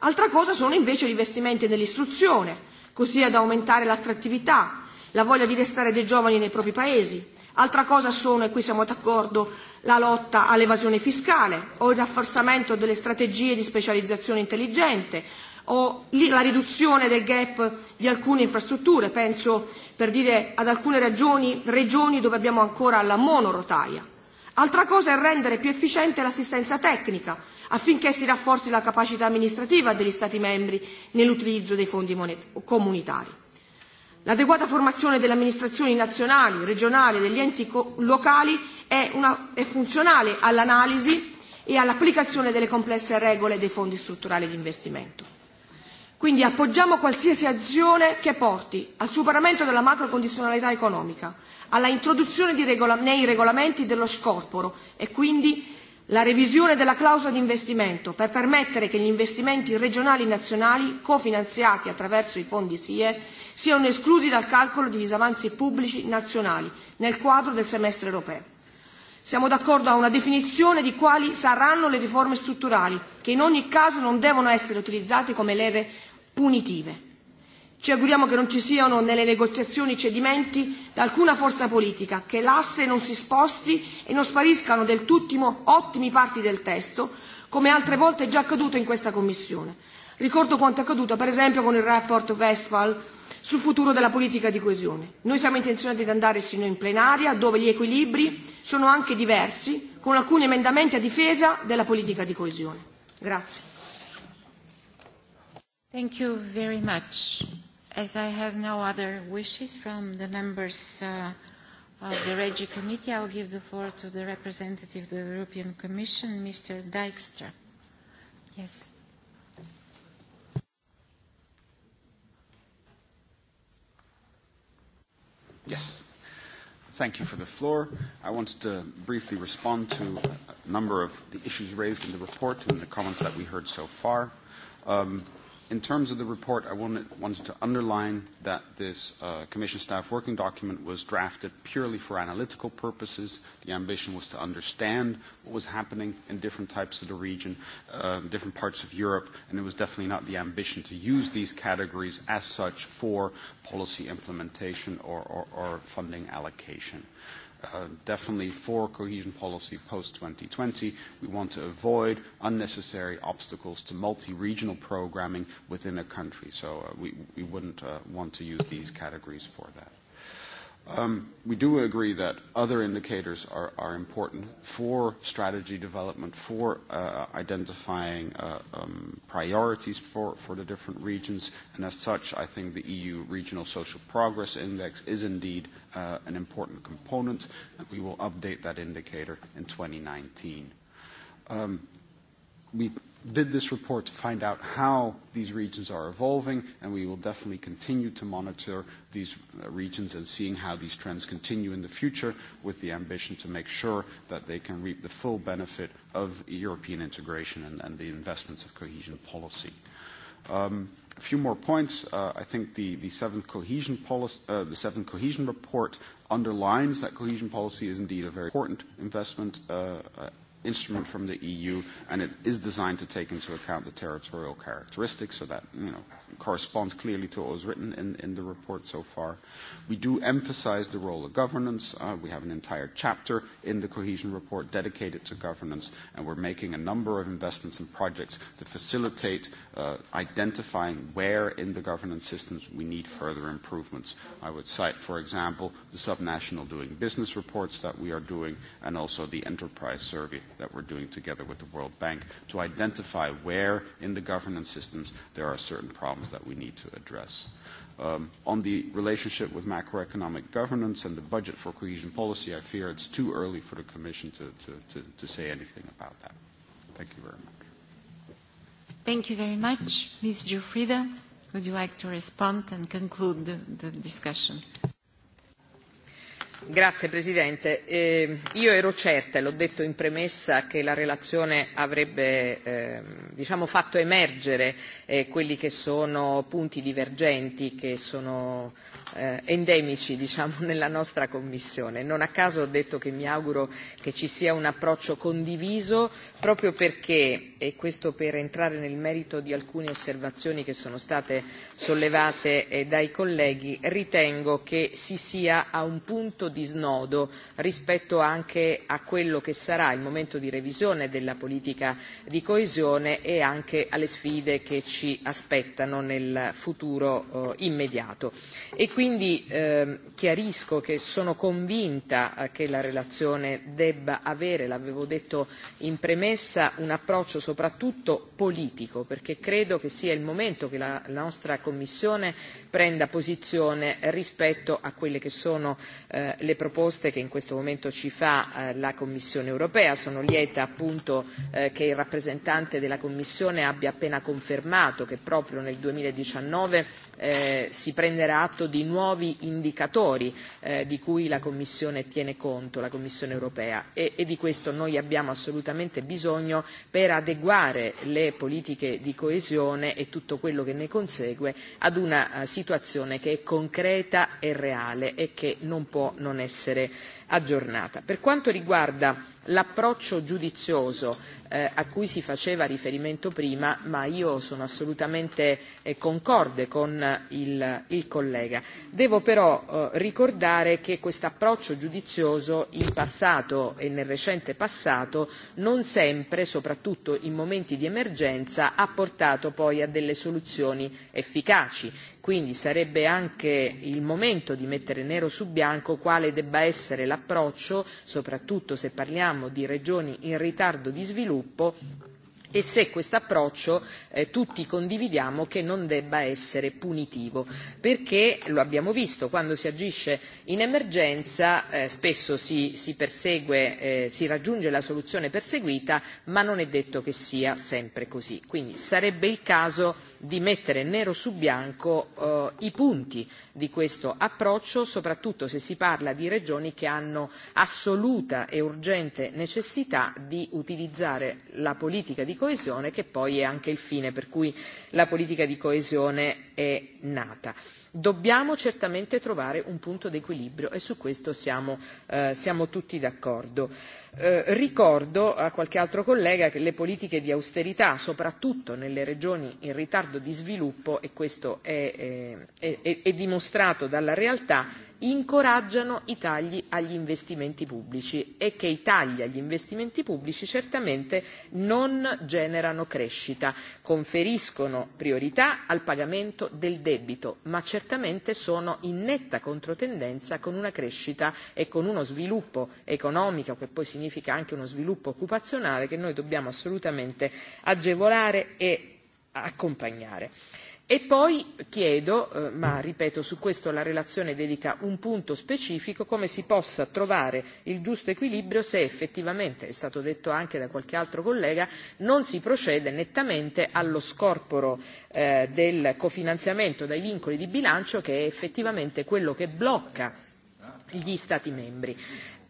Altra cosa sono invece gli investimenti nell'istruzione, così ad aumentare l'attrattività, la voglia di restare dei giovani nei propri paesi. Altra cosa sono, e qui siamo d'accordo, la lotta all'evasione fiscale o il rafforzamento delle strategie di specializzazione intelligente o la riduzione del gap di alcune infrastrutture, penso per dire ad alcune regioni, regioni dove abbiamo ancora la monorotaia. Altra cosa è rendere più efficiente l'assistenza tecnica affinché si rafforzi la capacità amministrativa degli Stati membri nell'utilizzo dei fondi comunitari. L'adeguata formazione delle amministrazioni nazionali, regionali e degli enti locali è, una, è funzionale all'analisi e all'applicazione delle complesse regole dei fondi strutturali di investimento. Quindi appoggiamo qualsiasi azione che porti al superamento della macrocondizionalità economica, alla introduzione di regola- nei regolamenti dello scorporo e quindi la revisione della clausola di investimento per permettere che gli investimenti regionali e nazionali, cofinanziati attraverso i fondi SIE, siano esclusi dal calcolo di disavanzi pubblici nazionali nel quadro del semestre europeo. Siamo d'accordo a una definizione di quali saranno le riforme strutturali, che in ogni caso non devono essere utilizzate come leve punitive. Ci auguriamo che non ci siano nelle negoziazioni cedimenti da alcuna forza politica, che l'asse non si sposti e non spariscano del tutto ottimi parti del testo, come altre volte è già accaduto in questa Commissione. Ricordo quanto è accaduto per esempio con il report Westphal sul futuro della politica di coesione. Noi siamo intenzionati ad andare sino in plenaria, dove gli equilibri sono anche diversi, con alcuni emendamenti a difesa della politica di coesione. Grazie. Thank you very much. As I have no other wishes from the members uh, of the Regi Committee, I'll give the floor to the representative of the European Commission, Mr. Dijkstra. Yes. Yes. Thank you for the floor. I wanted to briefly respond to a number of the issues raised in the report and the comments that we heard so far. Um, in terms of the report, I wanted, wanted to underline that this uh, Commission staff working document was drafted purely for analytical purposes. The ambition was to understand what was happening in different types of the region, uh, different parts of Europe, and it was definitely not the ambition to use these categories as such for policy implementation or, or, or funding allocation. Uh, Uh, definitely for cohesion policy post-2020. We want to avoid unnecessary obstacles to multi-regional programming within a country. So uh, we, we wouldn't uh, want to use these categories for that. Um, we do agree that other indicators are, are important for strategy development, for uh, identifying uh, um, priorities for, for the different regions, and as such, I think the EU Regional Social Progress Index is indeed uh, an important component, and we will update that indicator in 2019. Um, we did this report to find out how these regions are evolving, and we will definitely continue to monitor these uh, regions and seeing how these trends continue in the future with the ambition to make sure that they can reap the full benefit of European integration and, the investments of cohesion policy. Um, a few more points. Uh, I think uh, the, seventh cohesion report underlines that cohesion policy is indeed a very important investment instrument from the EU, and it is designed to take into account the territorial characteristics, so that you know corresponds clearly to what was written in, in the report so far. We do emphasize the role of governance. Uh, we have an entire chapter in the cohesion report dedicated to governance, and we're making a number of investments and projects to facilitate uh, identifying where in the governance systems we need further improvements. I would cite, for example, the subnational doing business reports that we are doing, and also the enterprise survey that we're doing together with the World Bank to identify where in the governance systems there are certain problems that we need to address. Um, on the relationship with macroeconomic governance and the budget for cohesion policy, I fear it's too early for the Commission to, to, to, to say anything about that. Thank you very much. Thank you very much. Ms. Jufrida, would you like to respond and conclude the, the discussion? signor Presidente. onorevoli eh, colleghi io ero certa, e l'ho detto in premessa, che la relazione avrebbe ehm, diciamo, fatto emergere eh, quelli che sono punti divergenti che sono eh, endemici diciamo, (laughs) nella nostra Commissione. Non a caso ho detto che mi auguro che ci sia un approccio condiviso proprio perché, e questo per entrare nel merito di alcune osservazioni che sono state sollevate eh, dai colleghi, ritengo che si sia a un punto di snodo rispetto anche a quello che sarà il momento di revisione della politica di coesione e anche alle sfide che ci aspettano nel futuro eh, immediato. E quindi ehm, chiarisco che sono convinta eh, che la relazione debba avere, l'avevo detto in premessa, un approccio soprattutto politico, perché credo che sia il momento che la nostra Commissione prenda posizione rispetto a quelle che sono eh, le proposte che in questo momento ci fa eh, la Commissione europea. Sono lieta appunto eh, che il rappresentante della Commissione abbia appena confermato che proprio nel 2019 eh, si prenderà atto di nuovi indicatori eh, di cui la Commissione tiene conto, la Commissione europea, e, e di questo noi abbiamo assolutamente bisogno per adeguare le politiche di coesione e tutto quello che ne consegue ad una situazione eh, situazione che è concreta e reale e che non può non essere aggiornata. Per quanto riguarda l'approccio giudizioso eh, a cui si faceva riferimento prima, ma io sono assolutamente eh, concorde con eh, il, il collega. Devo però eh, ricordare che questo approccio giudizioso in passato e nel recente passato non sempre, soprattutto in momenti di emergenza, ha portato poi a delle soluzioni efficaci Quindi sarebbe anche il momento di mettere nero su bianco quale debba essere l'approccio, soprattutto se parliamo di regioni in ritardo di sviluppo, e se questo approccio eh, tutti condividiamo che non debba essere punitivo, perché lo abbiamo visto, quando si agisce in emergenza eh, spesso si, si persegue, eh, si raggiunge la soluzione perseguita, ma non è detto che sia sempre così. Quindi sarebbe il caso di mettere nero su bianco eh, i punti di questo approccio, soprattutto se si parla di regioni che hanno assoluta e urgente necessità di utilizzare la politica di coesione, che poi è anche il fine per cui la politica di coesione è nata dobbiamo certamente trovare un punto di equilibrio e su questo siamo, eh, tutti d'accordo. Eh, ricordo a qualche altro collega che le politiche di austerità, soprattutto nelle regioni in ritardo di sviluppo, e questo è eh, dimostrato dalla realtà, incoraggiano i tagli agli investimenti pubblici e che i tagli agli investimenti pubblici certamente non generano crescita, conferiscono priorità al pagamento del debito, ma certamente sono in netta controtendenza con una crescita e con uno sviluppo economico, che poi significa anche uno sviluppo occupazionale, che noi dobbiamo assolutamente agevolare e accompagnare. E poi chiedo, eh, ma ripeto su questo la relazione dedica un punto specifico, come si possa trovare il giusto equilibrio se effettivamente, è stato detto anche da qualche altro collega, non si procede nettamente allo scorporo eh, del cofinanziamento dai vincoli di bilancio che è effettivamente quello che blocca gli Stati membri.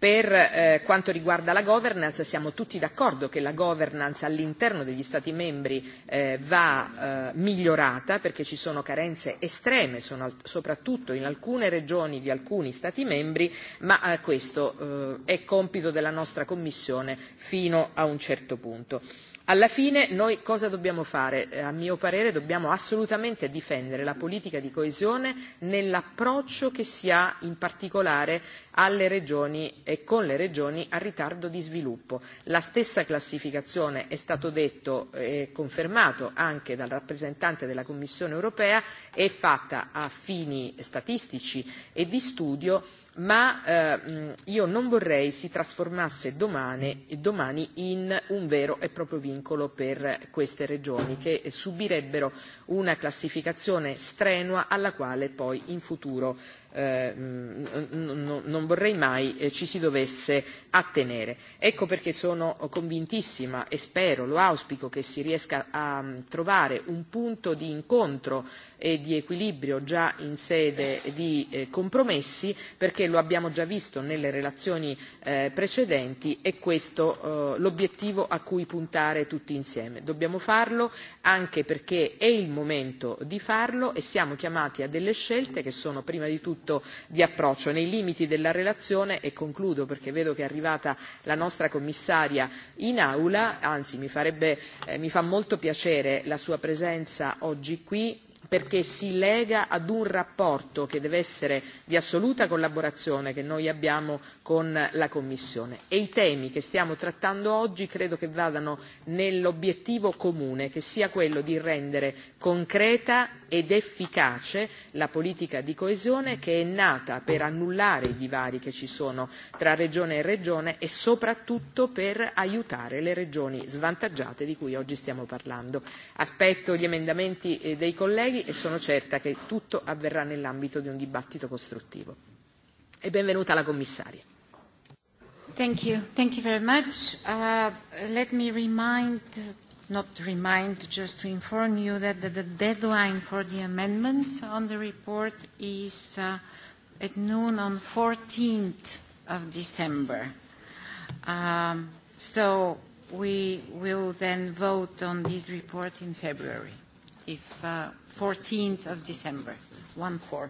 Per eh, quanto riguarda la governance siamo tutti d'accordo che la governance all'interno degli Stati membri eh, va eh, migliorata perché ci sono carenze estreme sono, soprattutto in alcune regioni di alcuni Stati membri ma eh, questo eh, è compito della nostra Commissione fino a un certo punto. Alla fine noi cosa dobbiamo fare? Eh, a mio parere dobbiamo assolutamente difendere la politica di coesione nell'approccio che si ha in particolare alle regioni e con le regioni a ritardo di sviluppo. La stessa classificazione è stato detto e confermato anche dal rappresentante della Commissione europea, è fatta a fini statistici e di studio ma eh, io non vorrei si trasformasse domani, domani in un vero e proprio vincolo per queste regioni che subirebbero una classificazione strenua alla quale poi in futuro Eh, mm, non vorrei mai eh, ci si dovesse attenere. Ecco perché sono convintissima e spero, lo auspico, che si riesca a mm, trovare un punto di incontro e di equilibrio già in sede di eh, compromessi perché lo abbiamo già visto nelle relazioni eh, precedenti e questo eh, l'obiettivo a cui puntare tutti insieme. Dobbiamo farlo anche perché è il momento di farlo e siamo chiamati a delle scelte che sono prima di tutto di approccio nei limiti della relazione e concludo perché vedo che è arrivata la nostra commissaria in aula anzi mi, farebbe, eh, mi fa molto piacere la sua presenza oggi qui perché si lega ad un rapporto che deve essere di assoluta collaborazione che noi abbiamo con la Commissione e i temi che stiamo trattando oggi credo che vadano nell'obiettivo comune che sia quello di rendere concreta ed efficace la politica di coesione che è nata per annullare i divari che ci sono tra regione e regione e soprattutto per aiutare le regioni svantaggiate di cui oggi stiamo parlando. Aspetto gli emendamenti eh, dei colleghi e sono certa che tutto avverrà nell'ambito di un dibattito costruttivo. E benvenuta la commissaria. Thank you. Thank you very much. Uh, let me remind, not remind, just to inform you that the, the deadline for the amendments on the report is uh, at noon on 14th of December. Um, so we will then vote on this report in February if uh, 14th of December, 1-4.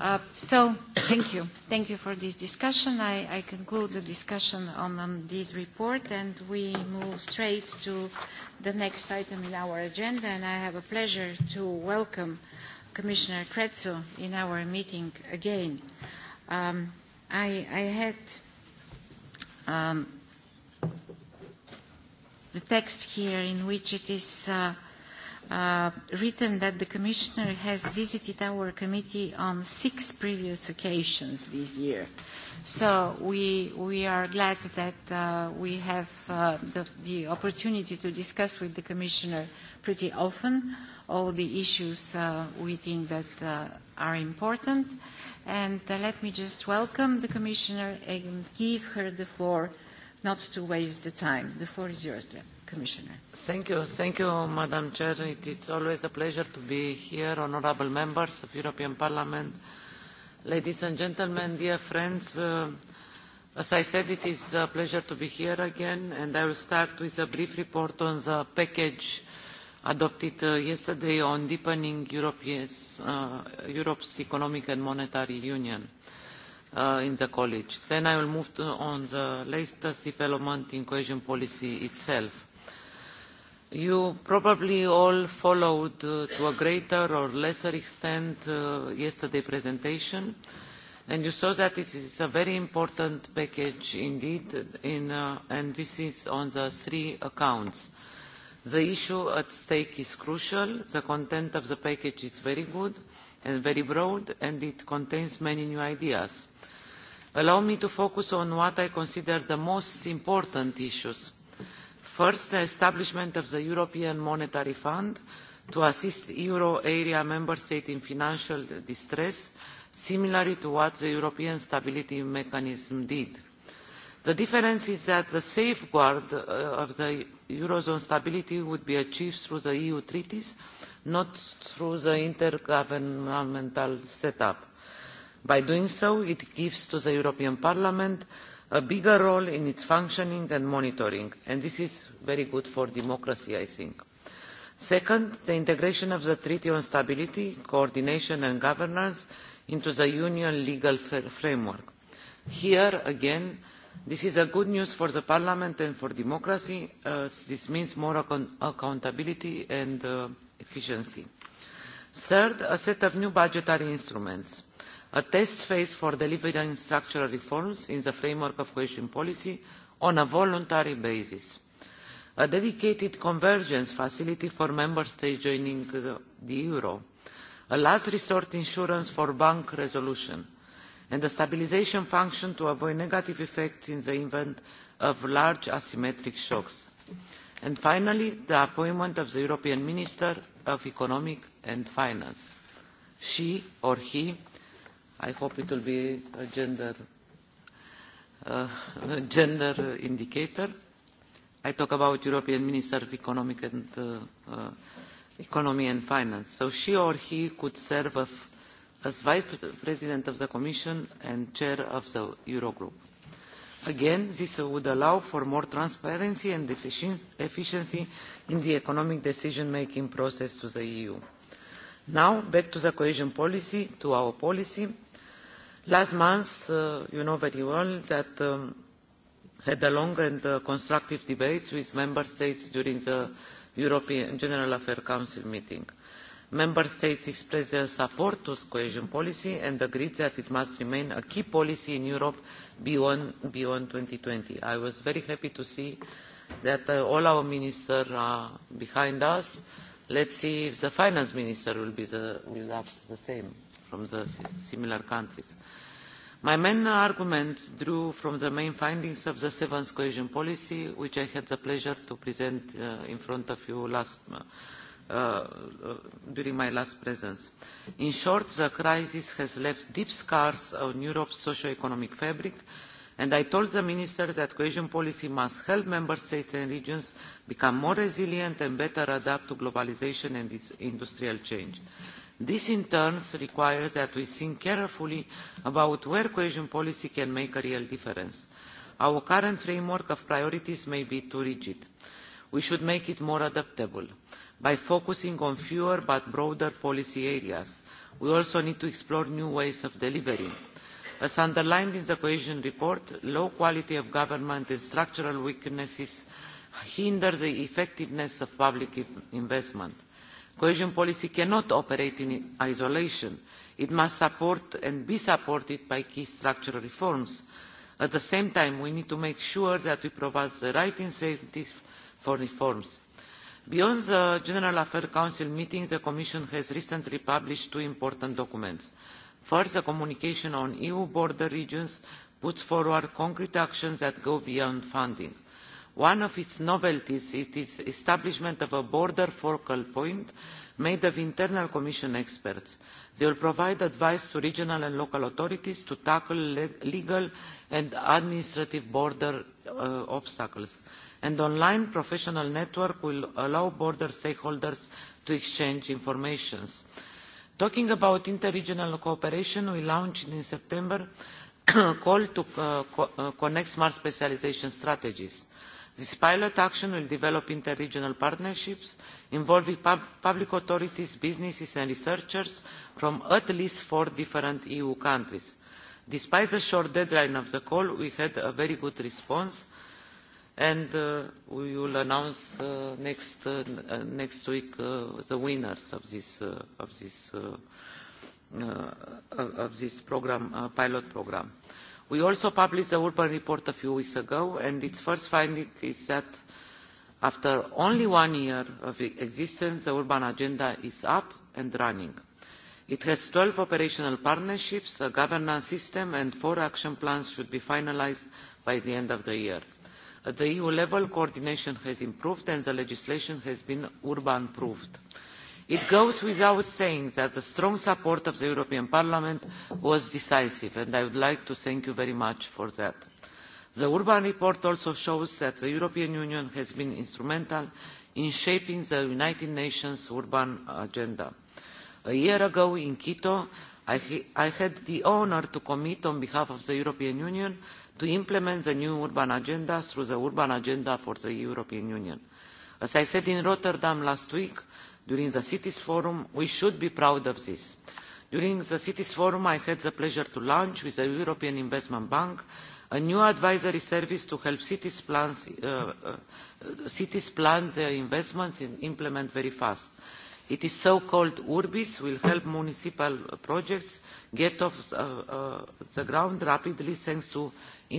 Uh, so thank you. Thank you for this discussion. I, I conclude the discussion on, on this report and we move straight to the next item in our agenda and I have a pleasure to welcome Commissioner Kretsu in our meeting again. Um, I, I had um, the text here in which it is uh, uh, written that the Commissioner has visited our committee on six previous occasions this year. So we, we are glad that uh, we have uh, the, the opportunity to discuss with the Commissioner pretty often all the issues uh, we think that uh, are important. And uh, let me just welcome the Commissioner and give her the floor not to waste the time. The floor is yours, Deb. Thank you. Thank you, Madam Chair. It is always a pleasure to be here, honourable members of European Parliament. Ladies and gentlemen, dear friends, uh, as I said, it is a pleasure to be here again, and I will start with a brief report on the package adopted uh, yesterday on deepening uh, Europe's, economic and monetary union. in the college. then i will move to, on the latest development in cohesion policy itself. You probably all followed uh, to a greater or lesser extent uh, yesterday's presentation, and you saw that this is a very important package indeed, in, uh, and this is on the three accounts. The issue at stake is crucial, the content of the package is very good and very broad, and it contains many new ideas. Allow me to focus on what I consider the most important issues First, the establishment of the European Monetary Fund to assist euro area member states in financial distress, similarly to what the European Stability Mechanism did. The difference is that the safeguard uh, of the Eurozone stability would be achieved through the EU treaties, not through the intergovernmental setup. By doing so, it gives to the European Parliament a bigger role in its functioning and monitoring and this is very good for democracy i think. second the integration of the treaty on stability coordination and governance into the union legal framework. here again this is good news for parliament and for democracy as this means more accountability and uh, efficiency. third a set of new budgetary instruments a test phase for delivering structural reforms in the framework of cohesion policy on a voluntary basis a dedicated convergence facility for member states joining the euro a last resort insurance for bank resolution and a stabilisation function to avoid negative effects in the event of large asymmetric shocks and finally the appointment of the european minister of economic and finance. she or he i hope it will be a gender, uh, (laughs) gender indicator. I talk about European Minister of Economic and, uh, uh, Economy and Finance. So she or he could serve a as vice president of the commission and chair of the eurogroup. again this would allow for more transparency and efficiency in the economic decision making process to the eu. now back to the cohesion policy to our policy last month uh, you know very well that we um, had a long and uh, constructive debate with member states during the european general affairs council meeting. member states expressed their support to cohesion policy and agreed that it must remain a key policy in europe beyond two thousand and twenty i was very happy to see that uh, all our ministers are behind us. let's see if the finance minister will, be the same from the similar countries. My main argument drew from the main findings of the seventh cohesion policy, which I had the pleasure to present uh, in front of you last, uh, uh, during my last presence. In short, the crisis has left deep scars on Europe's socio-economic fabric, and I told the Minister that cohesion policy must help Member States and regions become more resilient and better adapt to globalisation and its industrial change This in turn requires that we think carefully about where cohesion policy can make a real difference. Our current framework of priorities may be too rigid. We should make it more adaptable by focusing on fewer but broader policy areas. We also need to explore new ways of delivering. As underlined in the cohesion report, low quality of government and structural weaknesses hinder the effectiveness of public investment cohesion policy cannot operate in isolation it must support and be supported by key structural reforms. at the same time we need to make sure that we provide the right incentives for reforms. beyond the general affairs council meeting the commission has recently published two important documents. first the communication on eu border regions puts forward concrete actions that go beyond funding one of its novelties is the establishment of a border focal point made of internal commission experts. they will provide advice to regional and local authorities to tackle legal and administrative border uh, obstacles. an online professional network will allow border stakeholders to exchange information. talking about interregional cooperation we launched in september (coughs) a call to uh, uh, connect smart specialisation strategies this pilot action will develop inter regional partnerships involving public authorities businesses and researchers from at least four different eu countries. despite the short deadline of the call we had a very good response and uh, we will announce uh, uh, next, week the winners of this, pilot programme. We also published the Urban Report a few weeks ago, and its first finding is that after only one year of e-, existence, the Urban Agenda is up and running. It has 12 operational partnerships, a governance system, and four action plans should be finalised by the end of the year. At the EU level, coordination has improved and the legislation has been urban-proofed it goes without saying that the strong support of the european parliament was decisive and i would like to thank you very much for that. the urban report also shows that the european union has been instrumental in shaping the united nations urban agenda. a year ago in quito i had the honour to commit on behalf of the european union to implement the new urban agenda through the urban agenda for the european union. as i said in rotterdam last week during the cities forum we should be proud of this. during the cities forum i had the pleasure to launch with the european investment bank a new advisory service to help cities plan, uh, uh, cities plan their investments and implement very fast. It is so-called URBIS will help municipal projects get off uh, uh the ground rapidly thanks to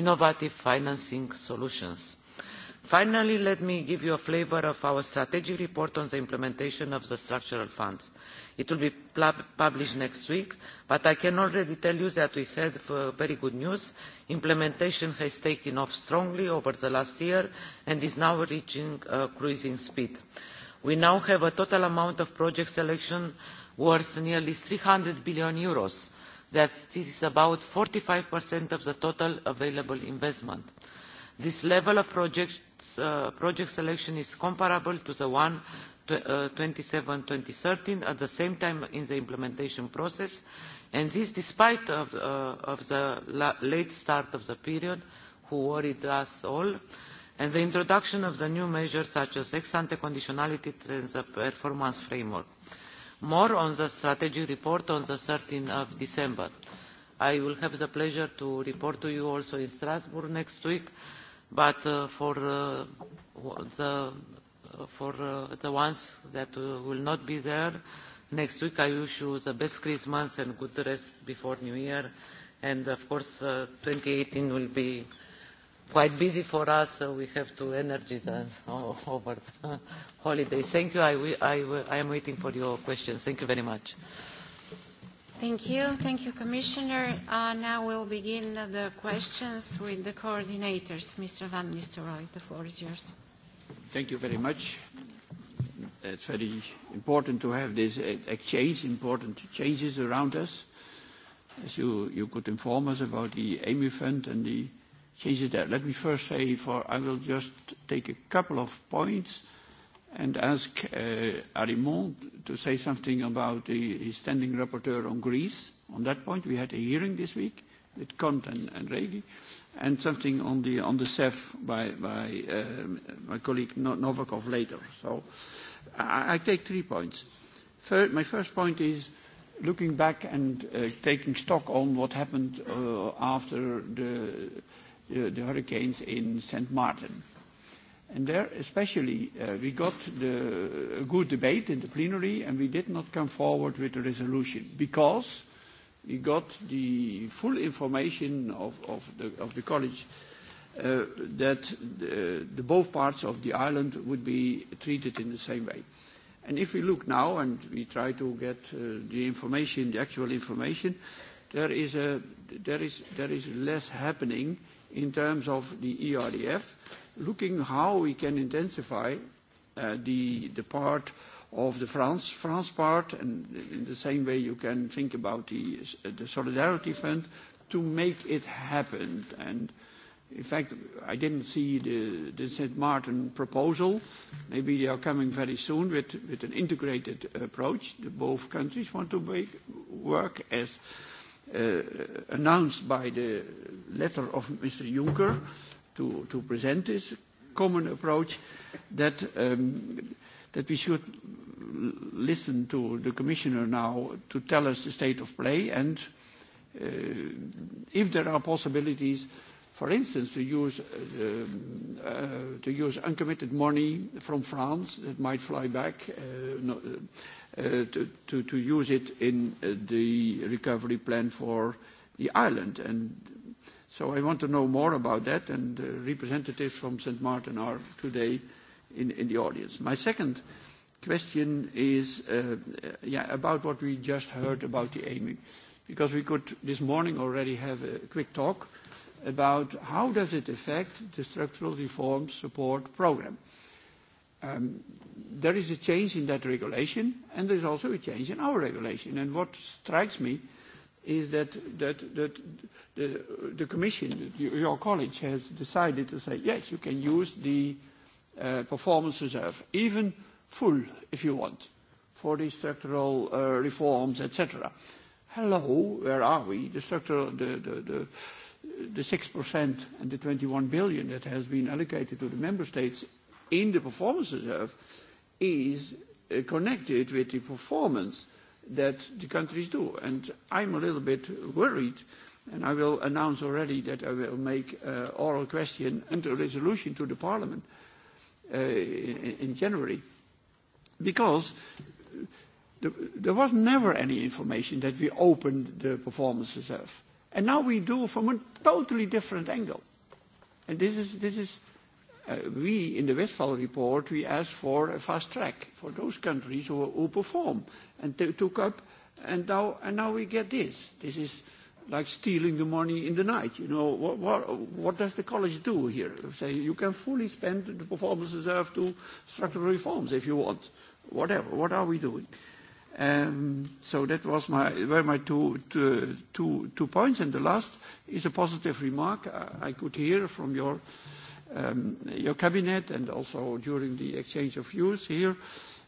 innovative financing solutions finally let me give you a flavour of our strategic report on the implementation of the structural funds. it will be published next week but i can already tell you that we have very good news implementation has taken off strongly over the last year and is now reaching cruising speed. we now have a total amount of project selection worth nearly eur three hundred billion Euros. that is about forty five of the total available investment. this level of project Uh, project selection is comparable to the one uh, twenty seven two thousand and thirteen at the same time in the implementation process and this despite of, uh, of the la late start of the period who worried us all and the introduction of the new measures such as ex ante conditionality and the performance framework. more on the strategy report on thirteen december. i will have the pleasure to report to you also in strasbourg next week but uh, for uh, the for uh, the ones that uh, will not be there next week i wish you the best christmas and good rest before new year and of course uh, 2018 will be quite busy for us so we have to energy the, over the (laughs) holidays thank you I, I, I am waiting for your questions thank you very much Thank you. Thank you, Commissioner. Uh, now we'll begin the questions with the coordinators. Mr. Van Nistelrooy, the floor is yours. Thank you very much. It's very important to have this e-, exchange, important changes around us. As you, you could inform us about the AMI fund and the changes there. Let me first say, for I will just take a couple of points and ask uh, Arimont to say something about the, his standing rapporteur on Greece. On that point, we had a hearing this week with Kant and, and Regi, and something on the on the CEF by, by uh, my colleague no-, Novakov later. So I, I take three points. First, my first point is looking back and uh, taking stock on what happened uh, after the, the, uh, the hurricanes in St. Martin. And there especially, uh, we got the, a good debate in the plenary, and we did not come forward with a resolution because we got the full information of, of, the, of the college uh, that the, the both parts of the island would be treated in the same way. And if we look now and we try to get uh, the information, the actual information, there is, a, there, is, there is less happening in terms of the ERDF looking how we can intensify uh, the, the part of the France, France part, and in the same way you can think about the, uh, the Solidarity Fund, to make it happen. And in fact, I didn't see the, the St. Martin proposal. Maybe they are coming very soon with, with an integrated approach. The both countries want to make, work as uh, announced by the letter of Mr. Juncker to, to present this common approach that, um, that we should listen to the commissioner now to tell us the state of play and uh, if there are possibilities, for instance, to use, uh, uh, to use uncommitted money from France that might fly back, uh, no, uh, to, to, to use it in uh, the recovery plan for the island. And So I want to know more about that, and the representatives from St. Martin are today in, in the audience. My second question is uh, yeah, about what we just heard about the aiming, because we could this morning already have a quick talk about how does it affect the structural reform support program. Um, there is a change in that regulation, and there is also a change in our regulation. And what strikes me is that, that, that the, the Commission, your college, has decided to say, yes, you can use the uh, performance reserve, even full, if you want, for the structural uh, reforms, etc. Hello, where are we? The structural, the, the, the, the 6% and the 21 billion that has been allocated to the member states in the performance reserve is uh, connected with the performance that the countries do. And I'm a little bit worried, and I will announce already that I will make an uh, oral question and a resolution to the parliament uh, in, in January, because the, there was never any information that we opened the performance reserve. And now we do from a totally different angle. And this is, this is Uh, we, in the Westphal report, we asked for a fast track for those countries who, who perform and they took up, and now, and now we get this. This is like stealing the money in the night. You know, what, what, what does the college do here? Say, you can fully spend the performance reserve to structural reforms if you want. Whatever. What are we doing? Um, so that was my, were my two, two, two, two points. And the last is a positive remark I, uh, I could hear from your um, your cabinet and also during the exchange of views here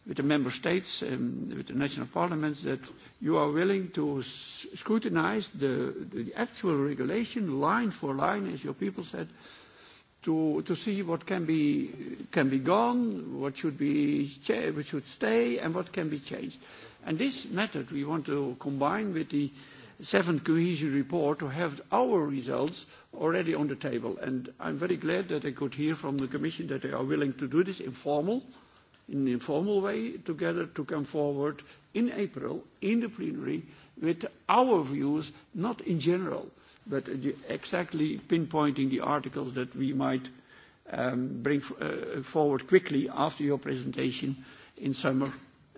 with the member states and with the national parliaments that you are willing to scrutinize the, the actual regulation line for line, as your people said, to, to see what can be, can be gone, what should, be, what should stay, and what can be changed. And this method we want to combine with the uh, seventh cohesion report to have our results already on the table. And I'm very glad that I could hear from the Commission that they are willing to do this informal, in an informal way together to come forward in April in the plenary with our views, not in general, but exactly pinpointing the articles that we might um, bring f uh, forward quickly after your presentation in summer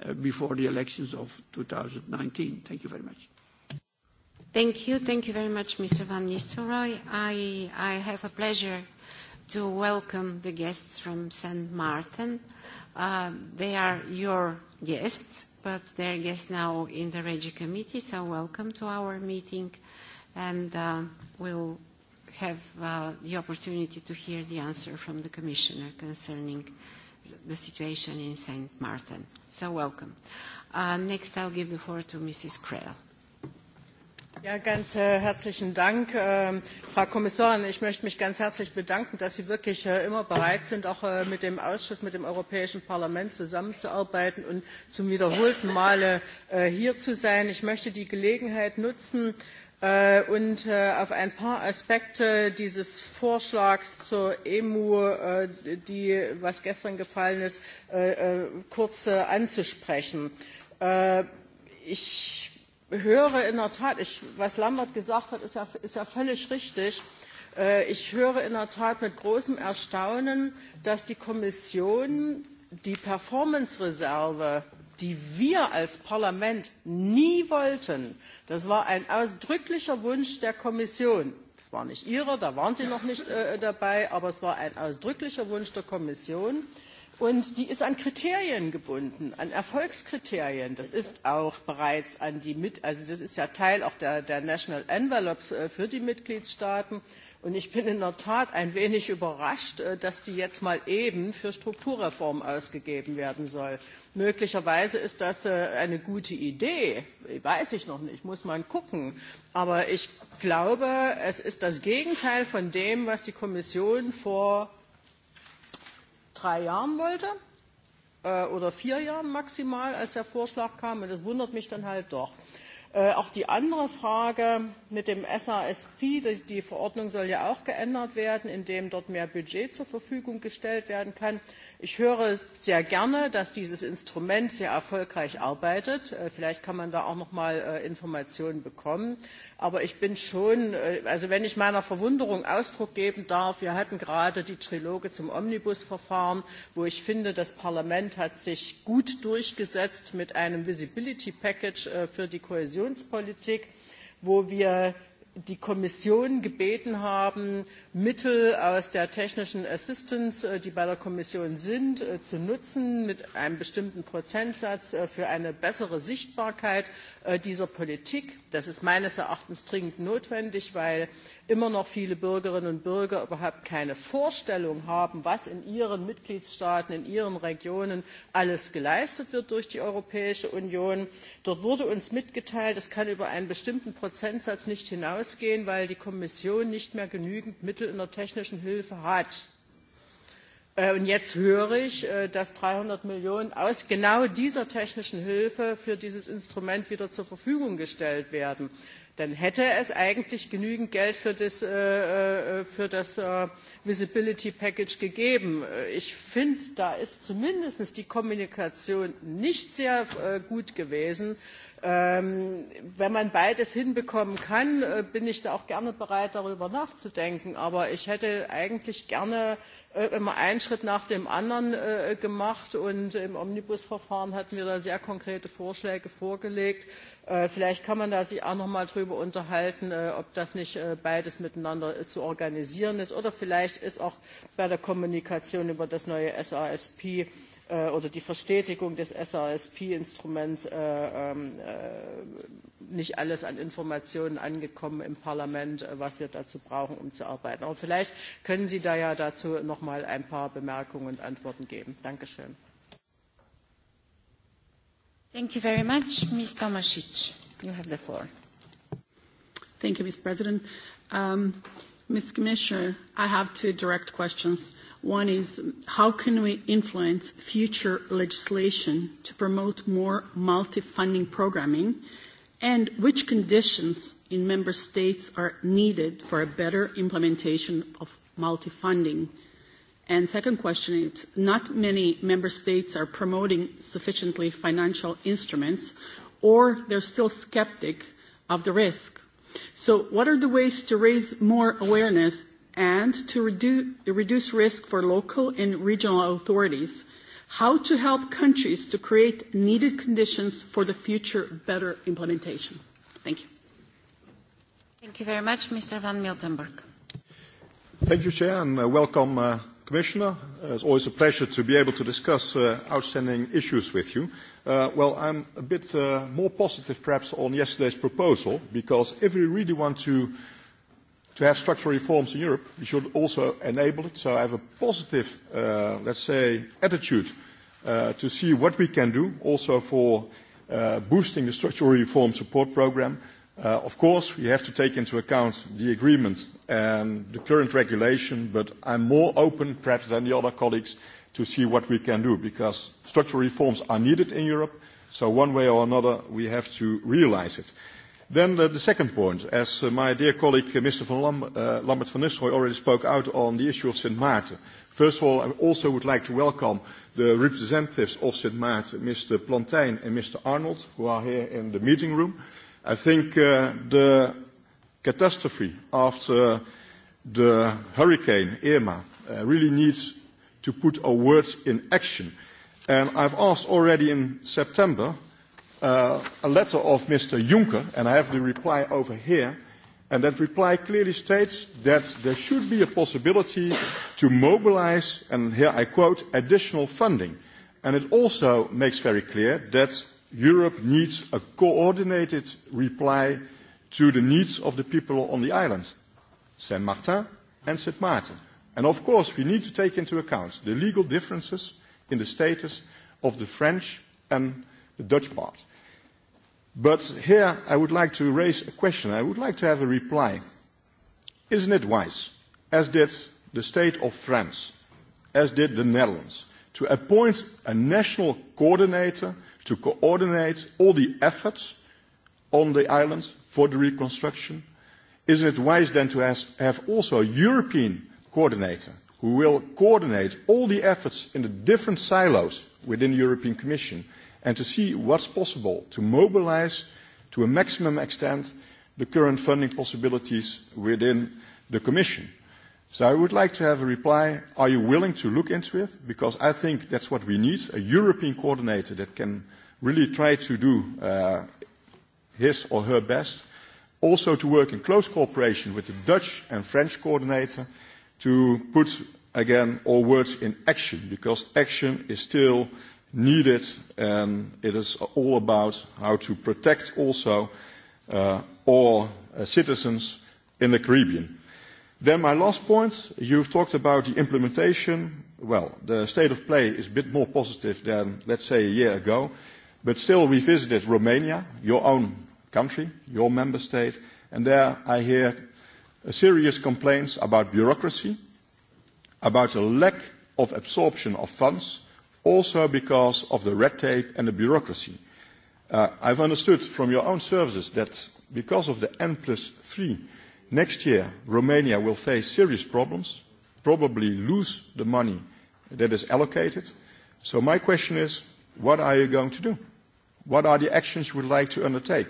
uh, before the elections of 2019. Thank you very much. Thank you. Thank you very much, Mr. Van Nistelrooy. I, have a pleasure to welcome the guests from St. Maarten. Uh, they are your guests, but they're guests now in the Regi Committee, so welcome to our meeting, and uh, we'll have uh, the opportunity to hear the answer from the Commissioner concerning the situation in St. Maarten. So welcome. next, I'll give the floor to Mrs. Krehl ganz äh, herzlichen Dank, äh, Frau Kommissarin. Ich möchte mich ganz herzlich bedanken, dass Sie wirklich äh, immer bereit sind, auch mit dem Ausschuss, mit dem Europäischen Parlament zusammenzuarbeiten und zum wiederholten Male hier zu sein. Ich möchte die Gelegenheit nutzen, und auf ein paar Aspekte dieses Vorschlags zur EMU, die, was gestern gefallen ist, kurz anzusprechen. ich höre in der Tat, ich, was Lambert gesagt hat, ist ja, ist ja völlig richtig. Äh, ich höre in der Tat mit großem Erstaunen, dass die Kommission die Performance-Reserve, die wir als Parlament nie wollten, das war ein ausdrücklicher Wunsch der Kommission. Das war nicht ihre, da waren Sie noch nicht äh, dabei, aber es war ein ausdrücklicher Wunsch der Kommission. Äh, Und die ist an Kriterien gebunden, an Erfolgskriterien. Das ist auch bereits an die Mit, also das ist ja Teil auch der, der National Envelopes äh, für die Mitgliedstaaten. Und ich bin in der Tat ein wenig überrascht, äh, dass die jetzt mal eben für Strukturreform ausgegeben werden soll. Möglicherweise ist das äh, eine gute Idee, weiß ich noch nicht, muss man gucken. Aber ich glaube, es ist das Gegenteil von dem, was die Kommission vor drei Jahren wollte äh, oder vier Jahren maximal, als der Vorschlag kam. Und das wundert mich dann halt doch. Äh, auch die andere Frage mit dem SASP, die, die Verordnung soll ja auch geändert werden, indem dort mehr Budget zur Verfügung gestellt werden kann ich höre sehr gerne dass dieses instrument sehr erfolgreich arbeitet äh, vielleicht kann man da auch noch mal äh, informationen bekommen aber ich bin schon äh, also wenn ich meiner verwunderung ausdruck geben darf wir hatten gerade die triloge zum omnibus verfahren wo ich finde das parlament hat sich gut durchgesetzt mit einem visibility package für die kohäsionspolitik wo wir die Kommission gebeten haben, Mittel aus der technischen Assistance, äh, die bei der Kommission sind, äh, zu nutzen mit einem bestimmten Prozentsatz äh, für eine bessere Sichtbarkeit dieser Politik. Das ist meines Erachtens dringend notwendig, weil immer noch viele Bürgerinnen und Bürger überhaupt keine Vorstellung haben, was in ihren Mitgliedstaaten, in ihren Regionen alles geleistet wird durch die Europäische Union. Dort wurde uns mitgeteilt, es kann über einen bestimmten Prozentsatz nicht hinaus hinausgehen weil die kommission nicht mehr genügend mittel in der technischen hilfe hat. Äh, und jetzt höre ich, äh, dass 300 Millionen aus genau dieser technischen Hilfe für dieses Instrument wieder zur Verfügung gestellt werden. Dann hätte es eigentlich genügend Geld für das, äh, für das Visibility Package gegeben. Ich finde, da ist zumindest die Kommunikation nicht sehr gut gewesen Ähm, wenn man beides hinbekommen kann äh, bin ich da auch gerne bereit darüber nachzudenken aber ich hätte eigentlich gerne äh, immer einen schritt nach dem anderen äh, gemacht und im omnibus verfahren hatten wir da sehr konkrete vorschläge vorgelegt. vielleicht kann man sich da auch noch mal darüber unterhalten ob das nicht beides miteinander zu organisieren ist oder vielleicht ist auch bei der kommunikation über das neue sasp Äh, oder die Verstetigung des SRSP-Instruments äh, ähm, äh, nicht alles an Informationen angekommen im Parlament, was wir dazu brauchen, um zu arbeiten. Aber vielleicht können Sie da ja dazu noch mal ein paar Bemerkungen und Antworten geben. Dankeschön. Thank you very much. Ms. Tomasic, you have the floor. Thank you, Ms. President. Um, Ms. Commissioner, I have two direct questions. One is how can we influence future legislation to promote more multi-funding programming and which conditions in member states are needed for a better implementation of multi-funding? And second question is, not many member states are promoting sufficiently financial instruments or they're still skeptic of the risk. So what are the ways to raise more awareness and to reduce, reduce risk for local and regional authorities, how to help countries to create needed conditions for the future better implementation. Thank you. Thank you very much, Mr. van Miltenburg. Thank you, Chair, and uh, welcome, uh, Commissioner. Uh, it's always a pleasure to be able to discuss uh, outstanding issues with you. Uh, well, I'm a bit uh, more positive perhaps on yesterday's proposal, because if we really want to uh, to have structural reforms in Europe, we should also enable it. So I have a positive, uh, let's say, attitude uh, to see what we can do also for uh, boosting the structural reform support program. Uh, of course, we have to take into account the agreement and the current regulation, but I'm more open, perhaps, than the other colleagues to see what we can do because structural reforms are needed in Europe. So one way or another, we have to realize it. Uh, the, second point, as uh, my dear colleague uh, Mr. Van Lam, uh, Lambert van Nistelrooy already spoke out on the issue of Sint Maarten. First of all, I also would like to welcome the representatives of Sint Maarten, Mr. Plantijn and Mr. Arnold, who are here in the meeting room. I think the catastrophe after the hurricane Irma really needs to put our words in action. And I've asked already in September uh, a letter of Mr. Juncker, and I have the reply over here, and that reply clearly states that there should be a possibility to mobilize, and here I quote, additional funding. And it also makes very clear that Europe needs a coordinated reply to the needs of the people on the island, Saint Martin and Saint Martin. And of course, we need to take into account the legal differences in the status of the French and the Dutch part. But here I would like to raise a question. I would like to have a reply. Isn't it wise, as did the state of France, as did the Netherlands, to appoint a national coordinator to coordinate all the efforts on the islands for the reconstruction? Isn't it wise then to have also a European coordinator who will coordinate all the efforts in the different silos within the European Commission and to see what's possible to mobilize to a maximum extent the current funding possibilities within the Commission. So I would like to have a reply. Are you willing to look into it? Because I think that's what we need, a European coordinator that can really try to do uh, his or her best, also to work in close cooperation with the Dutch and French coordinator to put, again, all words in action, because action is still needed, and it is all about how to protect also uh, all uh, citizens in the Caribbean. Then my last point, you've talked about the implementation. Well, the state of play is a bit more positive than, let's say, a year ago, but still we visited Romania, your own country, your member state, and there I hear serious complaints about bureaucracy, about a lack of absorption of funds, also because of the red tape and the bureaucracy. Uh, I've understood from your own services that because of the N plus 3, next year Romania will face serious problems, probably lose the money that is allocated. So my question is, what are you going to do? What are the actions you would like to undertake?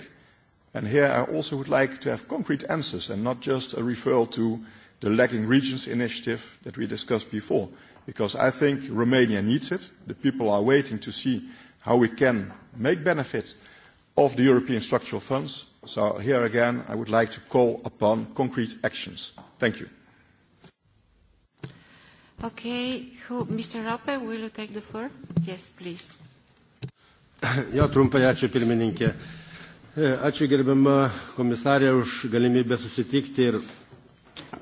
And here I also would like to have concrete answers and not just a referral to the lagging regions initiative that we discussed before because I think Romania needs it. The people are waiting to see how we can make benefits of the European structural funds. So here again, I would like to call upon concrete actions. Thank you. Okay, who, Mr. Rappe, will you take the floor? Yes, please. Jo, trumpai ačiū pirmininkė. E, ačiū gerbiama komisarė už galimybę susitikti ir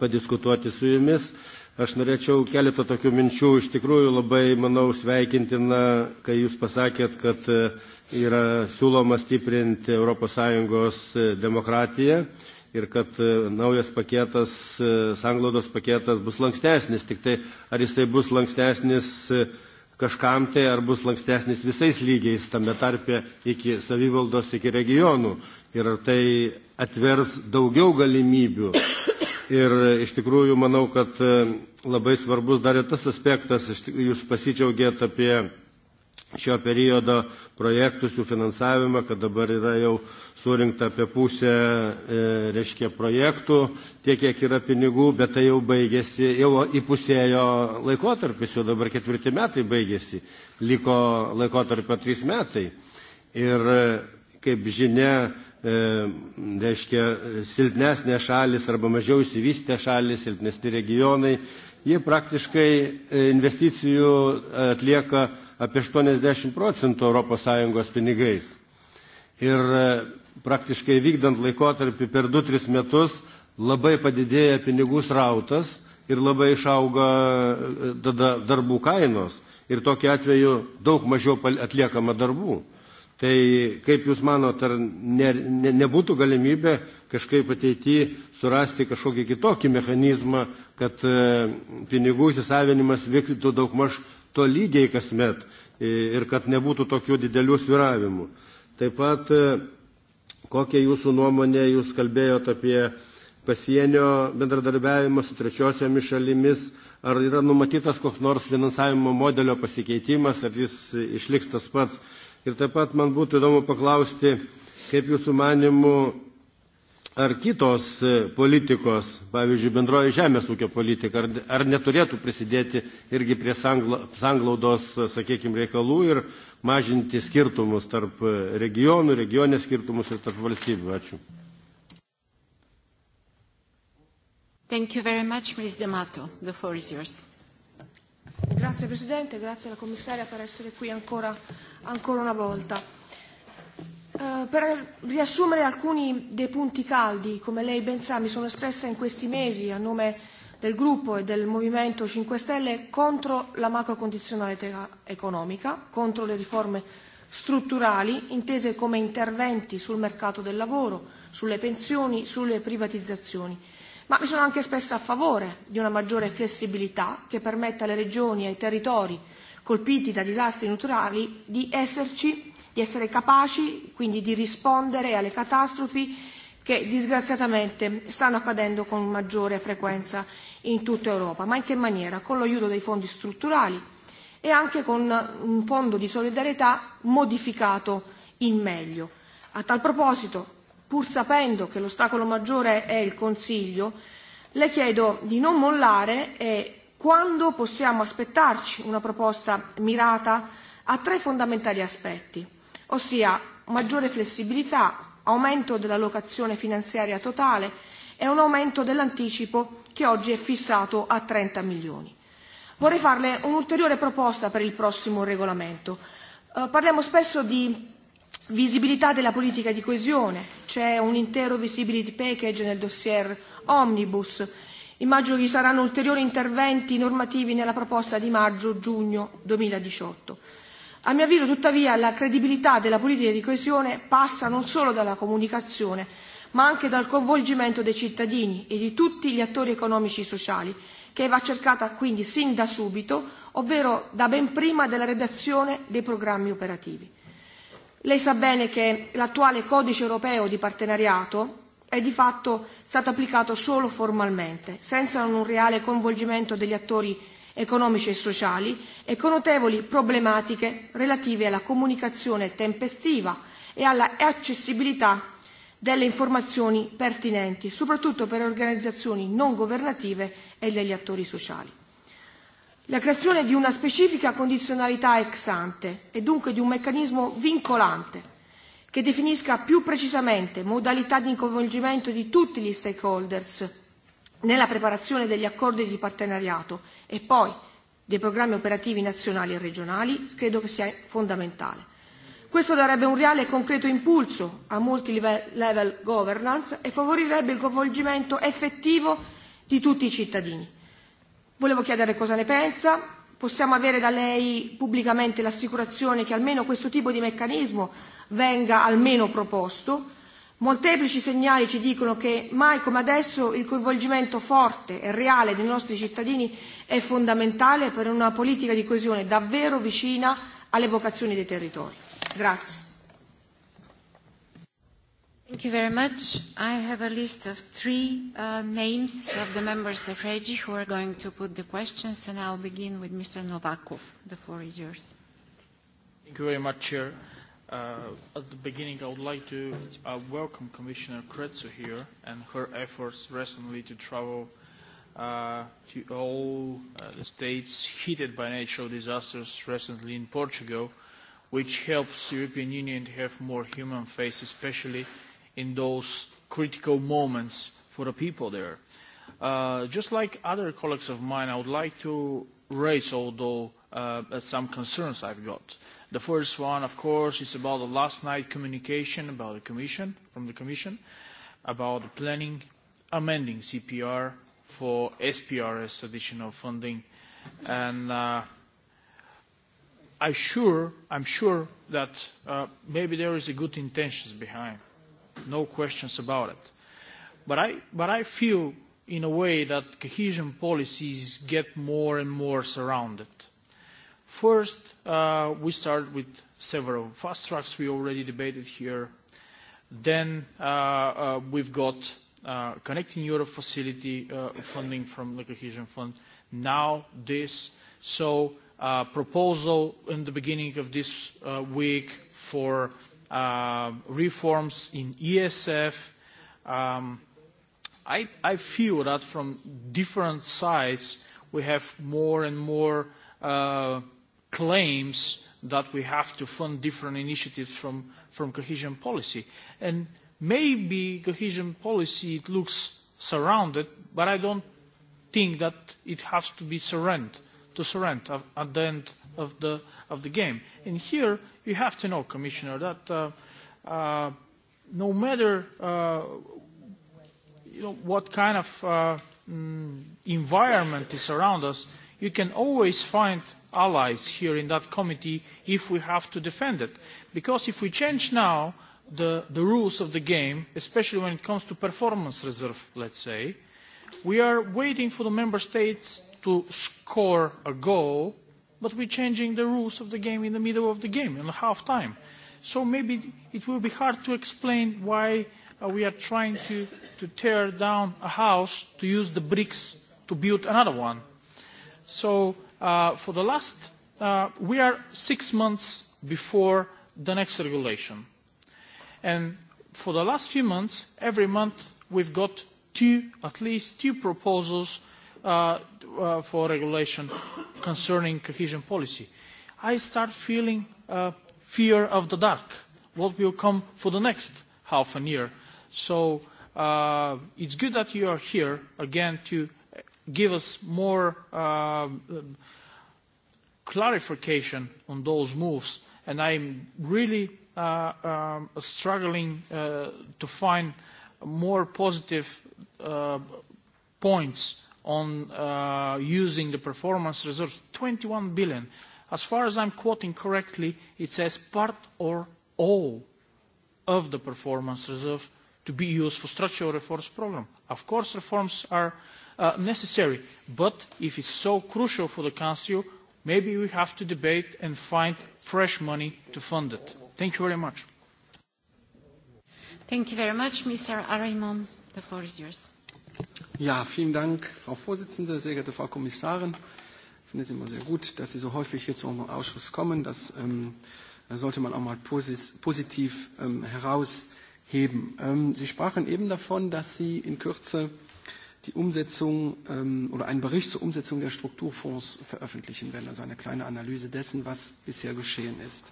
padiskutuoti su jumis. Aš norėčiau keletą tokių minčių. Iš tikrųjų labai, manau, sveikintina, kai jūs pasakėt, kad e, yra siūloma stiprinti ES e, demokratiją ir kad e, naujas paketas, sanglaudos paketas bus lankstesnis. Tik tai ar jisai bus lankstesnis kažkam tai, ar bus lankstesnis visais lygiais, tame tarpe iki savivaldos, iki regionų. Ir ar tai atvers daugiau galimybių Ir iš tikrųjų manau, kad e, labai svarbus dar ir tas aspektas, jūs pasidžiaugėt apie šio periodo projektus, jų finansavimą, kad dabar yra jau surinkta apie pusę, e, reiškia, projektų, tiek, kiek yra pinigų, bet tai jau baigėsi, jau į pusėjo laikotarpis, jau dabar ketvirti metai baigėsi, liko laikotarpio trys metai. Ir kaip žinia, E, reiškia, silpnesnė šalis arba mažiau įsivystę šalis, silpnesni regionai, jie praktiškai e, investicijų atlieka apie 80 procentų ES pinigais. Ir e, praktiškai vykdant laikotarpį per 2-3 metus labai padidėja pinigų srautas ir labai išauga tada darbų kainos. Ir tokiu atveju daug mažiau atliekama darbų. Tai kaip Jūs manot, ar ne, ne, nebūtų galimybė kažkaip ateityje surasti kažkokį kitokį mechanizmą, kad e, pinigų įsisavinimas vyktų daugmaž to lygiai kasmet e, ir kad nebūtų tokių didelių sviravimų. Taip pat, e, kokia jūsų nuomonė, jūs kalbėjote apie pasienio bendradarbiavimą su trečiosiomis šalimis, ar yra numatytas koks nors finansavimo modelio pasikeitimas, ar jis išliks tas pats, Ir taip pat man būtų įdomu paklausti, kaip jūsų manimų, ar kitos e, politikos, pavyzdžiui, bendroji žemės ūkio politika, ar, ar neturėtų prisidėti irgi prie sanglaudos, sakykime, reikalų ir mažinti skirtumus tarp e, regionų, regionės skirtumus ir tarp valstybių. Ačiū. Thank you very much, Ms. D'Amato. The floor is yours. Grazie Presidente, grazie alla Commissaria per essere qui ancora ancora una volta. Eh, per riassumere alcuni dei punti caldi, come lei ben sa, mi sono espressa in questi mesi a nome del gruppo e del Movimento 5 Stelle contro la macrocondizionalità economica, contro le riforme strutturali intese come interventi sul mercato del lavoro, sulle pensioni, sulle privatizzazioni. Ma mi sono anche espressa a favore di una maggiore flessibilità che permetta alle regioni e ai territori colpiti da disastri naturali di esserci, di essere capaci quindi di rispondere alle catastrofi che disgraziatamente stanno accadendo con maggiore frequenza in tutta Europa. Ma in che maniera? Con l'aiuto dei fondi strutturali e anche con un fondo di solidarietà modificato in meglio. A tal proposito, pur sapendo che l'ostacolo maggiore è il Consiglio, le chiedo di non mollare e quando possiamo aspettarci una proposta mirata a tre fondamentali aspetti, ossia maggiore flessibilità, aumento della locazione finanziaria totale e un aumento dell'anticipo che oggi è fissato a 30 milioni. Vorrei farle un'ulteriore proposta per il prossimo regolamento. Eh, parliamo spesso di visibilità della politica di coesione, c'è un intero visibility package nel dossier Omnibus Immagino vi saranno ulteriori interventi normativi nella proposta di maggio-giugno 2018. A mio avviso, tuttavia, la credibilità della politica di coesione passa non solo dalla comunicazione, ma anche dal coinvolgimento dei cittadini e di tutti gli attori economici e sociali, che va cercata quindi sin da subito, ovvero da ben prima della redazione dei programmi operativi. Lei sa bene che l'attuale codice europeo di partenariato è di fatto stato applicato solo formalmente, senza un reale coinvolgimento degli attori economici e sociali e con notevoli problematiche relative alla comunicazione tempestiva e alla accessibilità delle informazioni pertinenti, soprattutto per organizzazioni non governative e degli attori sociali. La creazione di una specifica condizionalità ex ante e dunque di un meccanismo vincolante che definisca più precisamente modalità di coinvolgimento di tutti gli stakeholders nella preparazione degli accordi di partenariato e poi dei programmi operativi nazionali e regionali credo che sia fondamentale. Questo darebbe un reale e concreto impulso a multi-level governance e favorirebbe il coinvolgimento effettivo di tutti i cittadini. Volevo chiedere cosa ne pensa, possiamo avere da lei pubblicamente l'assicurazione che almeno questo tipo di meccanismo venga almeno proposto. Molteplici segnali ci dicono che mai come adesso il coinvolgimento forte e reale dei nostri cittadini è fondamentale per una politica di coesione davvero vicina alle vocazioni dei territori. Grazie. Thank you very much. I have a list of three uh, names of the members of REGI who are going to put the questions, and I'll begin with Mr. Novakov. The floor is yours. Thank you very much, Chair. Uh, at the beginning, I would like to uh, welcome Commissioner Kretzer here and her efforts recently to travel uh, to all uh, the states heated by natural disasters recently in Portugal, which helps the European Union to have more human face, especially in those critical moments for the people there. Uh, just like other colleagues of mine, I would like to raise, although uh, some concerns I've got. Uh, The first one, of course, is about the last night communication about the Commission, from the Commission, about planning amending CPR for SPRS additional funding. And uh, I'm sure, I'm sure that uh, maybe there is a good intentions behind, no questions about it. But I, but I feel in a way that cohesion policies get more and more surrounded First, uh, we start with several fast tracks we already debated here. Then uh, uh, we've got Connecting Europe facility funding from the Cohesion Fund. Now this. So proposal in the beginning of this week for reforms in ESF. Um, I, feel that from different sides we have more and more claims that we have to fund different initiatives from, from cohesion policy. And maybe cohesion policy, it looks surrounded, but I don't think that it has to be surrendered to surrender at the end of the, of the game. And here you have to know, Commissioner, that uh, uh, no matter uh, you know, what kind of uh, mm, environment is around us, you can always find allies here in that committee if we have to defend it. Because if we change now the, the rules of the game, especially when it comes to performance reserve, let's say, we are waiting for the member states to score a goal, but we're changing the rules of the game in the middle of the game, in the half time. So maybe it will be hard to explain why uh, we are trying to, to tear down a house to use the bricks to build another one. So Uh, for the last, uh, we are six months before the next regulation. And for the last few months, every month we've got two, at least two proposals uh, uh, for regulation concerning cohesion policy. I start feeling uh, fear of the dark, what will come for the next half a year. So uh, it's good that you are here again to give us more um, clarification on those moves. And I'm really uh, um, struggling uh, to find more positive uh, points on using the performance reserves. 21 billion. As far as I'm quoting correctly, it says part or all of the performance reserve to be used for structural reforms program. Of course, reforms are Uh, necessary. But if it's so crucial for the Council, maybe we have to debate and find fresh money to fund it. Thank you very much. Thank you very much, Mr. Arimon. The floor is yours. Ja, vielen Dank, Frau Vorsitzende, sehr geehrte Frau Kommissarin. Ich finde es immer sehr gut, dass Sie so häufig hier zum Ausschuss kommen. Das ähm, sollte man auch mal positiv ähm, herausheben. Ähm, Sie sprachen eben davon, dass Sie in Kürze die Umsetzung ähm, oder einen Bericht zur Umsetzung der Strukturfonds veröffentlichen werden, also eine kleine Analyse dessen, was bisher geschehen ist.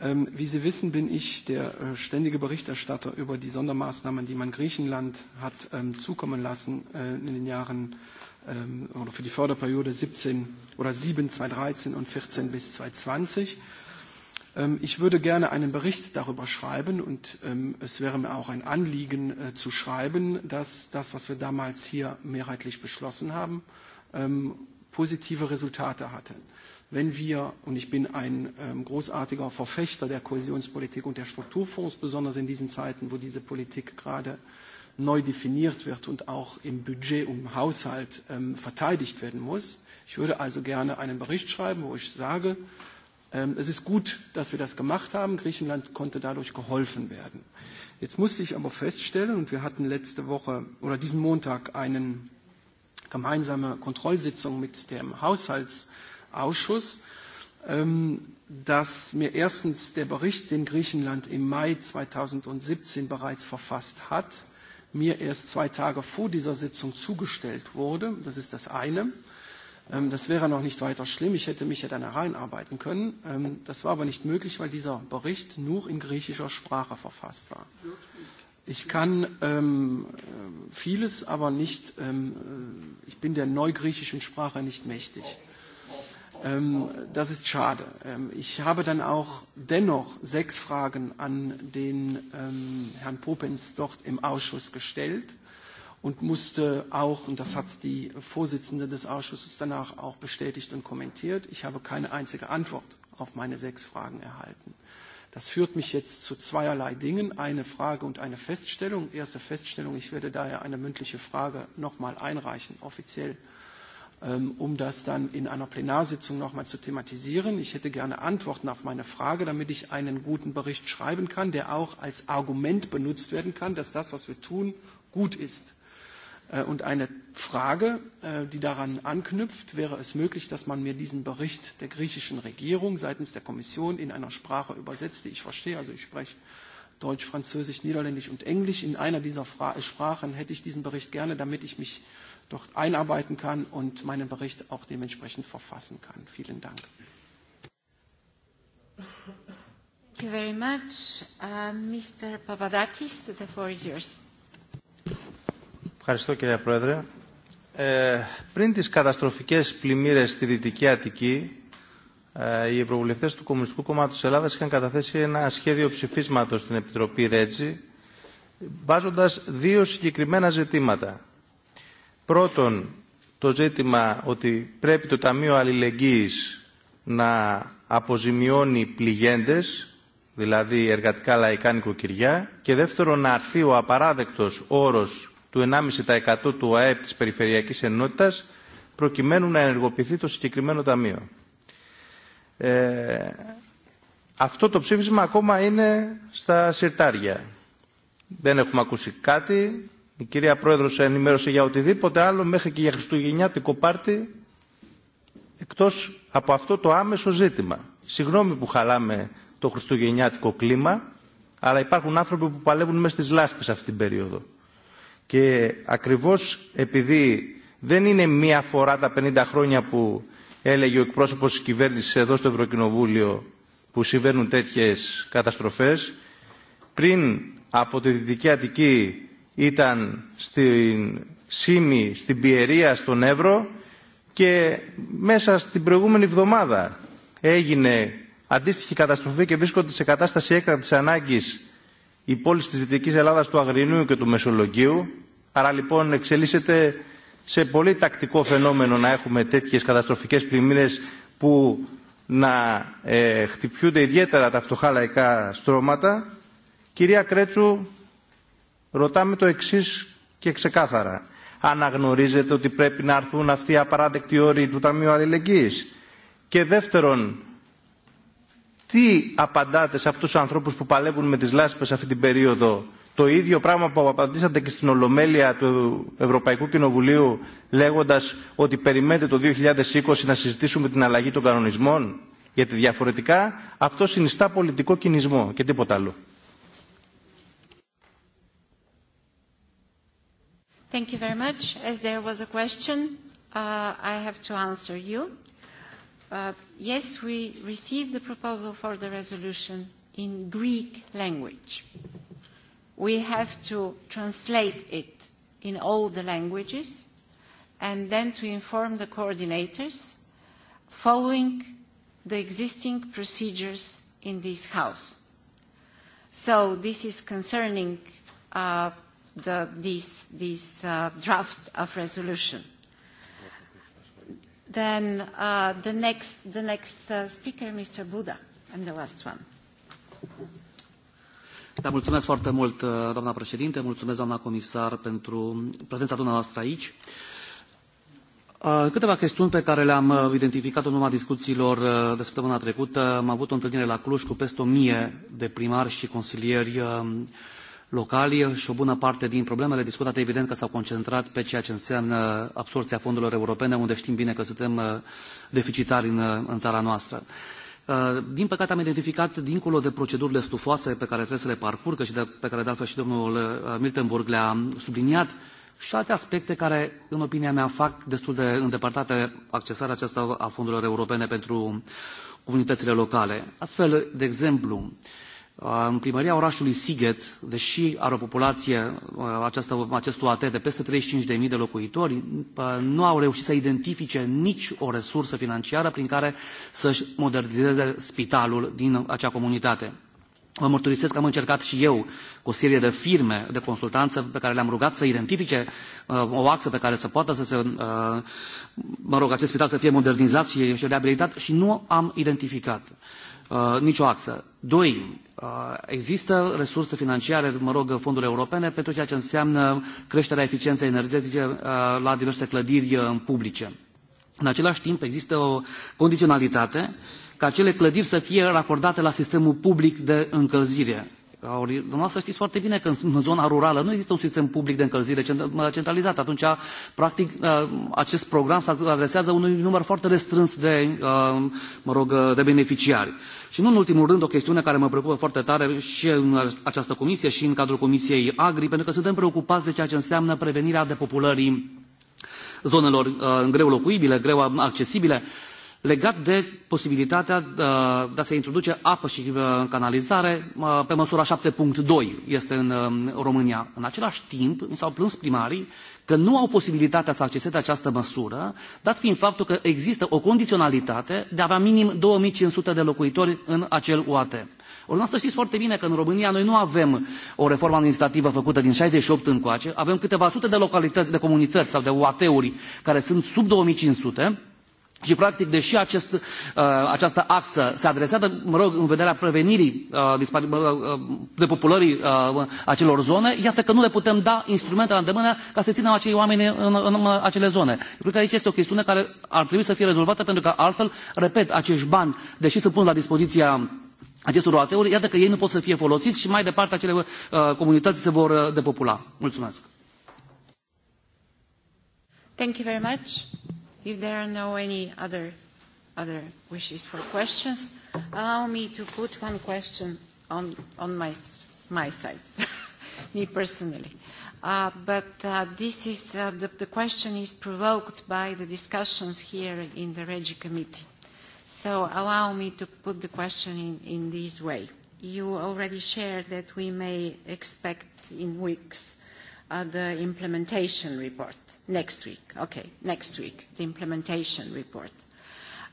Ähm, wie Sie wissen, bin ich der äh, ständige Berichterstatter über die Sondermaßnahmen, die man Griechenland hat ähm, zukommen lassen äh, in den Jahren ähm, oder für die Förderperiode 17 oder 7, 2013 und 14 bis 2020. Ähm, ich würde gerne einen Bericht darüber schreiben und ähm, es wäre mir auch ein Anliegen äh, zu schreiben, dass das, was wir damals hier mehrheitlich beschlossen haben, ähm, positive Resultate hatte. Wenn wir, und ich bin ein großartiger Verfechter der Kohäsionspolitik und der Strukturfonds, besonders in diesen Zeiten, wo diese Politik gerade neu definiert wird und auch im Budget und im Haushalt verteidigt werden muss. Ich würde also gerne einen Bericht schreiben, wo ich sage, Ähm, es ist gut, dass wir das gemacht haben. Griechenland konnte dadurch geholfen werden. Jetzt musste ich aber feststellen, und wir hatten letzte Woche oder diesen Montag eine gemeinsame Kontrollsitzung mit dem Haushaltsausschuss, ähm, dass mir erstens der Bericht, den Griechenland im Mai 2017 bereits verfasst hat, mir erst zwei Tage vor dieser Sitzung zugestellt wurde. Das ist das eine. Ähm, das wäre noch nicht weiter schlimm. Ich hätte mich ja dann hereinarbeiten können. Ähm, das war aber nicht möglich, weil dieser Bericht nur in griechischer Sprache verfasst war. Ich kann ähm, äh, vieles, aber nicht, ähm, äh, ich bin der neugriechischen Sprache nicht mächtig. Ähm, das ist schade. Ähm, ich habe dann auch dennoch sechs Fragen an den ähm, Herrn Popens dort im Ausschuss gestellt und musste auch, und das hat die Vorsitzende des Ausschusses danach auch bestätigt und kommentiert, ich habe keine einzige Antwort auf meine sechs Fragen erhalten. Das führt mich jetzt zu zweierlei Dingen, eine Frage und eine Feststellung. Erste Feststellung, ich werde daher eine mündliche Frage nochmal einreichen, offiziell, ähm, um das dann in einer Plenarsitzung nochmal zu thematisieren. Ich hätte gerne Antworten auf meine Frage, damit ich einen guten Bericht schreiben kann, der auch als Argument benutzt werden kann, dass das, was wir tun, gut ist. Äh, und eine Frage, äh, die daran anknüpft, wäre es möglich, dass man mir diesen Bericht der griechischen Regierung seitens der Kommission in einer Sprache übersetzt, die ich verstehe, also ich spreche Deutsch, Französisch, Niederländisch und Englisch. In einer dieser Fra äh, Sprachen hätte ich diesen Bericht gerne, damit ich mich dort einarbeiten kann und meinen Bericht auch dementsprechend verfassen kann. Vielen Dank. Thank you very much. Uh, Mr. Papadakis, the floor is yours. Ευχαριστώ κύριε Πρόεδρε. Ε, πριν τις καταστροφικές πλημμύρες στη Δυτική Αττική, ε, οι ευρωβουλευτές του Κομμουνιστικού Κόμματος της Ελλάδας είχαν καταθέσει ένα σχέδιο ψηφίσματος στην Επιτροπή Ρέτζη, βάζοντας δύο συγκεκριμένα ζητήματα. Πρώτον, το ζήτημα ότι πρέπει το Ταμείο Αλληλεγγύης να αποζημιώνει πληγέντες, δηλαδή εργατικά λαϊκά νοικοκυριά, και δεύτερον να αρθεί ο απαράδεκτος όρος του 1,5% του ΑΕΠ της Περιφερειακής Ενότητας προκειμένου να ενεργοποιηθεί το συγκεκριμένο ταμείο. Ε, αυτό το ψήφισμα ακόμα είναι στα συρτάρια. Δεν έχουμε ακούσει κάτι. Η κυρία Πρόεδρος ενημέρωσε για οτιδήποτε άλλο μέχρι και για Χριστουγεννιάτικο πάρτι εκτός από αυτό το άμεσο ζήτημα. Συγγνώμη που χαλάμε το χριστουγεννιάτικο κλίμα, αλλά υπάρχουν άνθρωποι που παλεύουν μέσα στις λάσπες αυτή την περίοδο. Και ακριβώς επειδή δεν είναι μία φορά τα 50 χρόνια που έλεγε ο εκπρόσωπος της κυβέρνησης εδώ στο Ευρωκοινοβούλιο που συμβαίνουν τέτοιες καταστροφές, πριν από τη Δυτική Αττική ήταν στην Σίμη, στην Πιερία, στον Εύρο και μέσα στην προηγούμενη εβδομάδα έγινε αντίστοιχη καταστροφή και βρίσκονται σε κατάσταση έκτακτης ανάγκης η πόλη της Δυτικής Ελλάδας του Αγρινίου και του Μεσολογγίου. Άρα λοιπόν εξελίσσεται σε πολύ τακτικό φαινόμενο να έχουμε τέτοιες καταστροφικές πλημμύρες που να ε, χτυπιούνται ιδιαίτερα τα φτωχά λαϊκά στρώματα. Κυρία Κρέτσου, ρωτάμε το εξής και ξεκάθαρα. Αναγνωρίζετε ότι πρέπει να έρθουν αυτοί οι απαράδεκτοι όροι του Ταμείου Αλληλεγγύης. Και δεύτερον, τι απαντάτε σε αυτούς τους ανθρώπους που παλεύουν με τις λάσπες αυτή την περίοδο. Το ίδιο πράγμα που απαντήσατε και στην Ολομέλεια του Ευρωπαϊκού Κοινοβουλίου λέγοντας ότι περιμένετε το 2020 να συζητήσουμε την αλλαγή των κανονισμών. Γιατί διαφορετικά αυτό συνιστά πολιτικό κινησμό και τίποτα άλλο. Thank you very much. As there was a question, uh, I have to answer you. Uh, yes, we received the proposal for the resolution in Greek language. We have to translate it in all the languages and then to inform the coordinators following the existing procedures in this House. So this is concerning uh, the, this, this uh, draft of resolution. Then uh, the next, the next uh, speaker, Mr. Buda, and the last one. Da, mulțumesc foarte mult, uh, doamna președinte, mulțumesc, doamna comisar, pentru prezența dumneavoastră aici. Uh, câteva chestiuni pe care le-am uh, identificat în urma discuțiilor de săptămâna trecută. Am avut o întâlnire la Cluj cu peste o mie de primari și consilieri locali și o bună parte din problemele discutate evident că s-au concentrat pe ceea ce înseamnă absorția fondurilor europene, unde știm bine că suntem uh, deficitari în, uh, în țara noastră. Uh, din păcate am identificat, dincolo de procedurile stufoase pe care trebuie să le parcurgă și de, pe care de altfel și domnul Miltenburg le-a subliniat, și alte aspecte care, în opinia mea, fac destul de îndepărtate accesarea aceasta a fondurilor europene pentru comunitățile locale. Astfel, de exemplu, uh, Uh, în primăria orașului Siget, deși are o populație, uh, această, acest UAT, de peste 35.000 de locuitori, uh, nu au reușit să identifice nici o resursă financiară prin care să-și modernizeze spitalul din acea comunitate. Vă mărturisesc că am încercat și eu cu o serie de firme de consultanță pe care le-am rugat să identifice uh, o axă pe care să poată să se, uh, mă rog, acest spital să fie modernizat și, și reabilitat și nu am identificat. Uh, Uh, nicio axă. Doi, uh, există resurse financiare, mă rog, fonduri europene pentru ceea ce înseamnă creșterea eficienței energetice uh, la diverse clădiri publice. În același timp, există o condiționalitate ca acele clădiri să fie racordate la sistemul public de încălzire Ori, dumneavoastră știți foarte bine că în zona rurală nu există un sistem public de încălzire centralizat. Atunci, practic, acest program se adresează unui număr foarte restrâns de, mă rog, de beneficiari. Și nu în ultimul rând, o chestiune care mă preocupă foarte tare și în această comisie și în cadrul Comisiei Agri, pentru că suntem preocupați de ceea ce înseamnă prevenirea depopulării zonelor uh, greu locuibile, greu accesibile legat de posibilitatea uh, de a se introduce apă și uh, canalizare uh, pe măsura 7.2 este în um, România. În același timp, mi s-au plâns primarii că nu au posibilitatea să acceseze această măsură, dat fiind faptul că există o condiționalitate de a avea minim 2500 de locuitori în acel UAT. Ori să știți foarte bine că în România noi nu avem o reformă administrativă făcută din 68 încoace, avem câteva sute de localități, de comunități sau de UAT-uri care sunt sub 2500, și practic deși acest, uh, această axă se adresează mă rog în vederea prevenirii uh, uh, depopulării acelor zone iată că nu le putem da instrumente la îndemână ca să ținem acei oameni în, în acele zone. Eu cred că aici este o chestiune care ar trebui să fie rezolvată pentru că altfel repet acești bani deși se pun la dispoziția acestor roateuri iată că ei nu pot să fie folosiți și mai departe acele comunități se vor depopula. Mulțumesc. Thank you very much. If there are no any other, wishes for questions, allow me to put one question on, my, side, (laughs) me personally. Uh, uh, uh, the, question is provoked by the discussions here in the Regi Committee. allow me to put the question in this way. You already shared that we may expect in weeks uh, the implementation report next week. Okay, next week, the implementation report.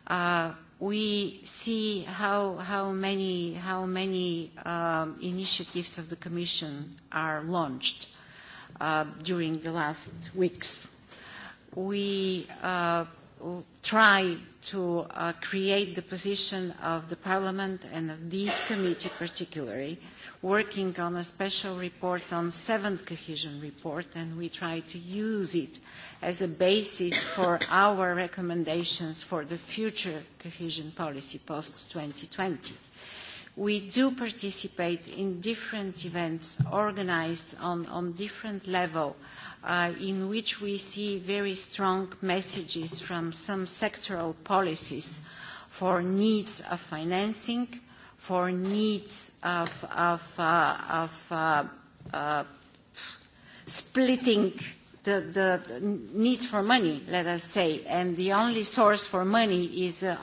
Uh, we see how, how many, how many um, initiatives of the Commission are launched uh, during the last weeks. We uh, try to uh, create the position of the Parliament and of this committee particularly working on a special report on seventh cohesion report, and we try to use it as a basis for our recommendations for the future cohesion policy post-2020. We do participate in different events organized on, on different level uh, in which we see very strong messages from some sectoral policies for needs of financing, for needs of, of, uh, of uh, uh, splitting the, the needs for money, let us say, and the only source for money is uh,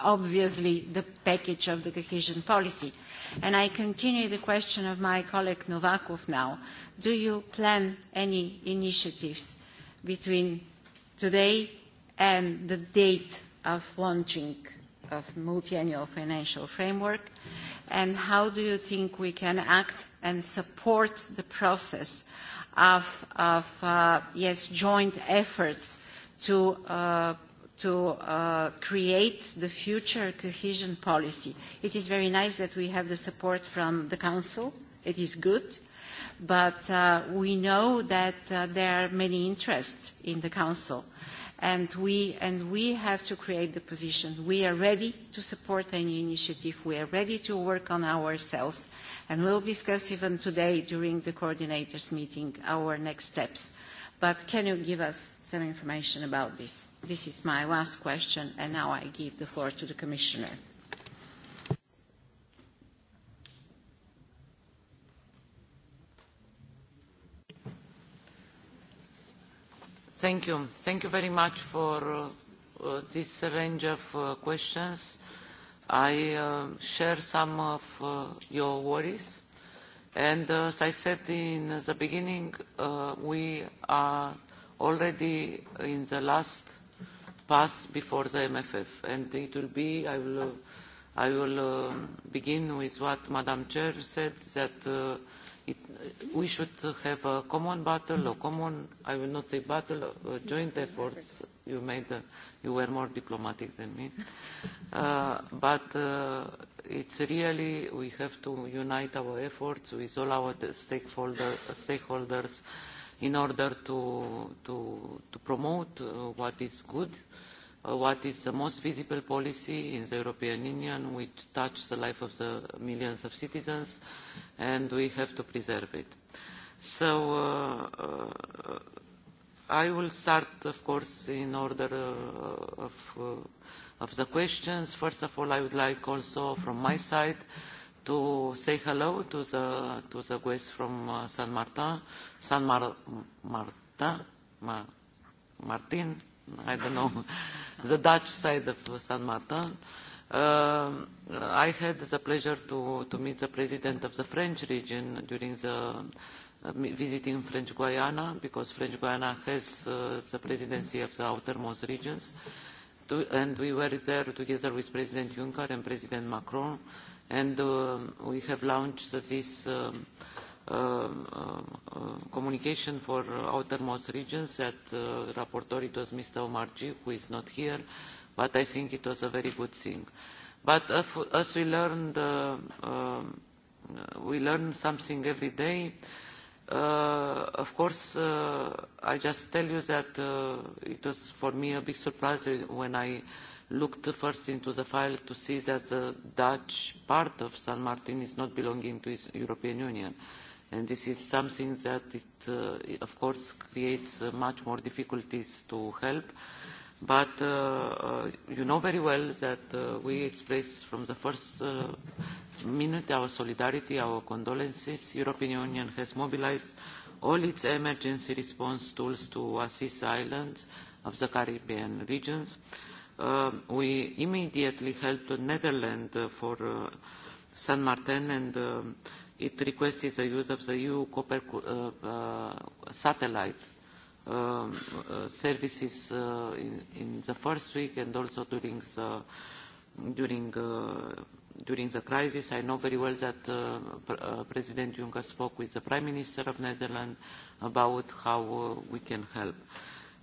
obviously the package of the cohesion policy. And I continue the question of my colleague Novakov now. Do you plan any initiatives between today and the date of launching of multi-annual financial framework? And how do you think we can act and support the process of, of uh, yes, joint efforts to, uh, to uh, create the future cohesion policy? It is very nice that we have the support from the Council. It is good but uh, we know that uh, there are many interests in the Council and we, and we have to create the position. We are ready to support any initiative. We are ready to work on ourselves, and we'll discuss even today during the coordinators' meeting our next steps. But can you give us some information about this? This is my last question, and now I give the floor to the Commissioner. Thank you. Thank you very much for uh, this range of uh, questions. I uh, share some of uh, your worries. And uh, as I said in the beginning, uh, we are already in the last pass before the MFF. And it will be, I will, I will uh, begin with what Madam Chair said, that uh, it, we should have a common battle, a common, I will not say battle, a joint effort. You, made a, uh, you were more diplomatic than me. Uh, but uh, it's really, we have to unite our efforts with all our stakeholder, stakeholders in order to, to, to promote uh, what is good. Uh, Uh, what is the most visible policy in the European Union which touches the life of the millions of citizens, and we have to preserve it. So uh, uh, I will start, of course, in order uh, of, uh, of the questions. First of all, I would like also from my side to say hello to the to the guests from uh, San Martin, San Mar Martin, Ma Martin, i don't know, (laughs) the Dutch side of San Martin. Uh, I had the pleasure to, to meet the president of the French region during the uh, visiting French Guiana, because French Guiana has uh, the presidency of the outermost regions. To, and we were there together with President Juncker and President Macron, and uh, we have launched this um, uh, Um, um, um, communication for outermost regions that uh, rapporteur it was Mr. Omar G, who is not here, but I think it was a very good thing. But if, uh, as we learned, uh, uh, we learn something every day. Uh, of course, uh, I just tell you that uh, it was for me a big surprise when I looked first into the file to see that the Dutch part of San Martin is not belonging to the European Union. Uh, and this is something that it, uh, of course creates uh, much more difficulties to help but uh, uh, you know very well that uh, we express from the first uh, minute our solidarity, our condolences. European Union has mobilized all its emergency response tools to assist islands of the Caribbean regions. Uh, we immediately helped the Netherlands uh, for uh, San Martin and uh, It requested the use of the EU copper uh, uh, satellite um, uh, services uh, in, in the first week and also during the, during, uh, during the crisis. I know very well that uh, Pr uh, President Juncker spoke with the Prime Minister of Netherlands about how uh, we can help.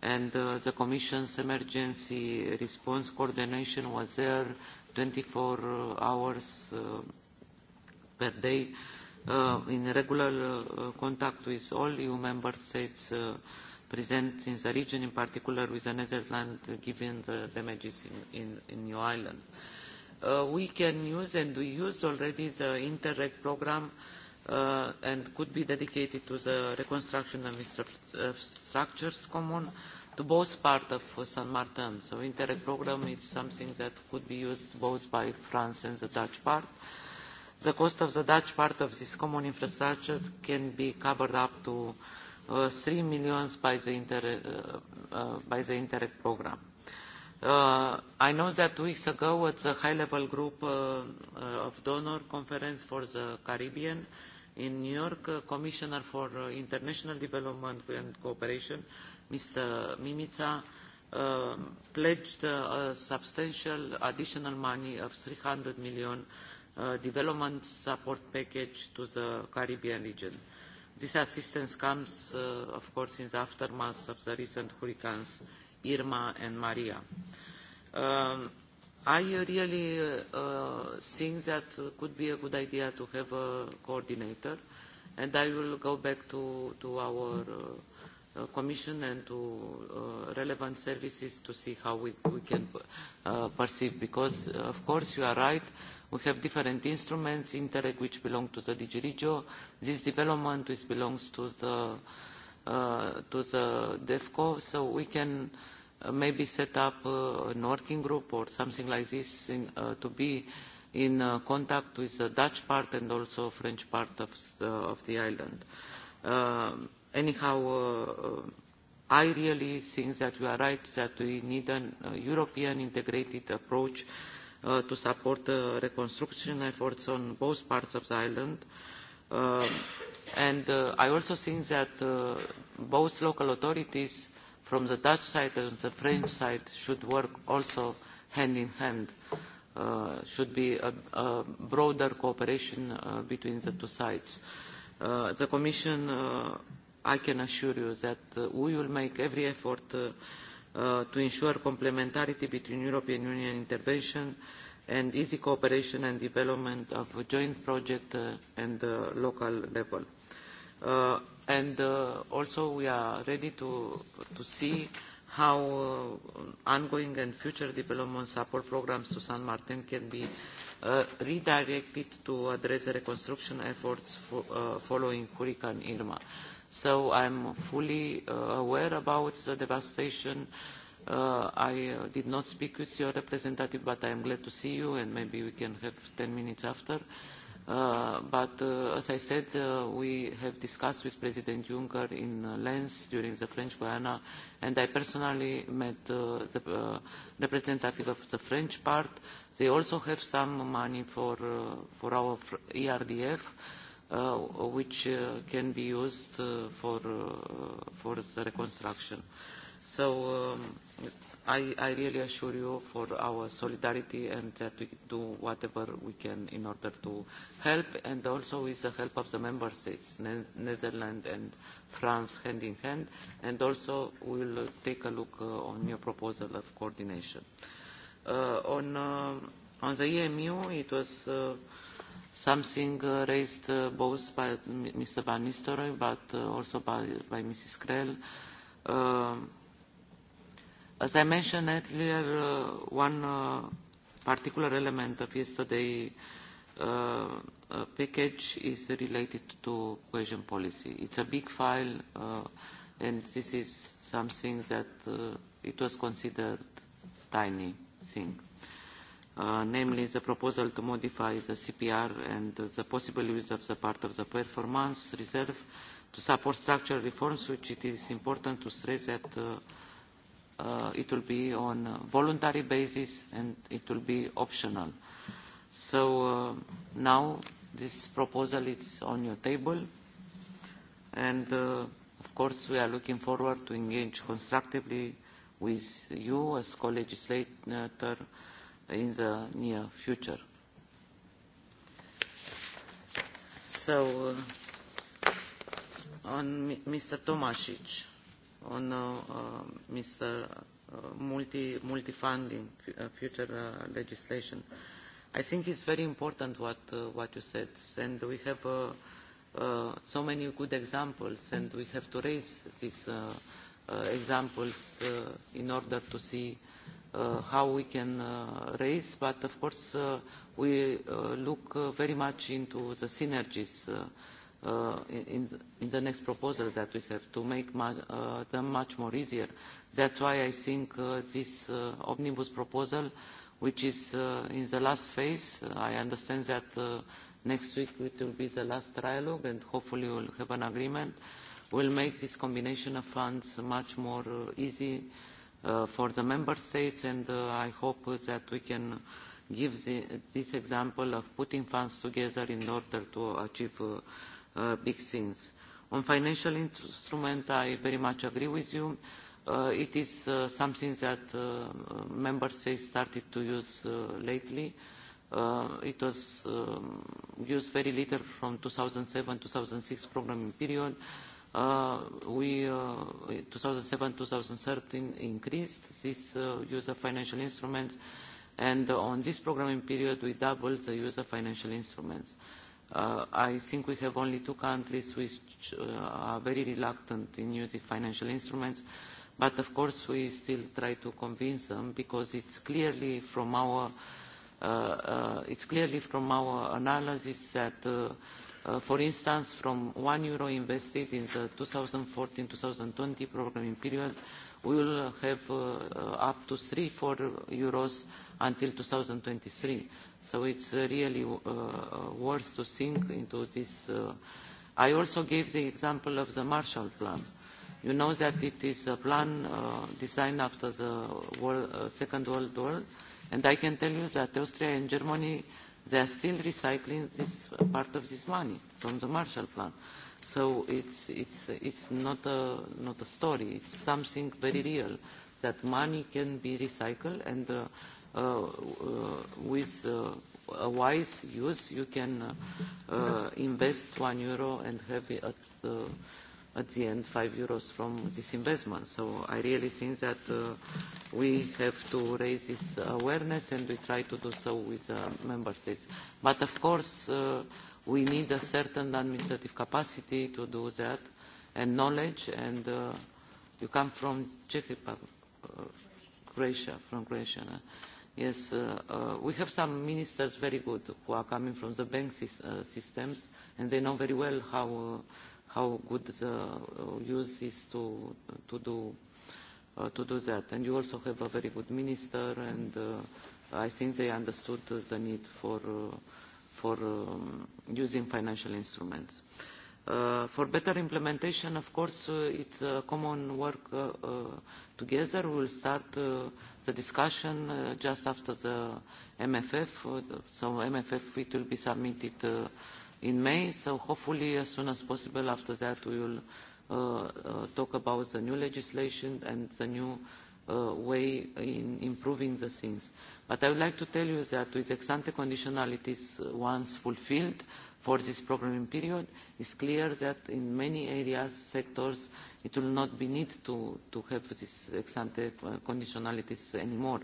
And uh, the Commission's emergency response coordination was there 24 uh, hours uh, per day Uh, in regular uh, contact with all EU member states uh, present in the region, in particular with the Netherlands, uh, given the damages in, in, in your island. Uh, we can use and we used already the Interreg program uh, and could be dedicated to the reconstruction of, uh, structures common to both parts of San Martin. So Interreg program is something that could be used both by France and the Dutch part. Uh, the cost of the Dutch part of this common infrastructure can be covered up to 3 uh, million uh, uh, by the, Interreg program. I know that weeks ago at the high-level group of donor conference for the Caribbean in New York, Commissioner for International Development and Cooperation, Mr. Mimica, um, pledged a substantial additional money of 300 million Uh, development support package to the Caribbean region. This assistance comes, uh, of course, in the aftermath of the recent hurricanes Irma and Maria. Um, I really uh, think that could be a good idea to have a coordinator, and I will go back to, to our uh, uh commission and to uh, relevant services to see how we, we can uh, perceive, because, of course, you are right, we have different instruments, Interreg, which belong to the DG Regio. This development, which belongs to the, uh, to the DEFCO, so we can uh, maybe set up uh, an working group or something like this in, uh, to be in uh, contact with the Dutch part and also French part of the, of the island. Um, uh, anyhow, uh, I really think that you are right, that we need a uh, European integrated approach uh, uh, to support the uh, reconstruction efforts on both parts of the island. Uh, and uh, I also think that uh, both local authorities from the Dutch side and the French side should work also hand in hand. Uh, should be a, a broader cooperation uh, between the two sides. Uh, the Commission, uh, I can assure you that uh, we will make every effort uh, Uh, to ensure complementarity between European Union intervention and easy cooperation and development of a joint project uh, and uh, local level. Uh, and uh, also we are ready to, to see how uh, ongoing and future development support programs to San Martin can be uh, redirected to address the reconstruction efforts for, uh, following Hurricane Irma. Uh, So I'm fully uh, aware about the devastation. Uh, I uh, did not speak with your representative, but I am glad to see you, and maybe we can have 10 minutes after. Uh, but uh, as I said, uh, we have discussed with President Juncker in uh, Lens during the French Guiana, and I personally met uh, the uh, representative of the French part. They also have some money for, uh, for our ERDF. E Uh, which uh, can be used uh, for, uh, for the reconstruction. So um, I, I really assure you for our solidarity and that we do whatever we can in order to help and also with the help of the member states, ne Netherlands and France hand in hand, and also we'll take a look uh, on your proposal of coordination. Uh, on, uh, on the EMU, it was uh, something uh, raised uh, both by Mr. Van Nistelrooy but uh, also by, by Mrs. Krell. Uh, as I mentioned earlier, uh, one uh, particular element of yesterday's uh, package is related to cohesion policy. It's a big file, uh, and this is something that uh, it was considered tiny thing. Uh, namely the proposal to modify the CPR and the possible use of the part of the performance reserve to support structural reforms, which it is important to stress that uh, uh, it will be on a voluntary basis and it will be optional. So uh, now this proposal is on your table and uh, of course we are looking forward to engage constructively with you as co-legislator in the near future. So, uh, on Mr. Tomasic, on uh, uh Mr. Uh, multi, multi-funding, uh, future uh, legislation, I think it's very important what, uh, what you said, and we have uh, uh, so many good examples, and we have to raise these uh, uh, examples uh, in order to see uh, how we can uh, raise, but of course uh, we uh, look uh, very much into the synergies uh, uh, in, in the next proposal that we have to make mu uh, them much more easier. That's why I think uh, this uh, omnibus proposal, which is uh, in the last phase, uh, I understand that uh, next week it will be the last trialogue and hopefully we'll have an agreement, will make this combination of funds much more uh, easy Uh, for the member states and uh, I hope that we can give the, this example of putting funds together in order to achieve uh, uh, big things. On financial instrument, I very much agree with you. Uh, it is uh, something that uh, member states started to use uh, lately. Uh, it was um, used very little from 2007-2006 programming period uh, we, uh, 2007, 2013 increased this uh, use of financial instruments and uh, on this programming period we doubled the use of financial instruments. Uh, I think we have only two countries which uh, are very reluctant in using financial instruments, but of course we still try to convince them because it's clearly from our, uh, uh, it's clearly from our analysis that uh, Uh, for instance, from one euro invested in the 2014-2020 programming period, we will have uh, uh, up to three, four euros until 2023. So it's uh, really uh, worth to think into this. Uh, I also gave the example of the Marshall Plan. You know that it is a plan uh, designed after the world, uh, Second World War, and I can tell you that Austria and Germany They are still recycling this part of this money from the Marshall Plan. So it's, it's, it's not, a, not a story. It's something very real that money can be recycled and uh, uh, uh, with uh, a wise use you can uh, uh, invest one euro and have it at, uh, at the end 5 euros from this investment. So I really think that uh, we have to raise this awareness and we try to do so with uh, member states. But of course, uh, we need a certain administrative capacity to do that and knowledge. And uh, you come from Czech Republic, uh, Croatia, from Croatia. Uh, yes, uh, uh, we have some ministers very good who are coming from the bank sy uh, systems and they know very well how uh, how good the uh, use is to, to, do, uh, to do that. And you also have a very good minister, and uh, I think they understood the need for, uh, for um, using financial instruments. Uh, for better implementation, of course, uh, it's a common work uh, uh, together. We'll start uh, the discussion uh, just after the MFF. Uh, so MFF, it will be submitted uh, in May, so hopefully as soon as possible after that we will uh, uh, talk about the new legislation and the new uh, way in improving the things. But I would like to tell you that with ex-ante conditionalities uh, once fulfilled for this programming period, it's clear that in many areas, sectors, it will not be need to, to have these ex-ante uh, conditionalities anymore.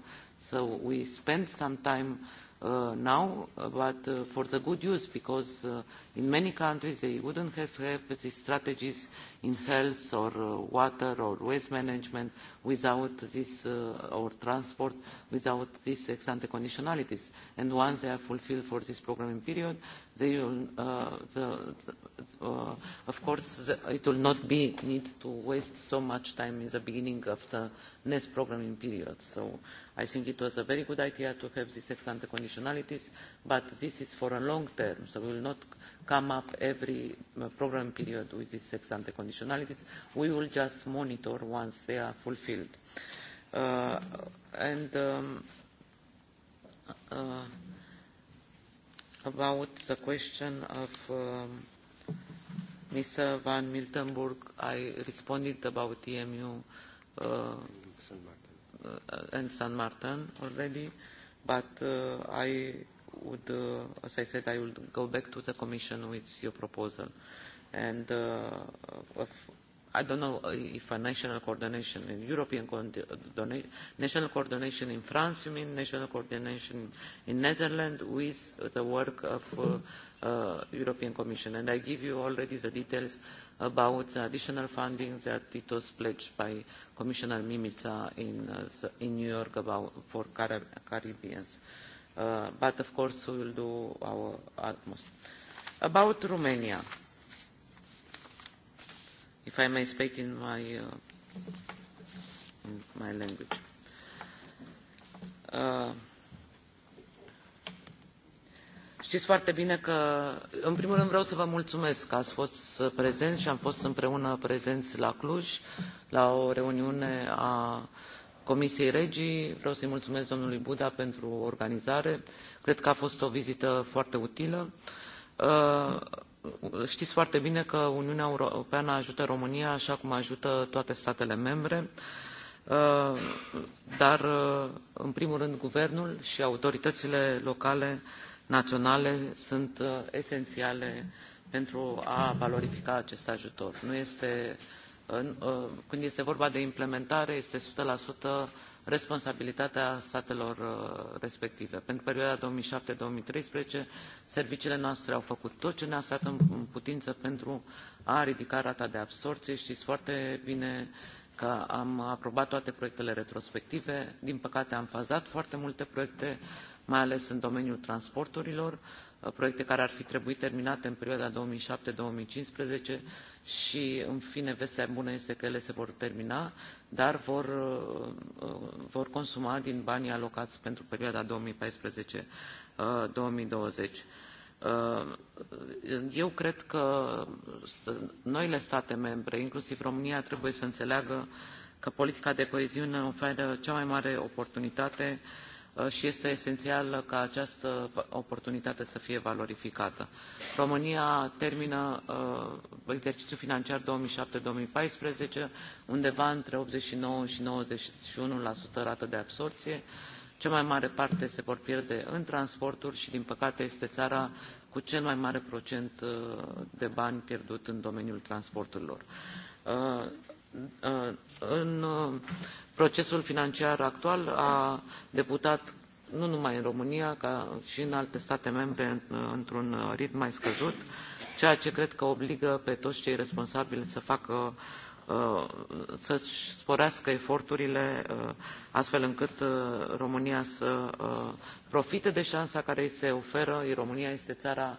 So we spent some time uh, uh, now, uh, but uh, for the good use, because uh, in many countries they wouldn't have, have these strategies in health or uh, water or waste management without this, uh, or transport, without these ex ante conditionalities. And once they are fulfilled for this programming period, they will, uh, the, the, uh, of course, the, it will not be need to waste so much time in the beginning of the next programming period. So I think it was a very good idea to have these ex ante conditionalities, but this is for a long term, so we will not come up every uh, program period with these ex ante conditionalities. We will just monitor once they are fulfilled. Uh, and um, uh, about the question of um, Mr. Van Miltenburg, I responded about EMU uh, uh, and San Martin already, but uh, I would, uh, as I said, I will go back to the Commission with your proposal. And uh, if, I don't know if a national coordination in European coordination, national coordination in France, you mean national coordination in Netherlands with the work of uh, uh, European Commission. And I give you already the details about the additional funding that it was pledged by Commissioner Mimica in, uh, in New York about, for Carib Caribbeans. Uh, Uh, but of course we will do our utmost. About Romania, if I may speak in my, uh, in my language. Uh, știți foarte bine că, în primul rând, vreau să vă mulțumesc că ați fost prezenți și am fost împreună prezenți la Cluj, la o reuniune a uh, Comisiei regi Vreau să-i mulțumesc domnului Buda pentru organizare. Cred că a fost o vizită foarte utilă. Uh, știți foarte bine că Uniunea Europeană ajută România așa cum ajută toate statele membre uh, dar uh, în primul rând guvernul și autoritățile locale naționale sunt esențiale pentru a valorifica acest ajutor. nu este Uh, când este vorba de implementare, este o sută responsabilitatea statelor uh, respective. Pentru perioada 2007-2013, serviciile noastre au făcut tot ce ne-a stat în putință pentru a ridica rata de absorție. Știți foarte bine că am aprobat toate proiectele retrospective. Din păcate, am fazat foarte multe proiecte, mai ales în domeniul transporturilor. Uh, Uh, proiecte care ar fi trebuit terminate în perioada două mii șapte două mii cincisprezece și în fine vestea bună este că ele se vor termina dar vor, uh, vor consuma din banii alocați pentru perioada două mii paisprezece uh, două mii douăzeci eu cred că noile state membre inclusiv românia trebuie să înțeleagă că politica de coeziune oferă cea mai mare oportunitate pentru Uh, și este esențial ca această oportunitate să fie valorificată. România termină uh, exercițiul financiar 2007-2014 undeva între 89 și 91% rată de absorție. Cea mai mare parte se vor pierde în transporturi și, din păcate, este țara cu cel mai mare procent uh, de bani pierdut în domeniul transporturilor în uh, procesul financiar actual a deputat nu numai în România, ca și în alte state membre într-un ritm mai scăzut, ceea ce cred că obligă pe toți cei responsabili să facă uh, să-și sporească eforturile uh, astfel încât România să profite de șansa care îi se oferă. România este țara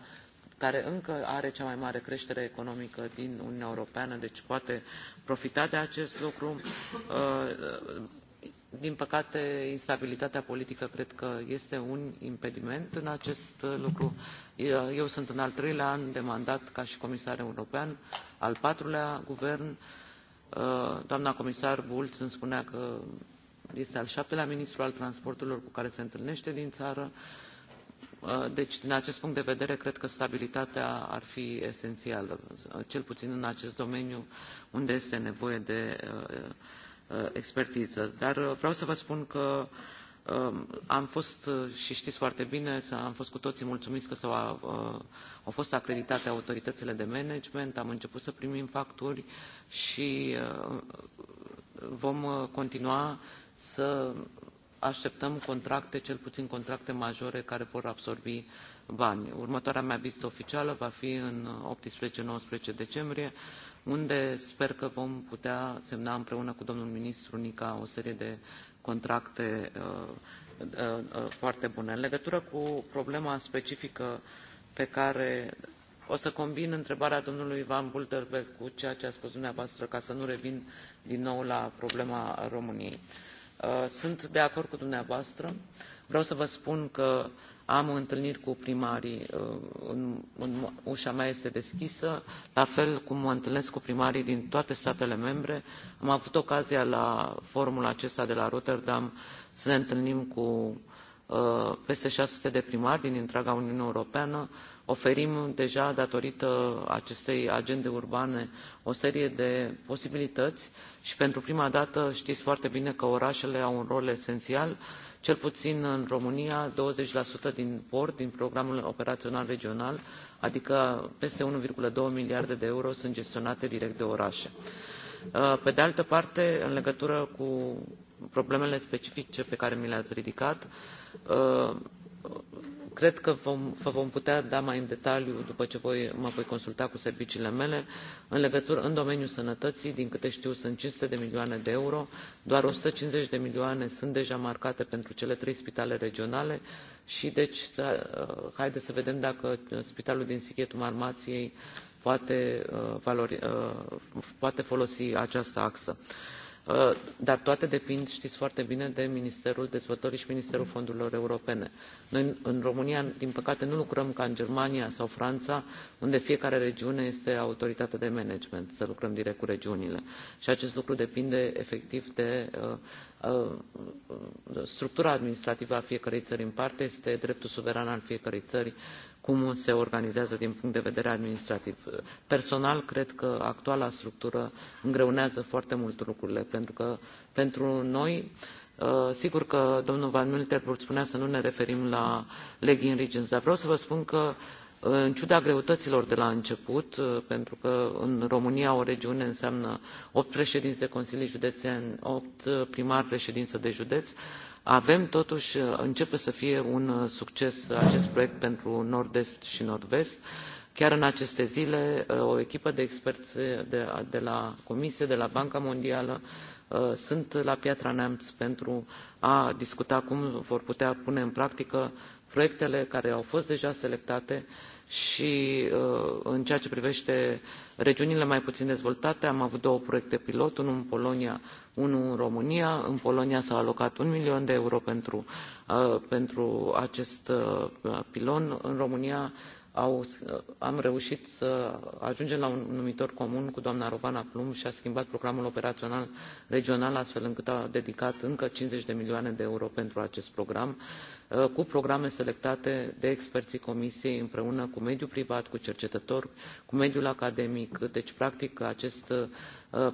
care încă are cea mai mare creștere economică din Uniunea Europeană, deci poate profita de acest lucru. Uh, din păcate, instabilitatea politică cred că este un impediment în acest lucru. Eu sunt în al treilea an de mandat ca și comisar european, al patrulea guvern. Uh, doamna comisar Bulc îmi spunea că este al șaptelea ministru al transporturilor cu care se întâlnește din țară. Uh, Uh, deci, din acest punct de vedere, cred că stabilitatea ar fi esențială, uh, cel puțin în acest domeniu unde este nevoie de uh, expertiză. Dar vreau să vă spun că um, am fost, și știți foarte bine, am fost cu toții mulțumiți că s-au, au fost acreditate autoritățile de management, am început să primim facturi și vom continua să așteptăm contracte, cel puțin contracte majore, care vor absorbi bani. Următoarea mea vizită oficială va fi în 18-19 decembrie, unde sper că vom putea semna împreună cu domnul ministru Nica o serie de contracte uh, uh, uh, foarte bune. În legătură cu problema specifică pe care o să combin întrebarea domnului Van Bulterberg cu ceea ce a spus dumneavoastră, ca să nu revin din nou la problema României. Uh, Uh, sunt de acord cu dumneavoastră. Vreau să vă spun că am întâlniri cu primarii, uh, în, în, ușa mea este deschisă, la fel cum mă întâlnesc cu primarii din toate statele membre. Am avut ocazia la forumul acesta de la Rotterdam să ne întâlnim cu uh, peste 600 de primari din întreaga Uniune Europeană, oferim deja datorită acestei agende urbane o serie de posibilități și pentru prima dată știți foarte bine că orașele au un rol esențial cel puțin în românia douăzeci din port din programul operațional regional adică peste unu doi miliarde de euro sunt gestionate direct de orașe. Uh, pe de altă parte în legătură cu problemele specifice pe care mi le ați ridicat uh, cred că vă vom putea da mai în detaliu după ce mă voi consulta cu serviciile mele în domeniul sănătății din câte știu sunt cinci sute de milioane de euro doar o sută cincizeci de milioane sunt deja marcate pentru cele trei spitale regionale și deci să, uh, haideți să vedem dacă uh, spitalul din sighetul marmației poate, uh, valori, poate folosi această axă. Uh, dar toate depind, știți foarte bine, de Ministerul Dezvoltării și Ministerul Fondurilor Europene. Noi în România, din păcate, nu lucrăm ca în Germania sau Franța, unde fiecare regiune este autoritate de management, să lucrăm direct cu regiunile. Și acest lucru depinde efectiv de uh, uh, structura administrativă a fiecărei țări în parte, este dreptul suveran al fiecărei țări cum se organizează din punct de vedere administrativ. Personal, cred că actuala structură îngreunează foarte mult lucrurile, pentru că pentru noi, uh, sigur că domnul Van Milterburg spunea să nu ne referim la Legging Regions, dar vreau să vă spun că uh, în ciuda greutăților de la început uh, pentru că în românia o regiune înseamnă 8 președinți de consilii Județeni, 8 primari președință de județ avem totuși începe să fie un uh, succes acest proiect pentru nord est și nord vest chiar în aceste zile uh, o echipă de experți de, de la comisie de la banca mondială uh, sunt la piatra neamț pentru a discuta cum vor putea pune în practică proiectele care au fost deja selectate și în ceea ce privește regiunile mai puțin dezvoltate am avut două proiecte pilot unul în polonia unul în România, în Polonia s-a alocat un milion de euro pentru, uh, pentru acest uh, pilon, în România uh, am reușit să ajungem la un numitor comun cu doamna Rovana Plumb și a schimbat programul operațional regional astfel încât a dedicat încă 50 de milioane de euro pentru acest program. Eh, cu programe selectate de experții comisiei împreună cu mediul privat cu cercetători cu mediul academic deci practic acest eh,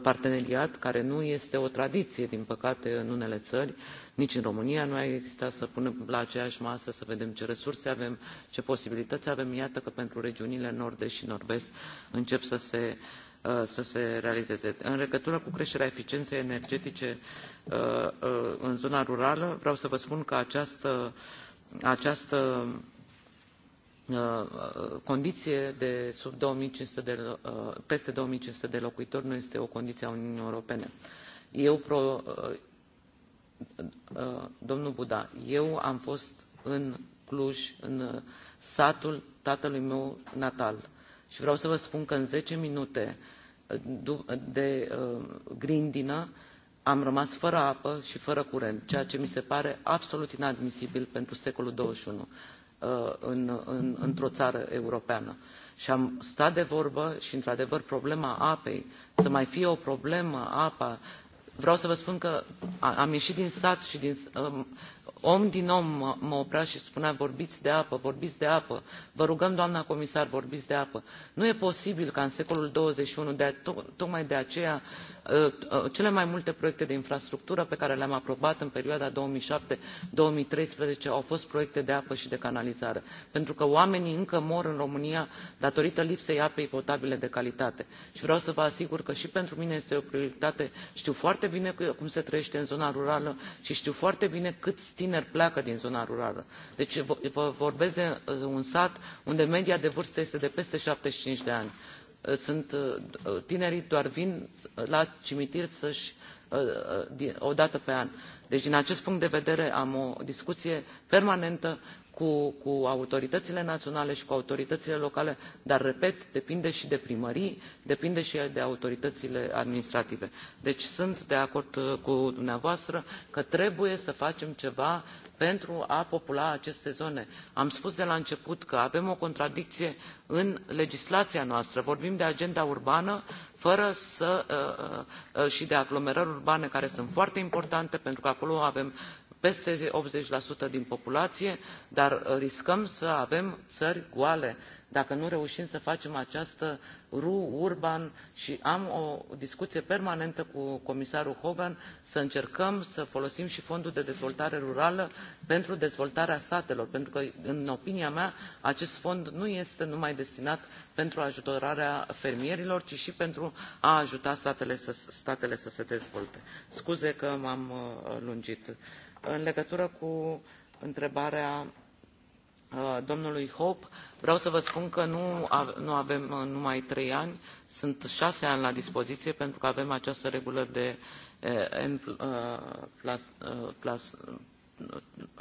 parteneriat care nu este o tradiție din păcate în unele țări nici în românia nu a existat să punem la aceeași masă să vedem ce resurse avem ce posibilități avem iată că pentru regiunile nord est și nord vest încep să se Uh, să se realizeze. În legătură cu creșterea eficienței energetice uh, uh, în zona rurală, vreau să vă spun că această, această condiție de sub 2500 de, peste 2500 de locuitori nu este o condiție a Uniunii Europene. Eu pro, domnul Buda, eu am fost în Cluj, în satul tatălui meu natal. Și vreau să vă spun că în 10 minute uh, de uh, grindină am rămas fără apă și fără curent, ceea ce mi se pare absolut inadmisibil pentru secolul XXI uh, în, în, într-o țară europeană. Și am stat de vorbă și, într-adevăr, problema apei, să mai fie o problemă, apa, vreau să vă spun că am ieșit din sat și din, um, om din nou mă, oprea și spunea vorbiți de apă, vorbiți de apă, vă rugăm, doamnă comisar, vorbiți de apă. Nu e posibil ca în secolul xxi tocmai de aceea, cele mai multe proiecte de infrastructură pe care le-am aprobat în perioada două două mii șapte mii treisprezece au fost proiecte de apă și de canalizare, pentru că oamenii încă mor în România datorită lipsei apei potabile de calitate. Și vreau să vă asigur că și pentru mine este o prioritate. Știu foarte bine cum se trăiește în zona rurală și știu foarte bine câți tineri pleacă din zona rurală. Deci vă vorbesc de un sat unde media de vârstă este de peste 75 de ani. Uh, sunt, uh, uh, tinerii doar vin la cimitir să-și o dată pe an. Deci din acest punct de vedere am o discuție permanentă cu, autoritățile naționale și cu autoritățile locale dar repet depinde și de primării depinde și de autoritățile administrative. deci sunt de acord uh, cu dumneavoastră că trebuie să facem ceva pentru a popula aceste zone. am spus de la început că avem o contradicție în legislația noastră vorbim de agenda urbană fără să, uh, uh, și de aglomerări urbane care sunt foarte importante pentru că acolo avem peste optzeci din populație, dar riscăm să avem țări goale dacă nu reușim să facem această ru urban și am o discuție permanentă cu comisarul Hogan să încercăm să folosim și fondul de dezvoltare rurală pentru dezvoltarea satelor, pentru că, în opinia mea, acest fond nu este numai destinat pentru ajutorarea fermierilor, ci și pentru a ajuta statele să, statele să se dezvolte. Scuze că m-am uh, lungit în legătură cu întrebarea uh, domnului hope vreau să vă spun că nu, avem uh, numai trei ani sunt șase ani la dispoziție pentru că avem această regulă de uh,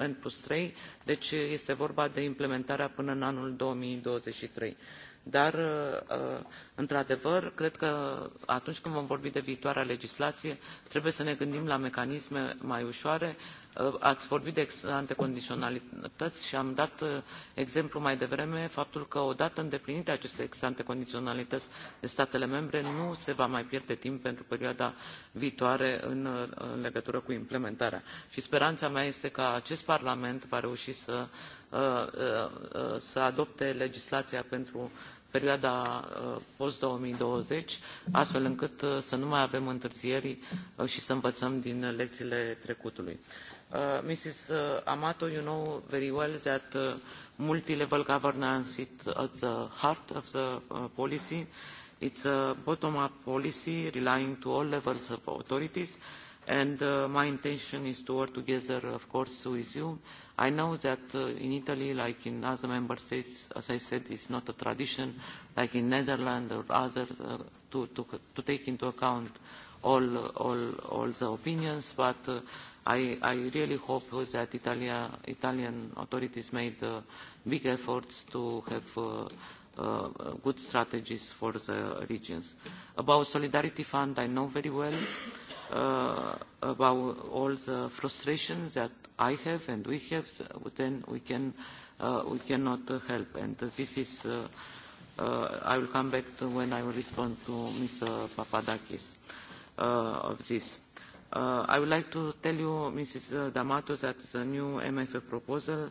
n trei deci este vorba de implementarea până în anul două mii douăzeci și trei dar uh, într adevăr cred că atunci când vom vorbi de viitoarea legislație trebuie să ne gândim la mecanisme mai ușoare uh, ați vorbit de ex ante condiționalități și am dat uh, exemplu mai devreme faptul că odată îndeplinite aceste ex ante condiționalități de statele membre nu se va mai pierde timp pentru perioada viitoare în, în legătură cu implementarea și speranța mea este că acest parlament va reuși să Uh, uh, să adopte legislația pentru perioada uh, post două mii douăzeci astfel încât să nu mai avem întârzieri și să învățăm din lecțiile trecutului. Mrs. Amato, you know very well that uh, multi-level governance is at the heart of the uh, policy. It's a bottom-up policy relying to all levels of authorities and uh, my intention is to work together, of course, with you. I know that uh, in Italy, like in other member states, as I said, it's not a tradition, like in Netherlands or others, uh, to, to, to take into account all, all, all the opinions, but uh, I, I really hope that Italia, Italian authorities made uh, big efforts to have uh, Uh, good strategies for the regions. About Solidarity Fund, I know very well uh, about all the frustration that I have and we have, then we, can, uh, we cannot help. And this is, uh, uh, I will come back to when I will respond to Mr. Papadakis uh, of this. Uh, I would like to tell you, Mrs. D'Amato, that the new MFF proposal uh,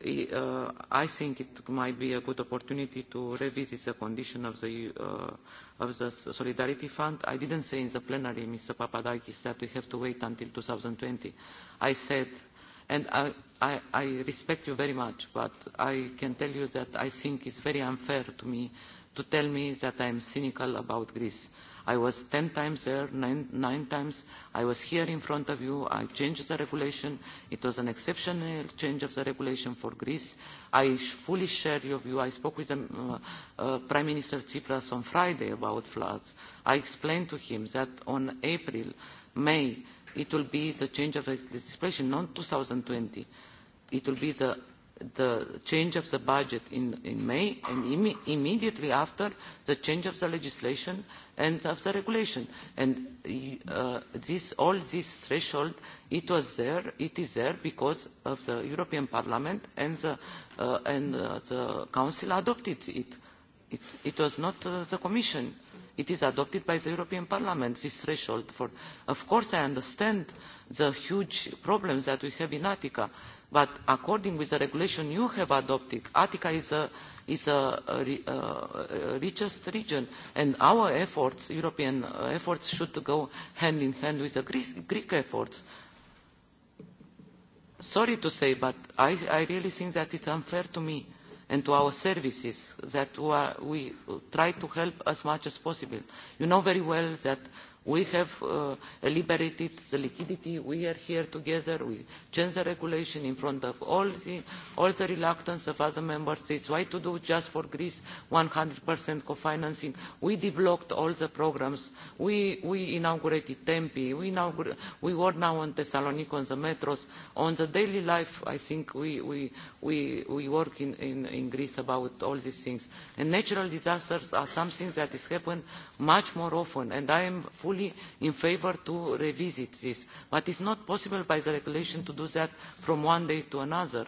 Uh, I think it might be a good opportunity to revisit the condition of the, uh, of the Solidarity Fund. I didn't say in the plenary, Mr. Papadakis, that we have to wait until 2020. I said, and I, I, I respect you very much, but I can tell you that I think it's very unfair to me to tell me that I am cynical about Greece i was ten times there, nine, nine times. I was here in front of you. I changed the regulation. It was an exceptional change of the regulation for Greece. I fully share your view. I spoke with the, uh, uh, Prime Minister Tsipras on Friday about floods. I explained to him that on April, May, it will be the change of legislation, not 2020. It will be the the change of the budget in, in may and Im immediately after the change of the legislation and of the regulation and uh, this, all this threshold it was there it is there because of the european parliament and the, uh, and, uh, the council adopted it. it it was not uh, the commission it is adopted by the european parliament this threshold for of course i understand the huge problems that we have in attica but according with the regulation you have adopted attica is a is the uh, richest region and our efforts european uh, efforts should go hand in hand with the greek, greek efforts. sorry to say but I, i really think that it's unfair to me and to our services that we, are, we try to help as much as possible. you know very well that we have uh, liberated the liquidity we are here together we change the regulation in front of all the, reluctance of other member states why to do just for greece one hundred co-financing we deblocked all the programmes. we, we inaugurated tempi we, we work now on thessaloniki on the metros on the daily life i think we, we, we, we work in, in, in greece about all these things and natural disasters are something that is happening much more often and i am fully fully in favour to revisit this but it's not possible by the regulation to do that from one day to another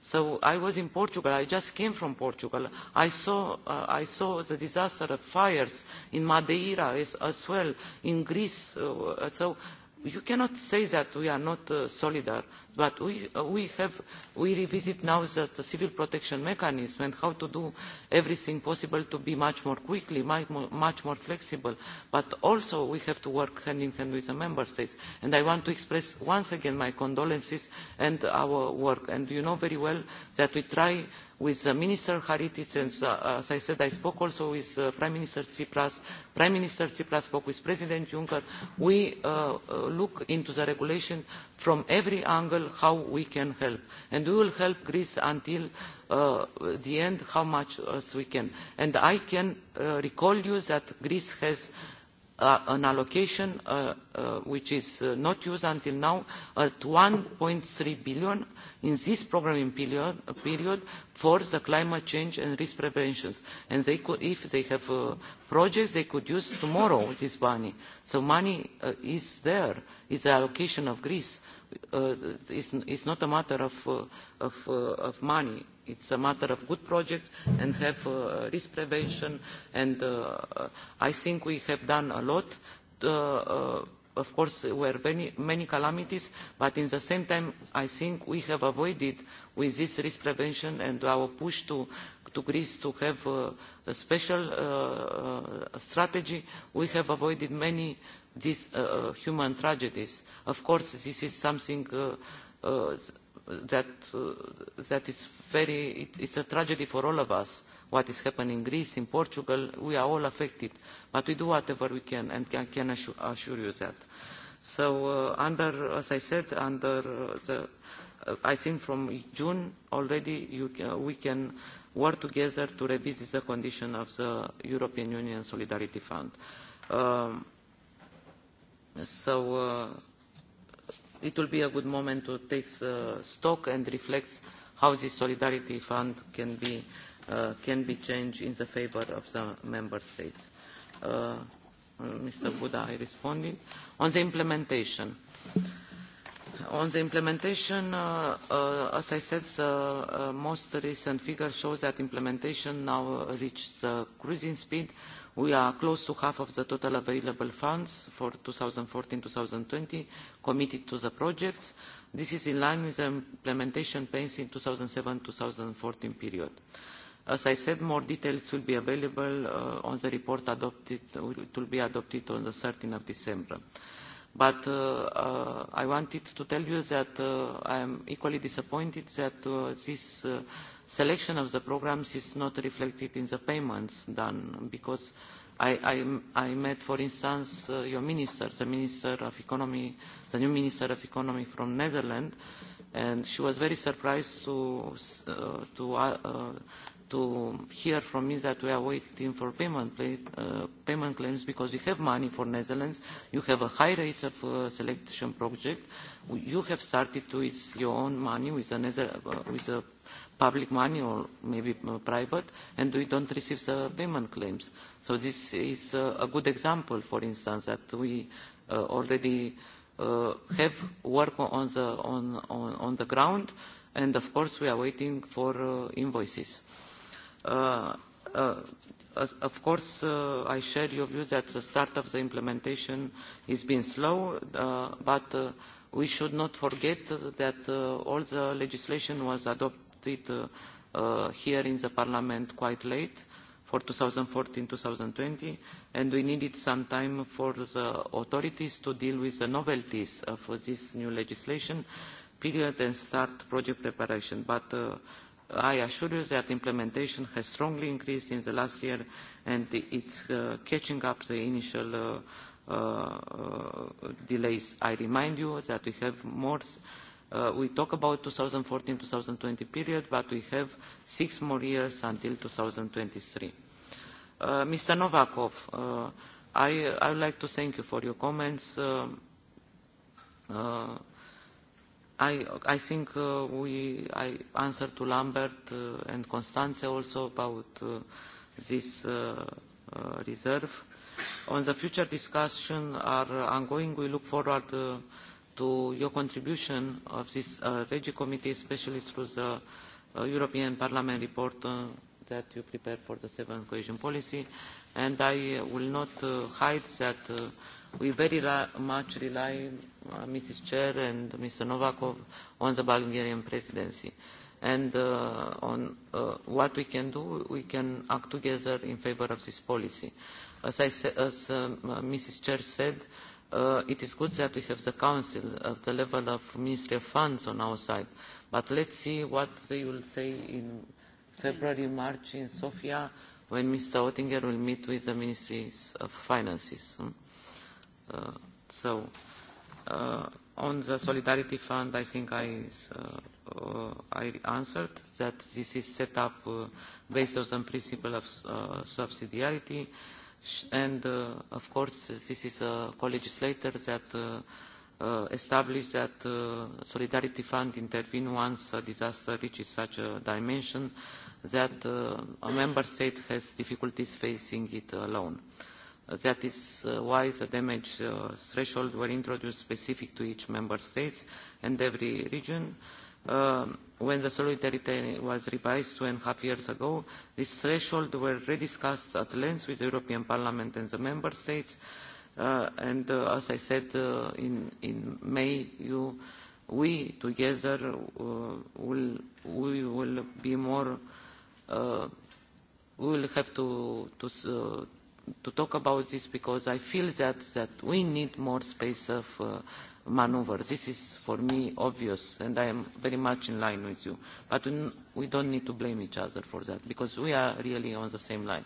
so i was in portugal i just came from portugal i saw, uh, I saw the disaster of fires in madeira as, as well in greece uh, so you cannot say that we are not uh, solidar but we, uh, have, revisit now the, the civil protection mechanism and how to do everything possible to be much more quickly much more, much more flexible but also we have to work hand in hand with the member states and i want to express once again my condolences and our work and you know very well that we try with uh, minister haritis and uh, as i said i spoke also with prime minister tsipras prime minister tsipras spoke with president juncker we look into the regulation from every angle how we can help and we will help greece until uh, the end how much as we can and i can uh, recall you that greece has uh, an allocation which is not used until now at eur. one three billion in this programming period, for the climate change and risk prevention and if they have projects they could use tomorrow this money. so money is there it is the allocation of greece uh, is, not a matter of, uh, of, uh, of money. It's a matter of good projects and have uh, risk prevention. And uh, I think we have done a lot. Uh, uh, of course, there were many, many calamities, but in the same time, I think we have avoided with this risk prevention and our push to, to Greece to have a, uh, a special uh, strategy, we have avoided many these uh, uh, human tragedies. Of course, this is something uh, uh, that, uh, that is very, it, it's a tragedy for all of us. What is happening in Greece, in Portugal, we are all affected. But we do whatever we can and can, can assure, assure you that. So uh, under, as I said, under uh, the, uh, I think from June already you can, we can work together to revisit the condition of the European Union Solidarity Fund. Um, so uh, it will be a good moment to take uh, stock and reflect how this solidarity fund can be, uh, can be changed in the favour of the member states. Uh, uh Mr. Buda, I responded. On the implementation, on the implementation, uh, uh, as I said, the uh, most recent figure shows that implementation now reached the cruising speed we are close to half of the total available funds for two thousand and fourteen two thousand and twenty committed to the projects. this is in line with the implementation pace in the two thousand and seven two thousand and fourteen period. as i said more details will be available uh, on the report adopted it will be adopted on thirteen december but uh, uh, i wanted to tell you that i am equally disappointed that this selection of the programmes is not reflected in the payments done because I, met, for instance, uh, your minister, the minister of economy, the new minister of economy from Netherlands, and she was very surprised to uh, to uh, uh, to hear from me that we are waiting for payment uh, payment claims because we have money for Netherlands. You have a high rate of uh, selection project. You have started with your own money with the, uh, with the public money or maybe uh, private, and we don't receive the payment claims. So this is uh, a good example, for instance, that we uh, already have work on the, on, on, on the ground, and of course we are waiting for invoices. Uh, of course uh, i share your view that the start of the implementation has been slow uh, but we should not forget that all the legislation was adopted adopted uh, uh, here in the Parliament quite late for 2014-2020, and we needed some time for the authorities to deal with the novelties of this new legislation period and start project preparation. But uh, I assure you that implementation has strongly increased in the last year, and it's uh, catching up the initial uh, uh, delays. I remind you that we have more Uh, we talk about 2014-2020 period, but we have six more years until 2023. Uh, Mr. Novakov, uh, I, I would like to thank you for your comments. Uh, uh, I, I think uh, we, I answered to Lambert uh, and Constanze also about uh, this uh, uh, reserve. On the future discussion are ongoing. We look forward uh, to your contribution of this uh, REGI committee, especially through the uh, European Parliament report uh, that you prepared for the seventh cohesion policy. And I will not uh, hide that uh, we very much rely, uh, Mrs. Chair and Mr. Novakov, on the Bulgarian presidency. And uh, on uh, what we can do, we can act together in favor of this policy. As, I, as Mrs. Um, uh, Chair said, uh, Uh, it is good that we have the council at the level of ministry of funds on our side but let's see what they will say in february march in sofia when mr oettinger will meet with the ministries of finances hmm? uh, so uh, on the solidarity fund i think i uh, i answered that this is set up uh, based on the principle of uh, subsidiarity uh, and uh, of course this is a co-legislator that uh, uh, established that uh, solidarity fund intervene once a disaster reaches such a dimension that uh, a member state has difficulties facing it alone. that is uh, why the damage uh, threshold were introduced specific to each member state and every region. Uh, Uh, when the solidarity was revised two and a half years ago, these thresholds were rediscussed at length with the European Parliament and the Member States. Uh, and uh, as I said in, May, we together will, be more, we will have to, talk about this because I feel that, that we need more space of manoeuvre. This is for me obvious and I am very much in line with you. But we do not need to blame each other for that because we are really on the same line.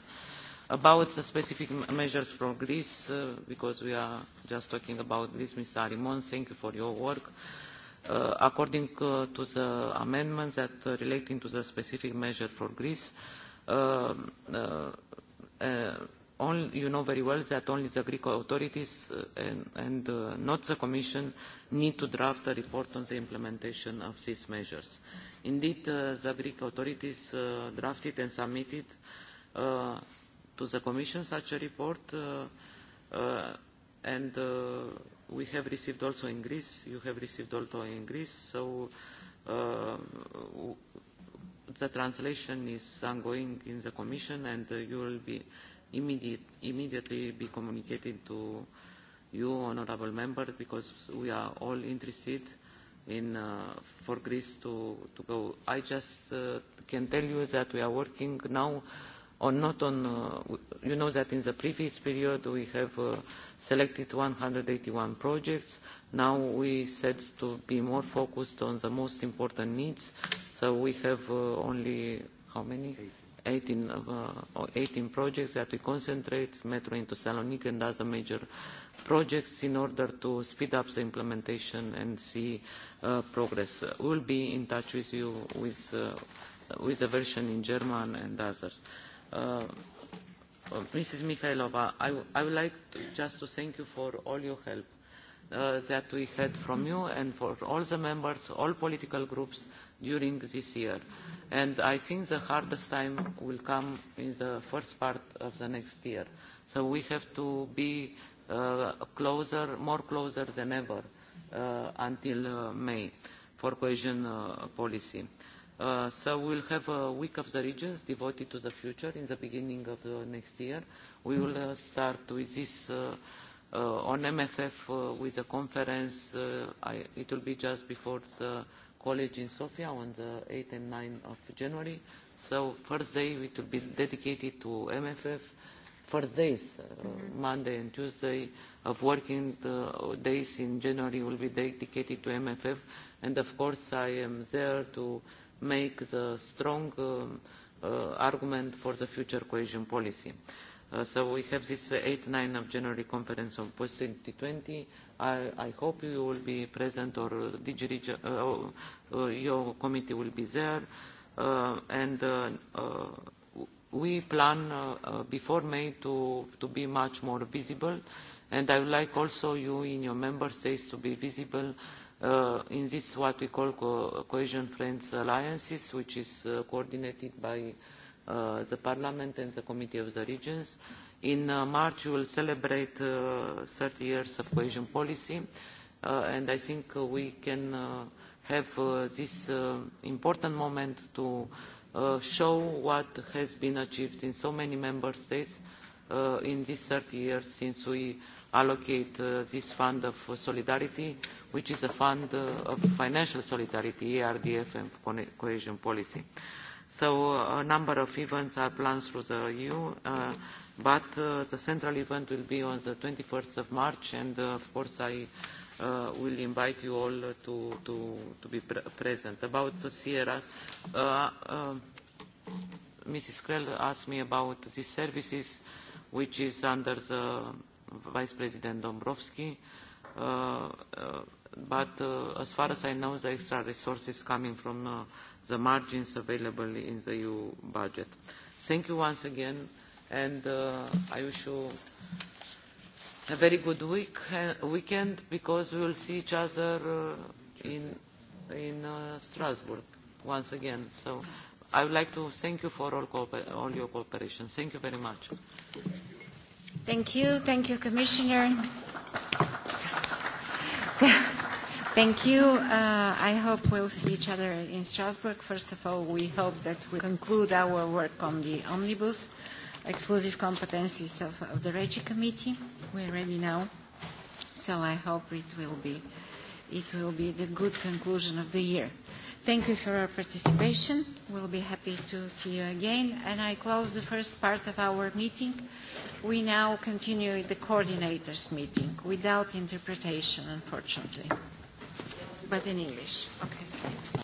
About the specific measures for Greece, uh, because we are just talking about Greece, Mr. Arimon, thank you for your work. Uh, according uh, to the amendments that uh, relating to the specific measure for Greece, um, you know very well that only the Greek authorities uh, and, uh, not the Commission need to draft a report on the implementation of these measures. Indeed, uh, the Greek authorities drafted and submitted to the Commission such a report, and we have received also in Greece, you have received also in Greece, so the translation is ongoing in the Commission, and you will be immediate, immediately be communicated to you, honorable member, because we are all interested in uh, for Greece to, to go. I just uh, can tell you that we are working now on not on, uh, you know that in the previous period we have uh, selected 181 projects. Now we said to be more focused on the most important needs. So we have uh, only, how many? Eight 18, uh, projects that we concentrate Metro into Saloniki and other major projects in order to speed up the implementation and see uh, progress. We'll be in touch with you with, uh, with the version in German and others. Uh, Mrs. Uh, Mikhailova, I, I would like to, just to thank you for all your help uh, that we had from you and for all the members, all political groups during this year. And I think the hardest time will come in the first part of the next year. So we have to be uh, closer, more closer than ever uh, until uh, May for cohesion uh, policy. Uh, so we'll have a week of the regions devoted to the future in the beginning of the next year. We will uh, start with this uh, uh, on MFF uh, with a conference. Uh, I, it will be just before the college in Sofia on the 8th and 9th of January. So first day it will be dedicated to MFF. First days, uh, mm-hmm. Monday and Tuesday of working uh, days in January will be dedicated to MFF. And of course I am there to make the strong um, uh, argument for the future cohesion policy. Uh, so we have this 8-9 of January conference on post-2020 i, I hope you will be present or DG region, uh, uh, your committee will be there. Uh, and uh, uh, we plan uh, uh, before May to, to be much more visible. And I would like also you in your member states to be visible uh, in this what we call co cohesion friends alliances, which is uh, coordinated by uh, the Parliament and the Committee of the Regions. Mm -hmm In uh, March, we will celebrate uh, 30 years of cohesion policy, uh, and I think uh, we can uh, have uh, this uh, important moment to uh, show what has been achieved in so many member states uh, in these 30 years since we allocate uh, this fund of solidarity, which is a fund uh, of financial solidarity, ERDF and cohesion policy. So uh, a number of events are planned through the EU, uh, but uh, the central event will be on the 21st of March, and uh, of course I uh, will invite you all to, to, to be pre present. About the Sierra, uh, uh, um, Mrs. Krell asked me about these services, which is under the Vice President Dombrovski. Uh, uh, but uh, as far as I know, the extra resources coming from uh, the margins available in the EU budget. Thank you once again and uh, I wish you a very good week, uh, weekend because we will see each other uh, in, in uh, Strasbourg once again. So I would like to thank you for all, all your cooperation. Thank you very much. Thank you. Thank you, Commissioner. (laughs) Thank you. Uh, I hope we'll see each other in Strasbourg. First of all, we hope that we conclude our work on the omnibus exclusive competencies of, of the REGI committee. We already know. So I hope it will be it will be the good conclusion of the year. Thank you for your participation. We'll be happy to see you again. And I close the first part of our meeting. We now continue the coordinators meeting without interpretation, unfortunately, but in English. Okay.